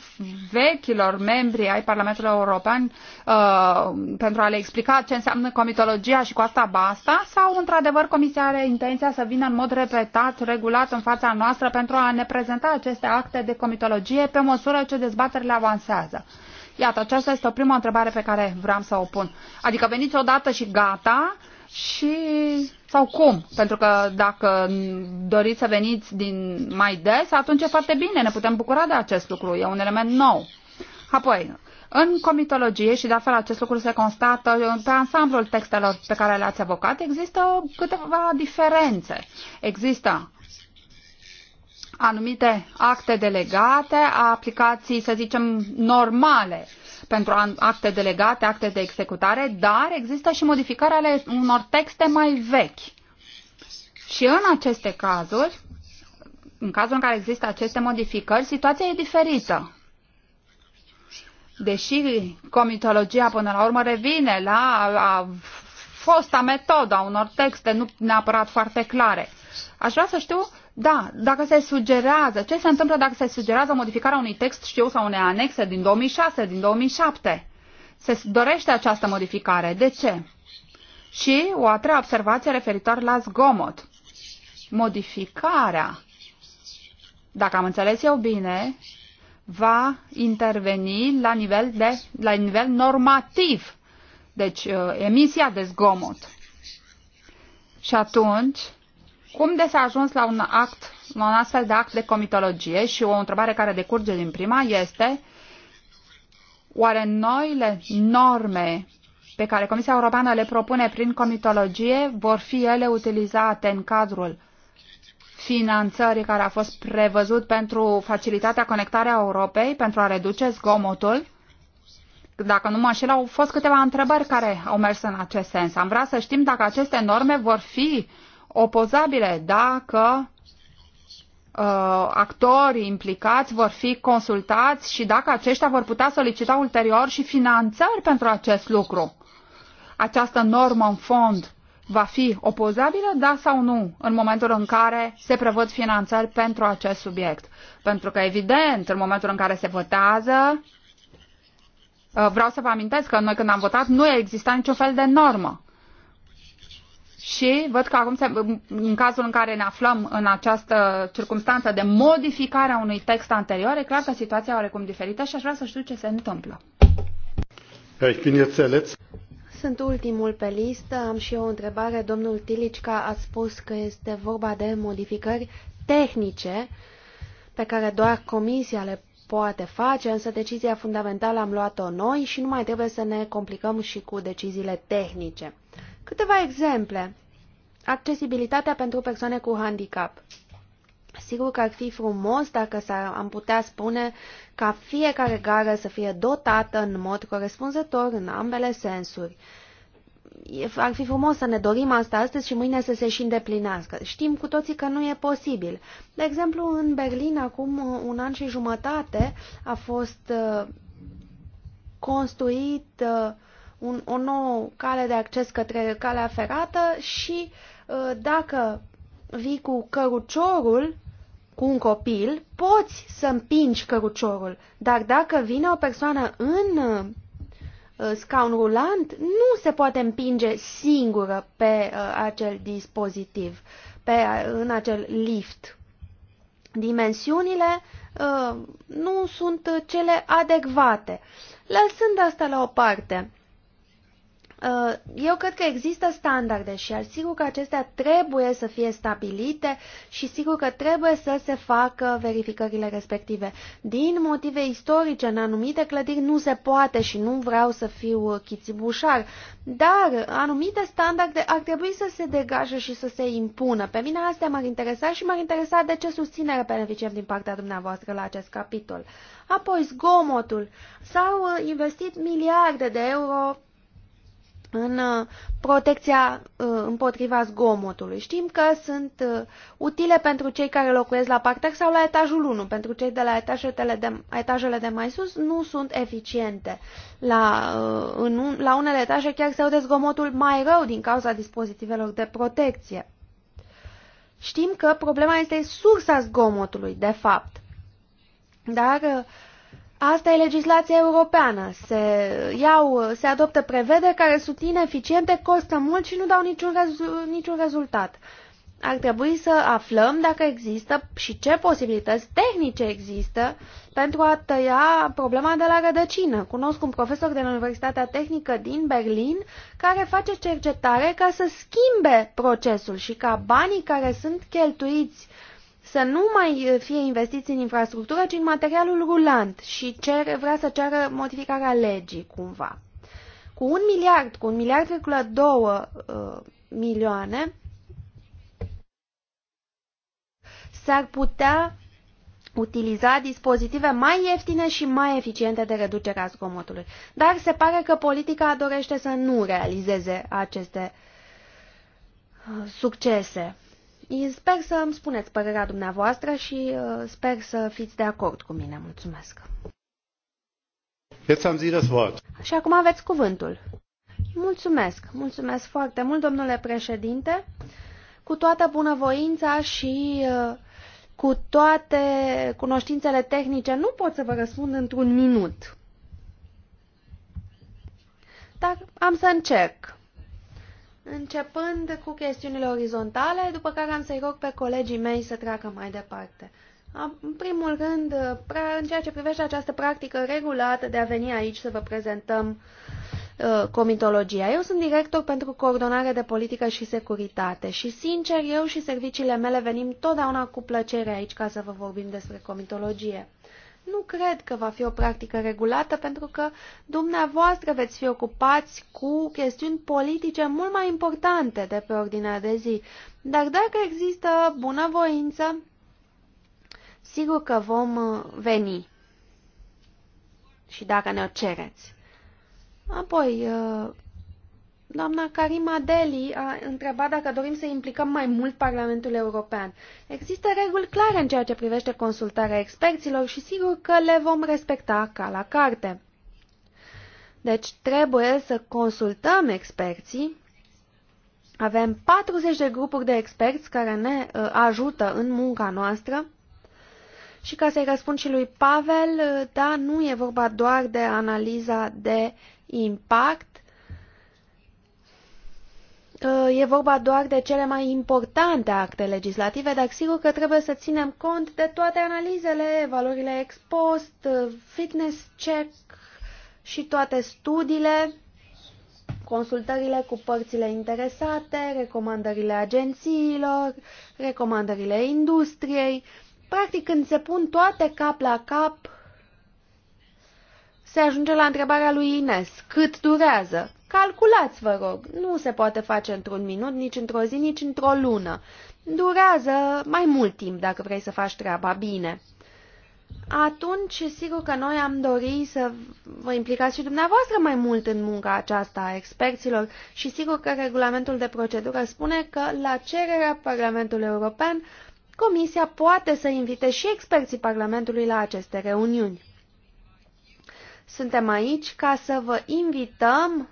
vechilor membri ai Parlamentului European, uh, pentru a le explica ce înseamnă comitologia și cu asta basta, sau într-adevăr Comisia are intenția să vină în mod repetat, regulat în fața noastră pentru a ne prezenta aceste acte de comitologie pe măsură ce dezbaterile avansează. Iată, aceasta este o prima întrebare pe care vreau să o pun. Adică veniți odată și gata și sau cum? Pentru că dacă doriți să veniți din mai des, atunci e foarte bine, ne putem bucura de acest lucru, e un element nou. Apoi, în comitologie, și de altfel acest lucru se constată pe ansamblul textelor pe care le-ați evocat, există câteva diferențe. Există anumite acte delegate, aplicații, să zicem, normale pentru acte delegate, acte de executare, dar există și modificarea ale unor texte mai vechi. Și în aceste cazuri, în cazul în care există aceste modificări, situația e diferită. Deși comitologia până la urmă revine la a fosta metodă a unor texte nu neapărat foarte clare. Aș vrea să știu da, dacă se sugerează, ce se întâmplă dacă se sugerează modificarea unui text, știu, sau unei anexe din 2006, din 2007? Se dorește această modificare. De ce? Și o a treia observație referitor la zgomot. Modificarea, dacă am înțeles eu bine, va interveni la nivel, de, la nivel normativ. Deci, uh, emisia de zgomot. Și atunci, cum de s-a ajuns la un act, la un astfel de act de comitologie și o întrebare care decurge din prima este oare noile norme pe care Comisia Europeană le propune prin comitologie vor fi ele utilizate în cadrul finanțării care a fost prevăzut pentru facilitatea conectarea Europei pentru a reduce zgomotul? Dacă nu mă înșel, au fost câteva întrebări care au mers în acest sens. Am vrea să știm dacă aceste norme vor fi uh, opozabile dacă uh, actorii implicați vor fi consultați și dacă aceștia vor putea solicita ulterior și finanțări pentru acest lucru. Această normă în fond va fi opozabilă, da sau nu, în momentul în care se prevăd finanțări pentru acest subiect. Pentru că, evident, în momentul în care se votează, uh, vreau să vă amintesc că noi când am votat nu exista niciun fel de normă și văd că acum, în cazul în care ne aflăm în această circunstanță de modificare a unui text anterior, e clar că situația e oarecum diferită și aș vrea să știu ce se întâmplă. Sunt ultimul pe listă, am și eu o întrebare. Domnul Tilicica a spus că este vorba de modificări tehnice pe care doar comisia le poate face, însă decizia fundamentală am luat-o noi și nu mai trebuie să ne complicăm și cu deciziile tehnice. Câteva exemple. Accesibilitatea pentru persoane cu handicap. Sigur că ar fi frumos dacă s-ar, am putea spune ca fiecare gară să fie dotată în mod corespunzător în ambele sensuri. Ar fi frumos să ne dorim asta astăzi și mâine să se și îndeplinească. Știm cu toții că nu e posibil. De exemplu, în Berlin, acum uh, un an și jumătate, a fost uh, construit uh, un, o nouă cale de acces către calea ferată și uh, dacă vii cu căruciorul, cu un copil, poți să împingi căruciorul, dar dacă vine o persoană în uh, scaun rulant, nu se poate împinge singură pe uh, acel dispozitiv, pe, în acel lift. Dimensiunile nu sunt cele adecvate. Lăsând asta la o parte, Uh, eu cred că există standarde și sigur că acestea trebuie să fie stabilite și sigur că trebuie să se facă verificările respective. Din motive istorice, în anumite clădiri nu se poate și nu vreau să fiu chițibușar, dar anumite standarde ar trebui să se degajă și să se impună. Pe mine astea m-ar interesa și m-ar interesa de ce susținere beneficiem din partea dumneavoastră la acest capitol. Apoi zgomotul. S-au uh, investit miliarde de euro în uh, protecția uh, împotriva zgomotului. Știm că sunt uh, utile pentru cei care locuiesc la parter sau la etajul 1, pentru cei de la etajele de, etajele de mai sus nu sunt eficiente. La, în, la unele etaje chiar se aude zgomotul mai rău din cauza dispozitivelor de protecție. Știm că problema este sursa zgomotului, de fapt. Dar Asta e legislația europeană. Se, iau, se adoptă prevederi care sunt ineficiente, costă mult și nu dau niciun, rezu, niciun rezultat. Ar trebui să aflăm dacă există și ce posibilități tehnice există pentru a tăia problema de la rădăcină. Cunosc un profesor de la Universitatea Tehnică din Berlin care face cercetare ca să schimbe procesul și ca banii care sunt cheltuiți să nu mai eh, fie investiți în infrastructură, ci în materialul rulant și cer, vrea să ceară modificarea legii cumva. Cu un miliard, cu un miliard, două uh, milioane, s-ar putea utiliza dispozitive mai ieftine și mai eficiente de reducere a zgomotului. Dar se pare că politica dorește să nu realizeze aceste eh, succese. Sper să îmi spuneți părerea dumneavoastră și uh, sper să fiți de acord cu mine. Mulțumesc. Jetzt haben Sie das Wort. Și acum aveți cuvântul. Mulțumesc, mulțumesc foarte mult, domnule președinte. Cu toată bunăvoința și uh, cu toate cunoștințele tehnice, nu pot să vă răspund într-un minut. Dar am să încerc începând cu chestiunile orizontale, după care am să-i rog pe colegii mei să treacă mai departe. În primul rând, în ceea ce privește această practică regulată de a veni aici să vă prezentăm uh, comitologia. Eu sunt director pentru coordonare de politică și securitate și, sincer, eu și serviciile mele venim totdeauna cu plăcere aici ca să vă vorbim despre comitologie nu cred că va fi o practică regulată, pentru că dumneavoastră veți fi ocupați cu chestiuni politice mult mai importante de pe ordinea de zi. Dar dacă există bunăvoință, sigur că vom uh, veni. Și dacă ne-o cereți. Apoi, uh, Doamna Karima Deli a întrebat dacă dorim să implicăm mai mult Parlamentul European. Există reguli clare în ceea ce privește consultarea experților și sigur că le vom respecta ca la carte. Deci trebuie să consultăm experții. Avem 40 de grupuri de experți care ne uh, ajută în munca noastră. Și ca să-i răspund și lui Pavel, uh, da, nu e vorba doar de analiza de impact, Uh, e vorba doar de cele mai importante acte legislative, dar sigur că trebuie să ținem cont de toate analizele, valorile ex post, uh, fitness check și toate studiile, consultările cu părțile interesate, recomandările agențiilor, recomandările industriei. Practic, când se pun toate cap la cap, se ajunge la întrebarea lui Ines, cât durează? Calculați, vă rog, nu se poate face într-un minut, nici într-o zi, nici într-o lună. Durează mai mult timp dacă vrei să faci treaba bine. Atunci, sigur că noi am dori să vă implicați și dumneavoastră mai mult în munca aceasta a experților și sigur că regulamentul de procedură spune că, la cererea Parlamentului European, Comisia poate să invite și experții Parlamentului la aceste reuniuni. Suntem aici ca să vă invităm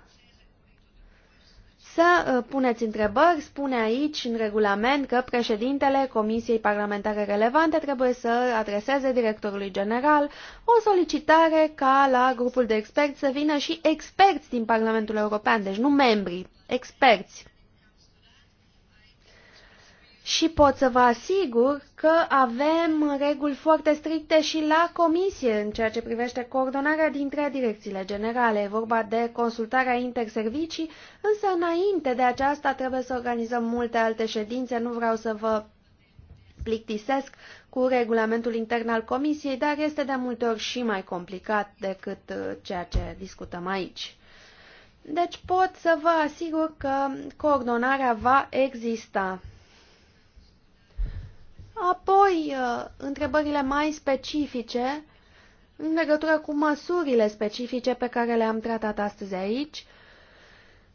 să uh, puneți întrebări. Spune aici, în regulament, că președintele Comisiei Parlamentare Relevante trebuie să adreseze directorului general o solicitare ca la grupul de experți să vină și experți din Parlamentul European, deci nu membrii, experți și pot să vă asigur că avem reguli foarte stricte și la comisie în ceea ce privește coordonarea dintre direcțiile generale. E vorba de consultarea interservicii, însă înainte de aceasta trebuie să organizăm multe alte ședințe. Nu vreau să vă plictisesc cu regulamentul intern al comisiei, dar este de multe ori și mai complicat decât uh, ceea ce discutăm aici. Deci pot să vă asigur că coordonarea va exista. Apoi, uh, întrebările mai specifice în legătură cu măsurile specifice pe care le-am tratat astăzi aici.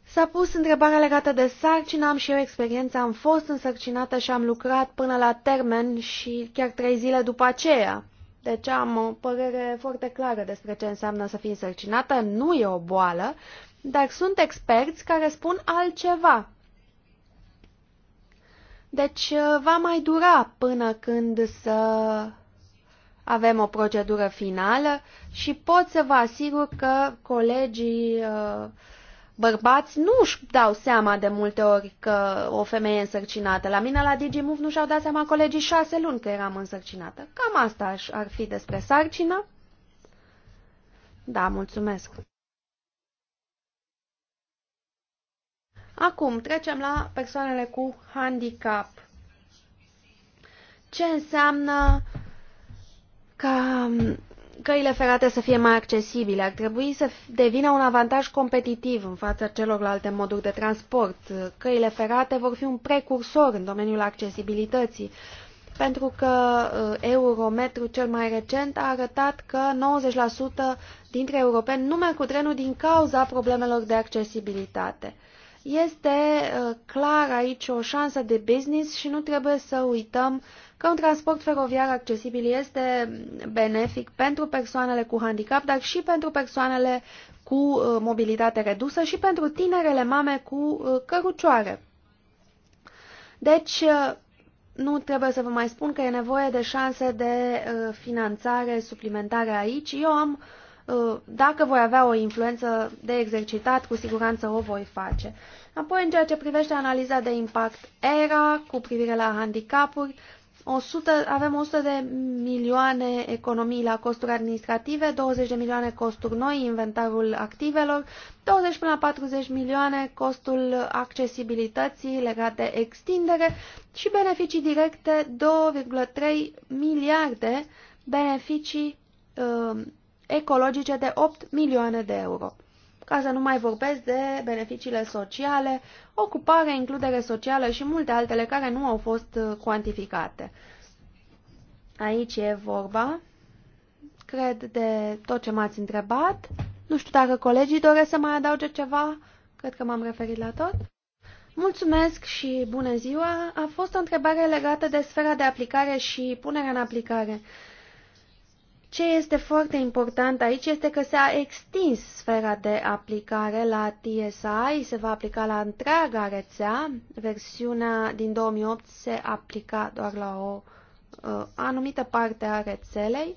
S-a pus întrebarea legată de sarcină, am și eu experiență, am fost însărcinată și am lucrat până la termen și chiar trei zile după aceea. Deci am o părere foarte clară despre ce înseamnă să fii însărcinată, nu e o boală, dar sunt experți care spun altceva. Deci uh, va mai dura până când să avem o procedură finală și pot să vă asigur că colegii uh, bărbați nu își dau seama de multe ori că o femeie însărcinată. La mine la DigiMove nu și-au dat seama colegii șase luni că eram însărcinată. Cam asta ar fi despre sarcină. Da, mulțumesc. Acum trecem la persoanele cu handicap. Ce înseamnă ca um, căile ferate să fie mai accesibile? Ar trebui să devină un avantaj competitiv în fața celorlalte moduri de transport. Căile ferate vor fi un precursor în domeniul accesibilității pentru că uh, Eurometru cel mai recent a arătat că 90% dintre europeni nu merg cu trenul din cauza problemelor de accesibilitate. Este uh, clar aici o șansă de business și nu trebuie să uităm că un transport feroviar accesibil este benefic pentru persoanele cu handicap, dar și pentru persoanele cu uh, mobilitate redusă și pentru tinerele mame cu uh, cărucioare. Deci, nu trebuie să vă mai spun că e nevoie de șanse de finanțare suplimentare aici. Eu am uh, Uh, dacă voi avea o influență de exercitat, cu siguranță o voi face. Apoi, în ceea ce privește analiza de impact ERA cu privire la handicapuri, 100, avem 100 de milioane economii la costuri administrative, 20 de milioane costuri noi, inventarul activelor, 20 până la 40 milioane costul accesibilității legat de extindere și beneficii directe 2,3 miliarde beneficii uh, ecologice de 8 milioane de euro. Ca să nu mai vorbesc de beneficiile sociale, ocupare, includere socială și multe altele care nu au fost uh, cuantificate. Aici e vorba, cred, de tot ce m-ați întrebat. Nu știu dacă colegii doresc să mai adauge ceva. Cred că m-am referit la tot. Mulțumesc și bună ziua! A fost o întrebare legată de sfera de aplicare și punerea în aplicare. Ce este foarte important aici este că s-a extins sfera de aplicare la TSI, se va aplica la întreaga rețea. Versiunea din 2008 se aplica doar la o uh, anumită parte a rețelei.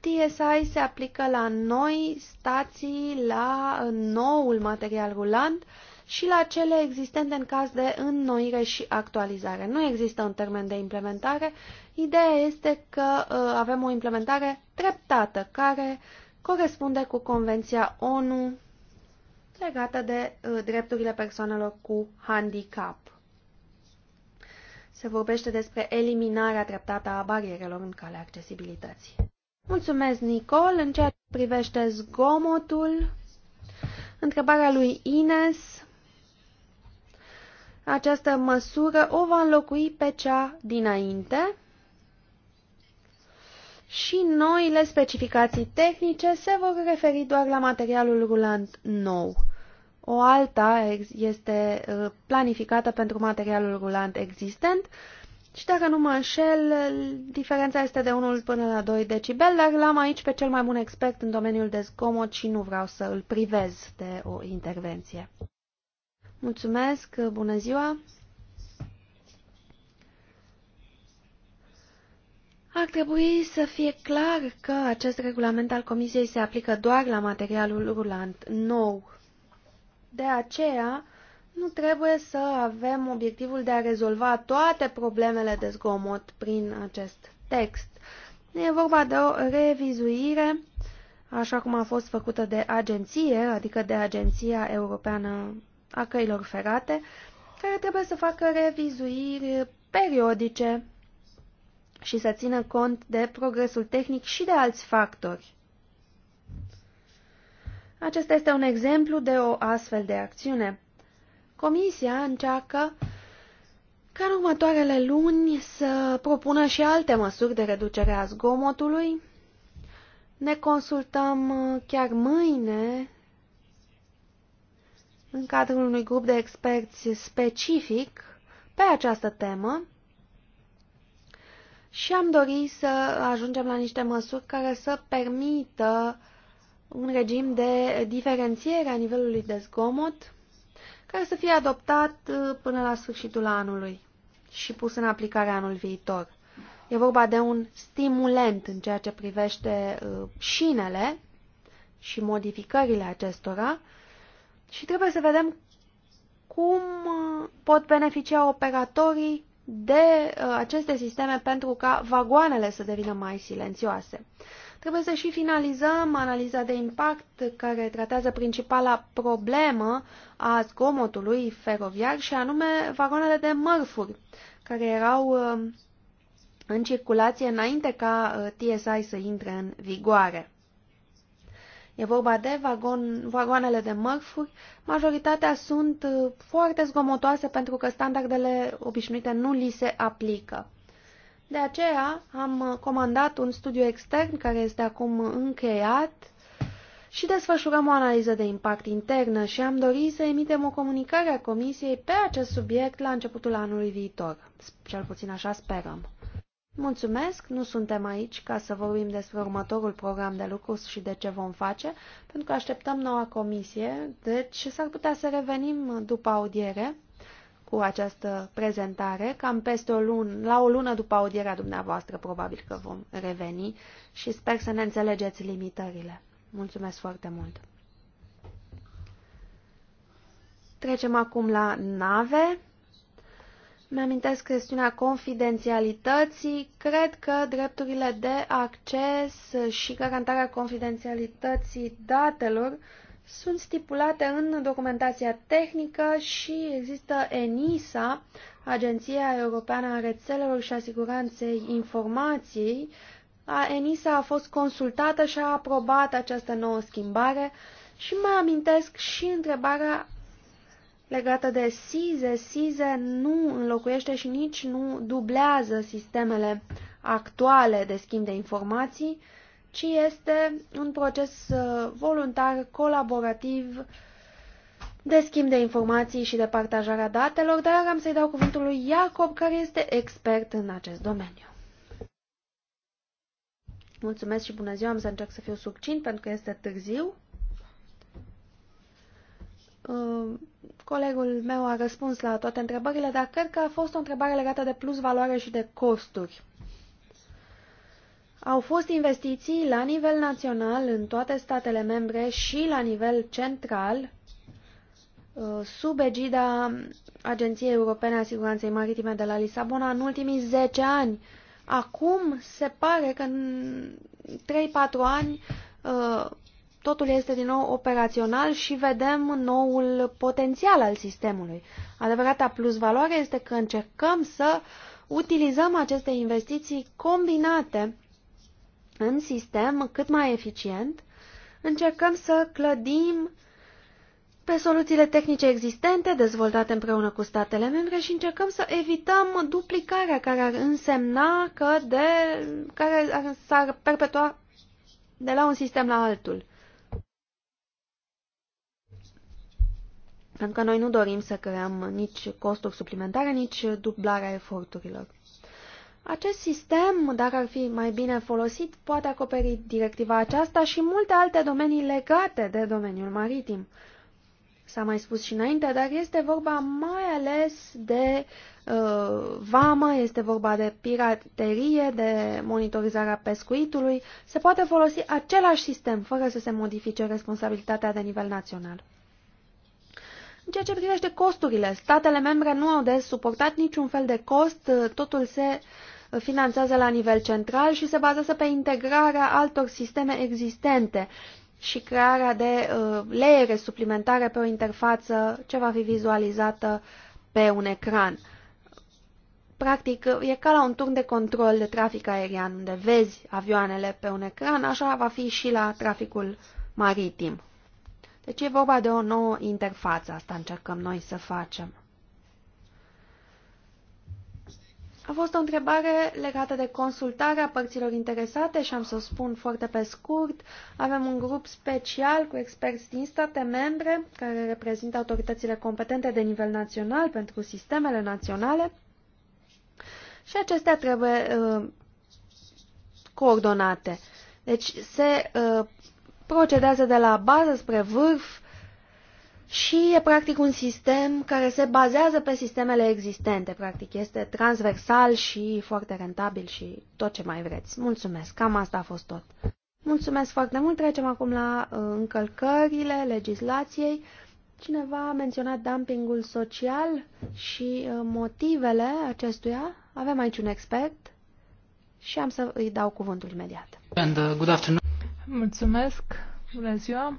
TSI se aplică la noi stații, la noul material rulant, uh, și la cele existente în caz de înnoire și actualizare. Nu există un termen de implementare, ideea este că uh, avem o implementare treptată care corespunde cu Convenția ONU legată de uh, drepturile persoanelor cu handicap. Se vorbește despre eliminarea treptată a barierelor în calea accesibilității. Mulțumesc, Nicol. În ceea ce privește zgomotul, întrebarea lui Ines această măsură o va înlocui pe cea dinainte și noile specificații tehnice se vor referi doar la materialul rulant nou. O alta este uh, planificată pentru materialul rulant existent și dacă nu mă înșel, diferența este de 1 până la 2 decibel, dar l-am aici pe cel mai bun expert în domeniul de zgomot și nu vreau să îl privez de o intervenție. Mulțumesc, bună ziua! Ar trebui să fie clar că acest regulament al Comisiei se aplică doar la materialul rulant nou. De aceea, nu trebuie să avem obiectivul de a rezolva toate problemele de zgomot prin acest text. E vorba de o revizuire, așa cum a fost făcută de agenție, adică de Agenția Europeană a căilor ferate, care trebuie să facă revizuiri periodice și să țină cont de progresul tehnic și de alți factori. Acesta este un exemplu de o astfel de acțiune. Comisia încearcă ca în următoarele luni să propună și alte măsuri de reducere a zgomotului. Ne consultăm chiar mâine în cadrul unui grup de experți specific pe această temă și am dorit să ajungem la niște măsuri care să permită un regim de diferențiere a nivelului de zgomot care să fie adoptat uh, până la sfârșitul anului și pus în aplicare anul viitor. E vorba de un stimulent în ceea ce privește uh, șinele și modificările acestora, și trebuie să vedem cum uh, pot beneficia operatorii de uh, aceste sisteme pentru ca vagoanele să devină mai silențioase. Trebuie să și finalizăm analiza de impact care tratează principala problemă a zgomotului feroviar și anume vagoanele de mărfuri care erau uh, în circulație înainte ca TSI să intre în vigoare. E vorba de vagon, vagoanele de mărfuri. Majoritatea sunt uh, foarte zgomotoase pentru că standardele obișnuite nu li se aplică. De aceea am comandat un studiu extern care este acum încheiat și desfășurăm o analiză de impact internă și am dorit să emitem o comunicare a Comisiei pe acest subiect la începutul anului viitor. Cel puțin așa sperăm. Mulțumesc, nu suntem aici ca să vorbim despre următorul program de lucru și de ce vom face, pentru că așteptăm noua comisie, deci s-ar putea să revenim după audiere cu această prezentare, cam peste o lună, la o lună după audierea dumneavoastră probabil că vom reveni și sper să ne înțelegeți limitările. Mulțumesc foarte mult! Trecem acum la nave. Mi-amintesc chestiunea confidențialității. Cred că drepturile de acces și garantarea confidențialității datelor sunt stipulate în documentația tehnică și există ENISA, Agenția Europeană a Rețelelor și a Siguranței Informației. ENISA a fost consultată și a aprobat această nouă schimbare și mă amintesc și întrebarea legată de SIZE. SIZE nu înlocuiește și nici nu dublează sistemele actuale de schimb de informații, ci este un proces uh, voluntar, colaborativ, de schimb de informații și de partajarea datelor, dar am să-i dau cuvântul lui Iacob, care este expert în acest domeniu. Mulțumesc și bună ziua, am să încerc să fiu succint pentru că este târziu. Uh, Colegul meu a răspuns la toate întrebările, dar cred că a fost o întrebare legată de plus valoare și de costuri. Au fost investiții la nivel național în toate statele membre și la nivel central uh, sub egida Agenției Europene a Siguranței Maritime de la Lisabona în ultimii 10 ani. Acum se pare că în 3-4 ani uh, totul este din nou operațional și vedem noul potențial al sistemului. Adevărata plusvaloare este că încercăm să utilizăm aceste investiții combinate în sistem cât mai eficient, încercăm să clădim pe soluțiile tehnice existente dezvoltate împreună cu statele membre și încercăm să evităm duplicarea care ar însemna că de, care s-ar perpetua de la un sistem la altul. Pentru că noi nu dorim să creăm nici costuri suplimentare, nici dublarea eforturilor. Acest sistem, dacă ar fi mai bine folosit, poate acoperi directiva aceasta și multe alte domenii legate de domeniul maritim. S-a mai spus și înainte, dar este vorba mai ales de uh, vamă, este vorba de piraterie, de monitorizarea pescuitului. Se poate folosi același sistem fără să se modifice responsabilitatea de nivel național. În ceea ce privește costurile, statele membre nu au de suportat niciun fel de cost, totul se finanțează la nivel central și se bazează pe integrarea altor sisteme existente și crearea de uh, leere suplimentare pe o interfață ce va fi vizualizată pe un ecran. Practic, e ca la un turn de control de trafic aerian, unde vezi avioanele pe un ecran, așa va fi și la traficul maritim. Deci e vorba de o nouă interfață, asta încercăm noi să facem. A fost o întrebare legată de consultarea părților interesate și am să o spun foarte pe scurt. Avem un grup special cu experți din state membre care reprezintă autoritățile competente de nivel național pentru sistemele naționale și acestea trebuie uh, coordonate. Deci se uh, procedează de la bază spre vârf și e practic un sistem care se bazează pe sistemele existente. Practic este transversal și foarte rentabil și tot ce mai vreți. Mulțumesc, cam asta a fost tot. Mulțumesc foarte mult. Trecem acum la uh, încălcările legislației. Cineva a menționat dumpingul social și uh, motivele acestuia. Avem aici un expert și am să îi dau cuvântul imediat. And, uh, good afternoon. Mulțumesc. Bună ziua.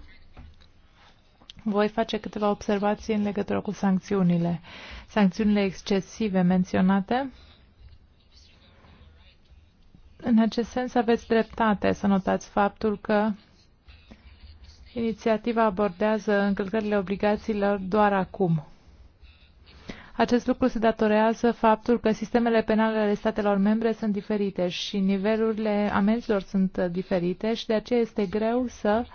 Voi face câteva observații în legătură cu sancțiunile. Sancțiunile excesive menționate. În acest sens aveți dreptate să notați faptul că inițiativa abordează încălcările obligațiilor doar acum. Acest lucru se datorează faptul că sistemele penale ale statelor membre sunt diferite și nivelurile amenzilor sunt diferite și de aceea este greu să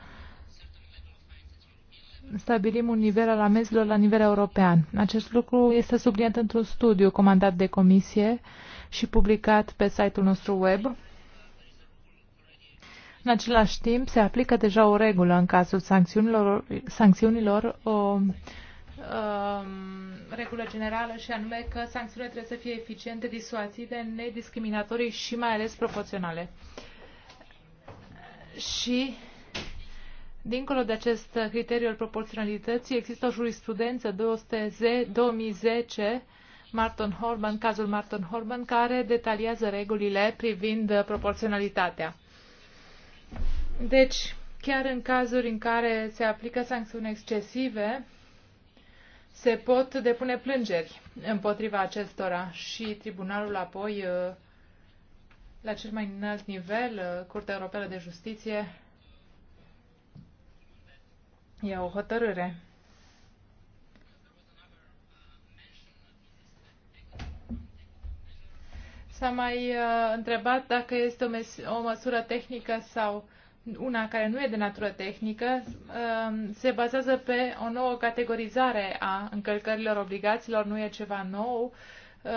stabilim un nivel al amenzilor la nivel european. Acest lucru este subliniat într-un studiu comandat de comisie și publicat pe site-ul nostru web. În același timp, se aplică deja o regulă în cazul sancțiunilor, sancțiunilor o Um, regulă generală și anume că sancțiunile trebuie să fie eficiente, disuasive, nediscriminatorii și mai ales proporționale. Și Dincolo de acest criteriu al proporționalității, există o jurisprudență 2010, Martin Horman, cazul Martin Horman, care detaliază regulile privind proporționalitatea. Deci, chiar în cazuri în care se aplică sancțiuni excesive, se pot depune plângeri împotriva acestora și tribunalul apoi, uh, la cel mai înalt nivel, uh, Curtea Europeană de Justiție, ia o hotărâre. S-a mai uh, întrebat dacă este o, o măsură tehnică sau una care nu e de natură tehnică, um, se bazează pe o nouă categorizare a încălcărilor obligațiilor, nu e ceva nou. Uh,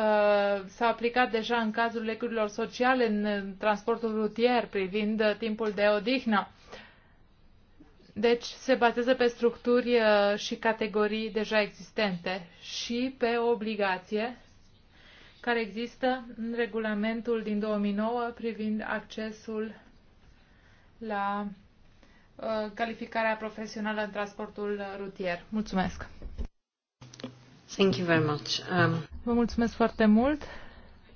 s-a aplicat deja în cazul lecurilor sociale în transportul rutier privind uh, timpul de odihnă. Deci se bazează pe structuri uh, și categorii deja existente și pe o obligație care există în regulamentul din 2009 privind accesul la uh, calificarea profesională în transportul rutier. Mulțumesc! Thank you very much. Um... Vă mulțumesc foarte mult.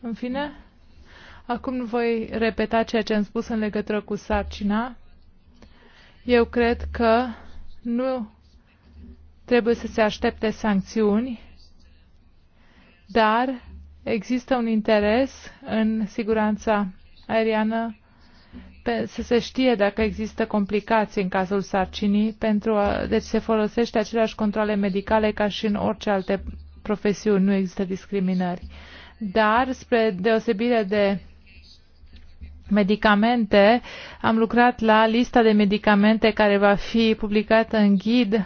În fine, acum nu voi repeta ceea ce am spus în legătură cu sarcina. Eu cred că nu trebuie să se aștepte sancțiuni, dar există un interes în siguranța aeriană pe, să se știe dacă există complicații în cazul sarcinii, pentru a, deci se folosește aceleași controle medicale ca și în orice alte profesiuni, nu există discriminări. Dar, spre deosebire de medicamente, am lucrat la lista de medicamente care va fi publicată în ghid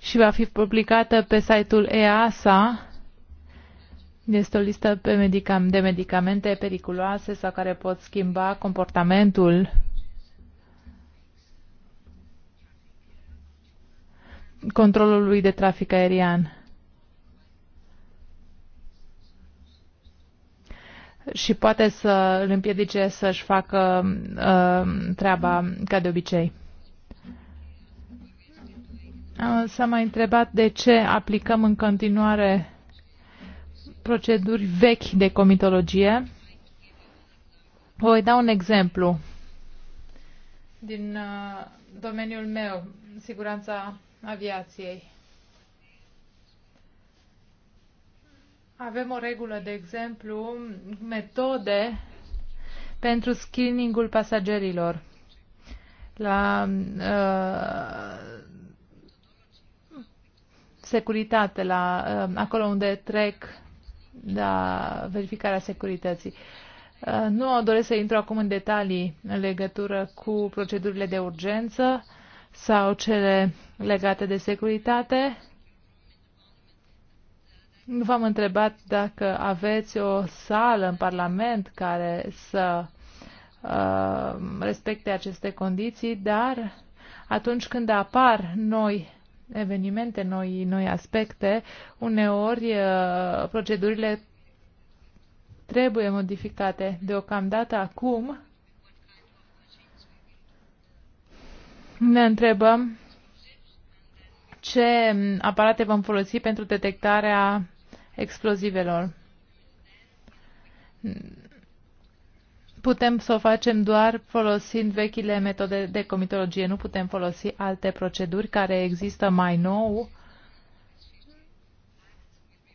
și va fi publicată pe site-ul EASA este o listă pe medicam- de medicamente periculoase sau care pot schimba comportamentul controlului de trafic aerian. Și poate să îl împiedice să-și facă uh, treaba ca de obicei. Uh, s-a mai întrebat de ce aplicăm în continuare proceduri vechi de comitologie. Voi da un exemplu din uh, domeniul meu, siguranța aviației. Avem o regulă, de exemplu, metode pentru screeningul pasagerilor la uh, securitate, la uh, acolo unde trec la verificarea securității. Uh, nu doresc să intru acum în detalii în legătură cu procedurile de urgență sau cele legate de securitate. V-am întrebat dacă aveți o sală în Parlament care să uh, respecte aceste condiții, dar atunci când apar noi evenimente, noi, noi aspecte, uneori uh, procedurile trebuie modificate. Deocamdată acum ne întrebăm ce aparate vom folosi pentru detectarea explozivelor putem să o facem doar folosind vechile metode de comitologie. Nu putem folosi alte proceduri care există mai nou,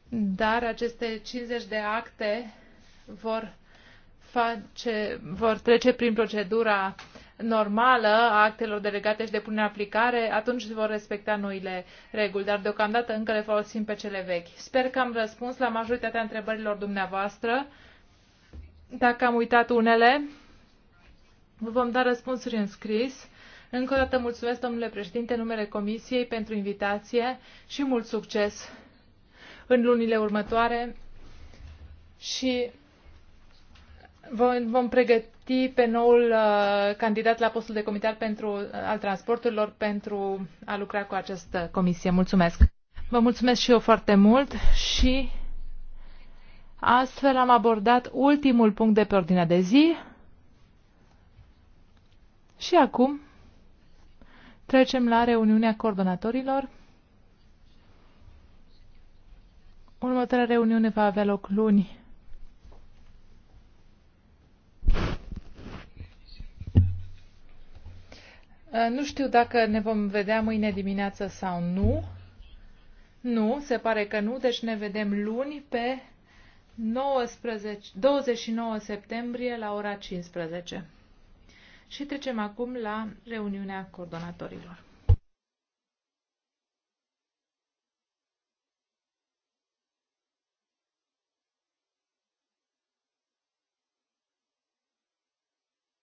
dar aceste 50 de acte vor, face, vor trece prin procedura normală a actelor delegate și de punere aplicare, atunci vor respecta noile reguli, dar deocamdată încă le folosim pe cele vechi. Sper că am răspuns la majoritatea întrebărilor dumneavoastră. Dacă am uitat unele, vă vom da răspunsuri în scris. Încă o dată mulțumesc, domnule președinte, numele Comisiei pentru invitație și mult succes în lunile următoare și vom, vom pregăti pe noul uh, candidat la postul de comitar pentru, uh, al transporturilor pentru a lucra cu această comisie. Mulțumesc! Vă mulțumesc și eu foarte mult și Astfel am abordat ultimul punct de pe ordinea de zi. Și acum trecem la reuniunea coordonatorilor. Următoarea reuniune va avea loc luni. Ă, nu știu dacă ne vom vedea mâine dimineață sau nu. Nu, se pare că nu, deci ne vedem luni pe 19, 29 septembrie la ora 15. Și trecem acum la reuniunea coordonatorilor.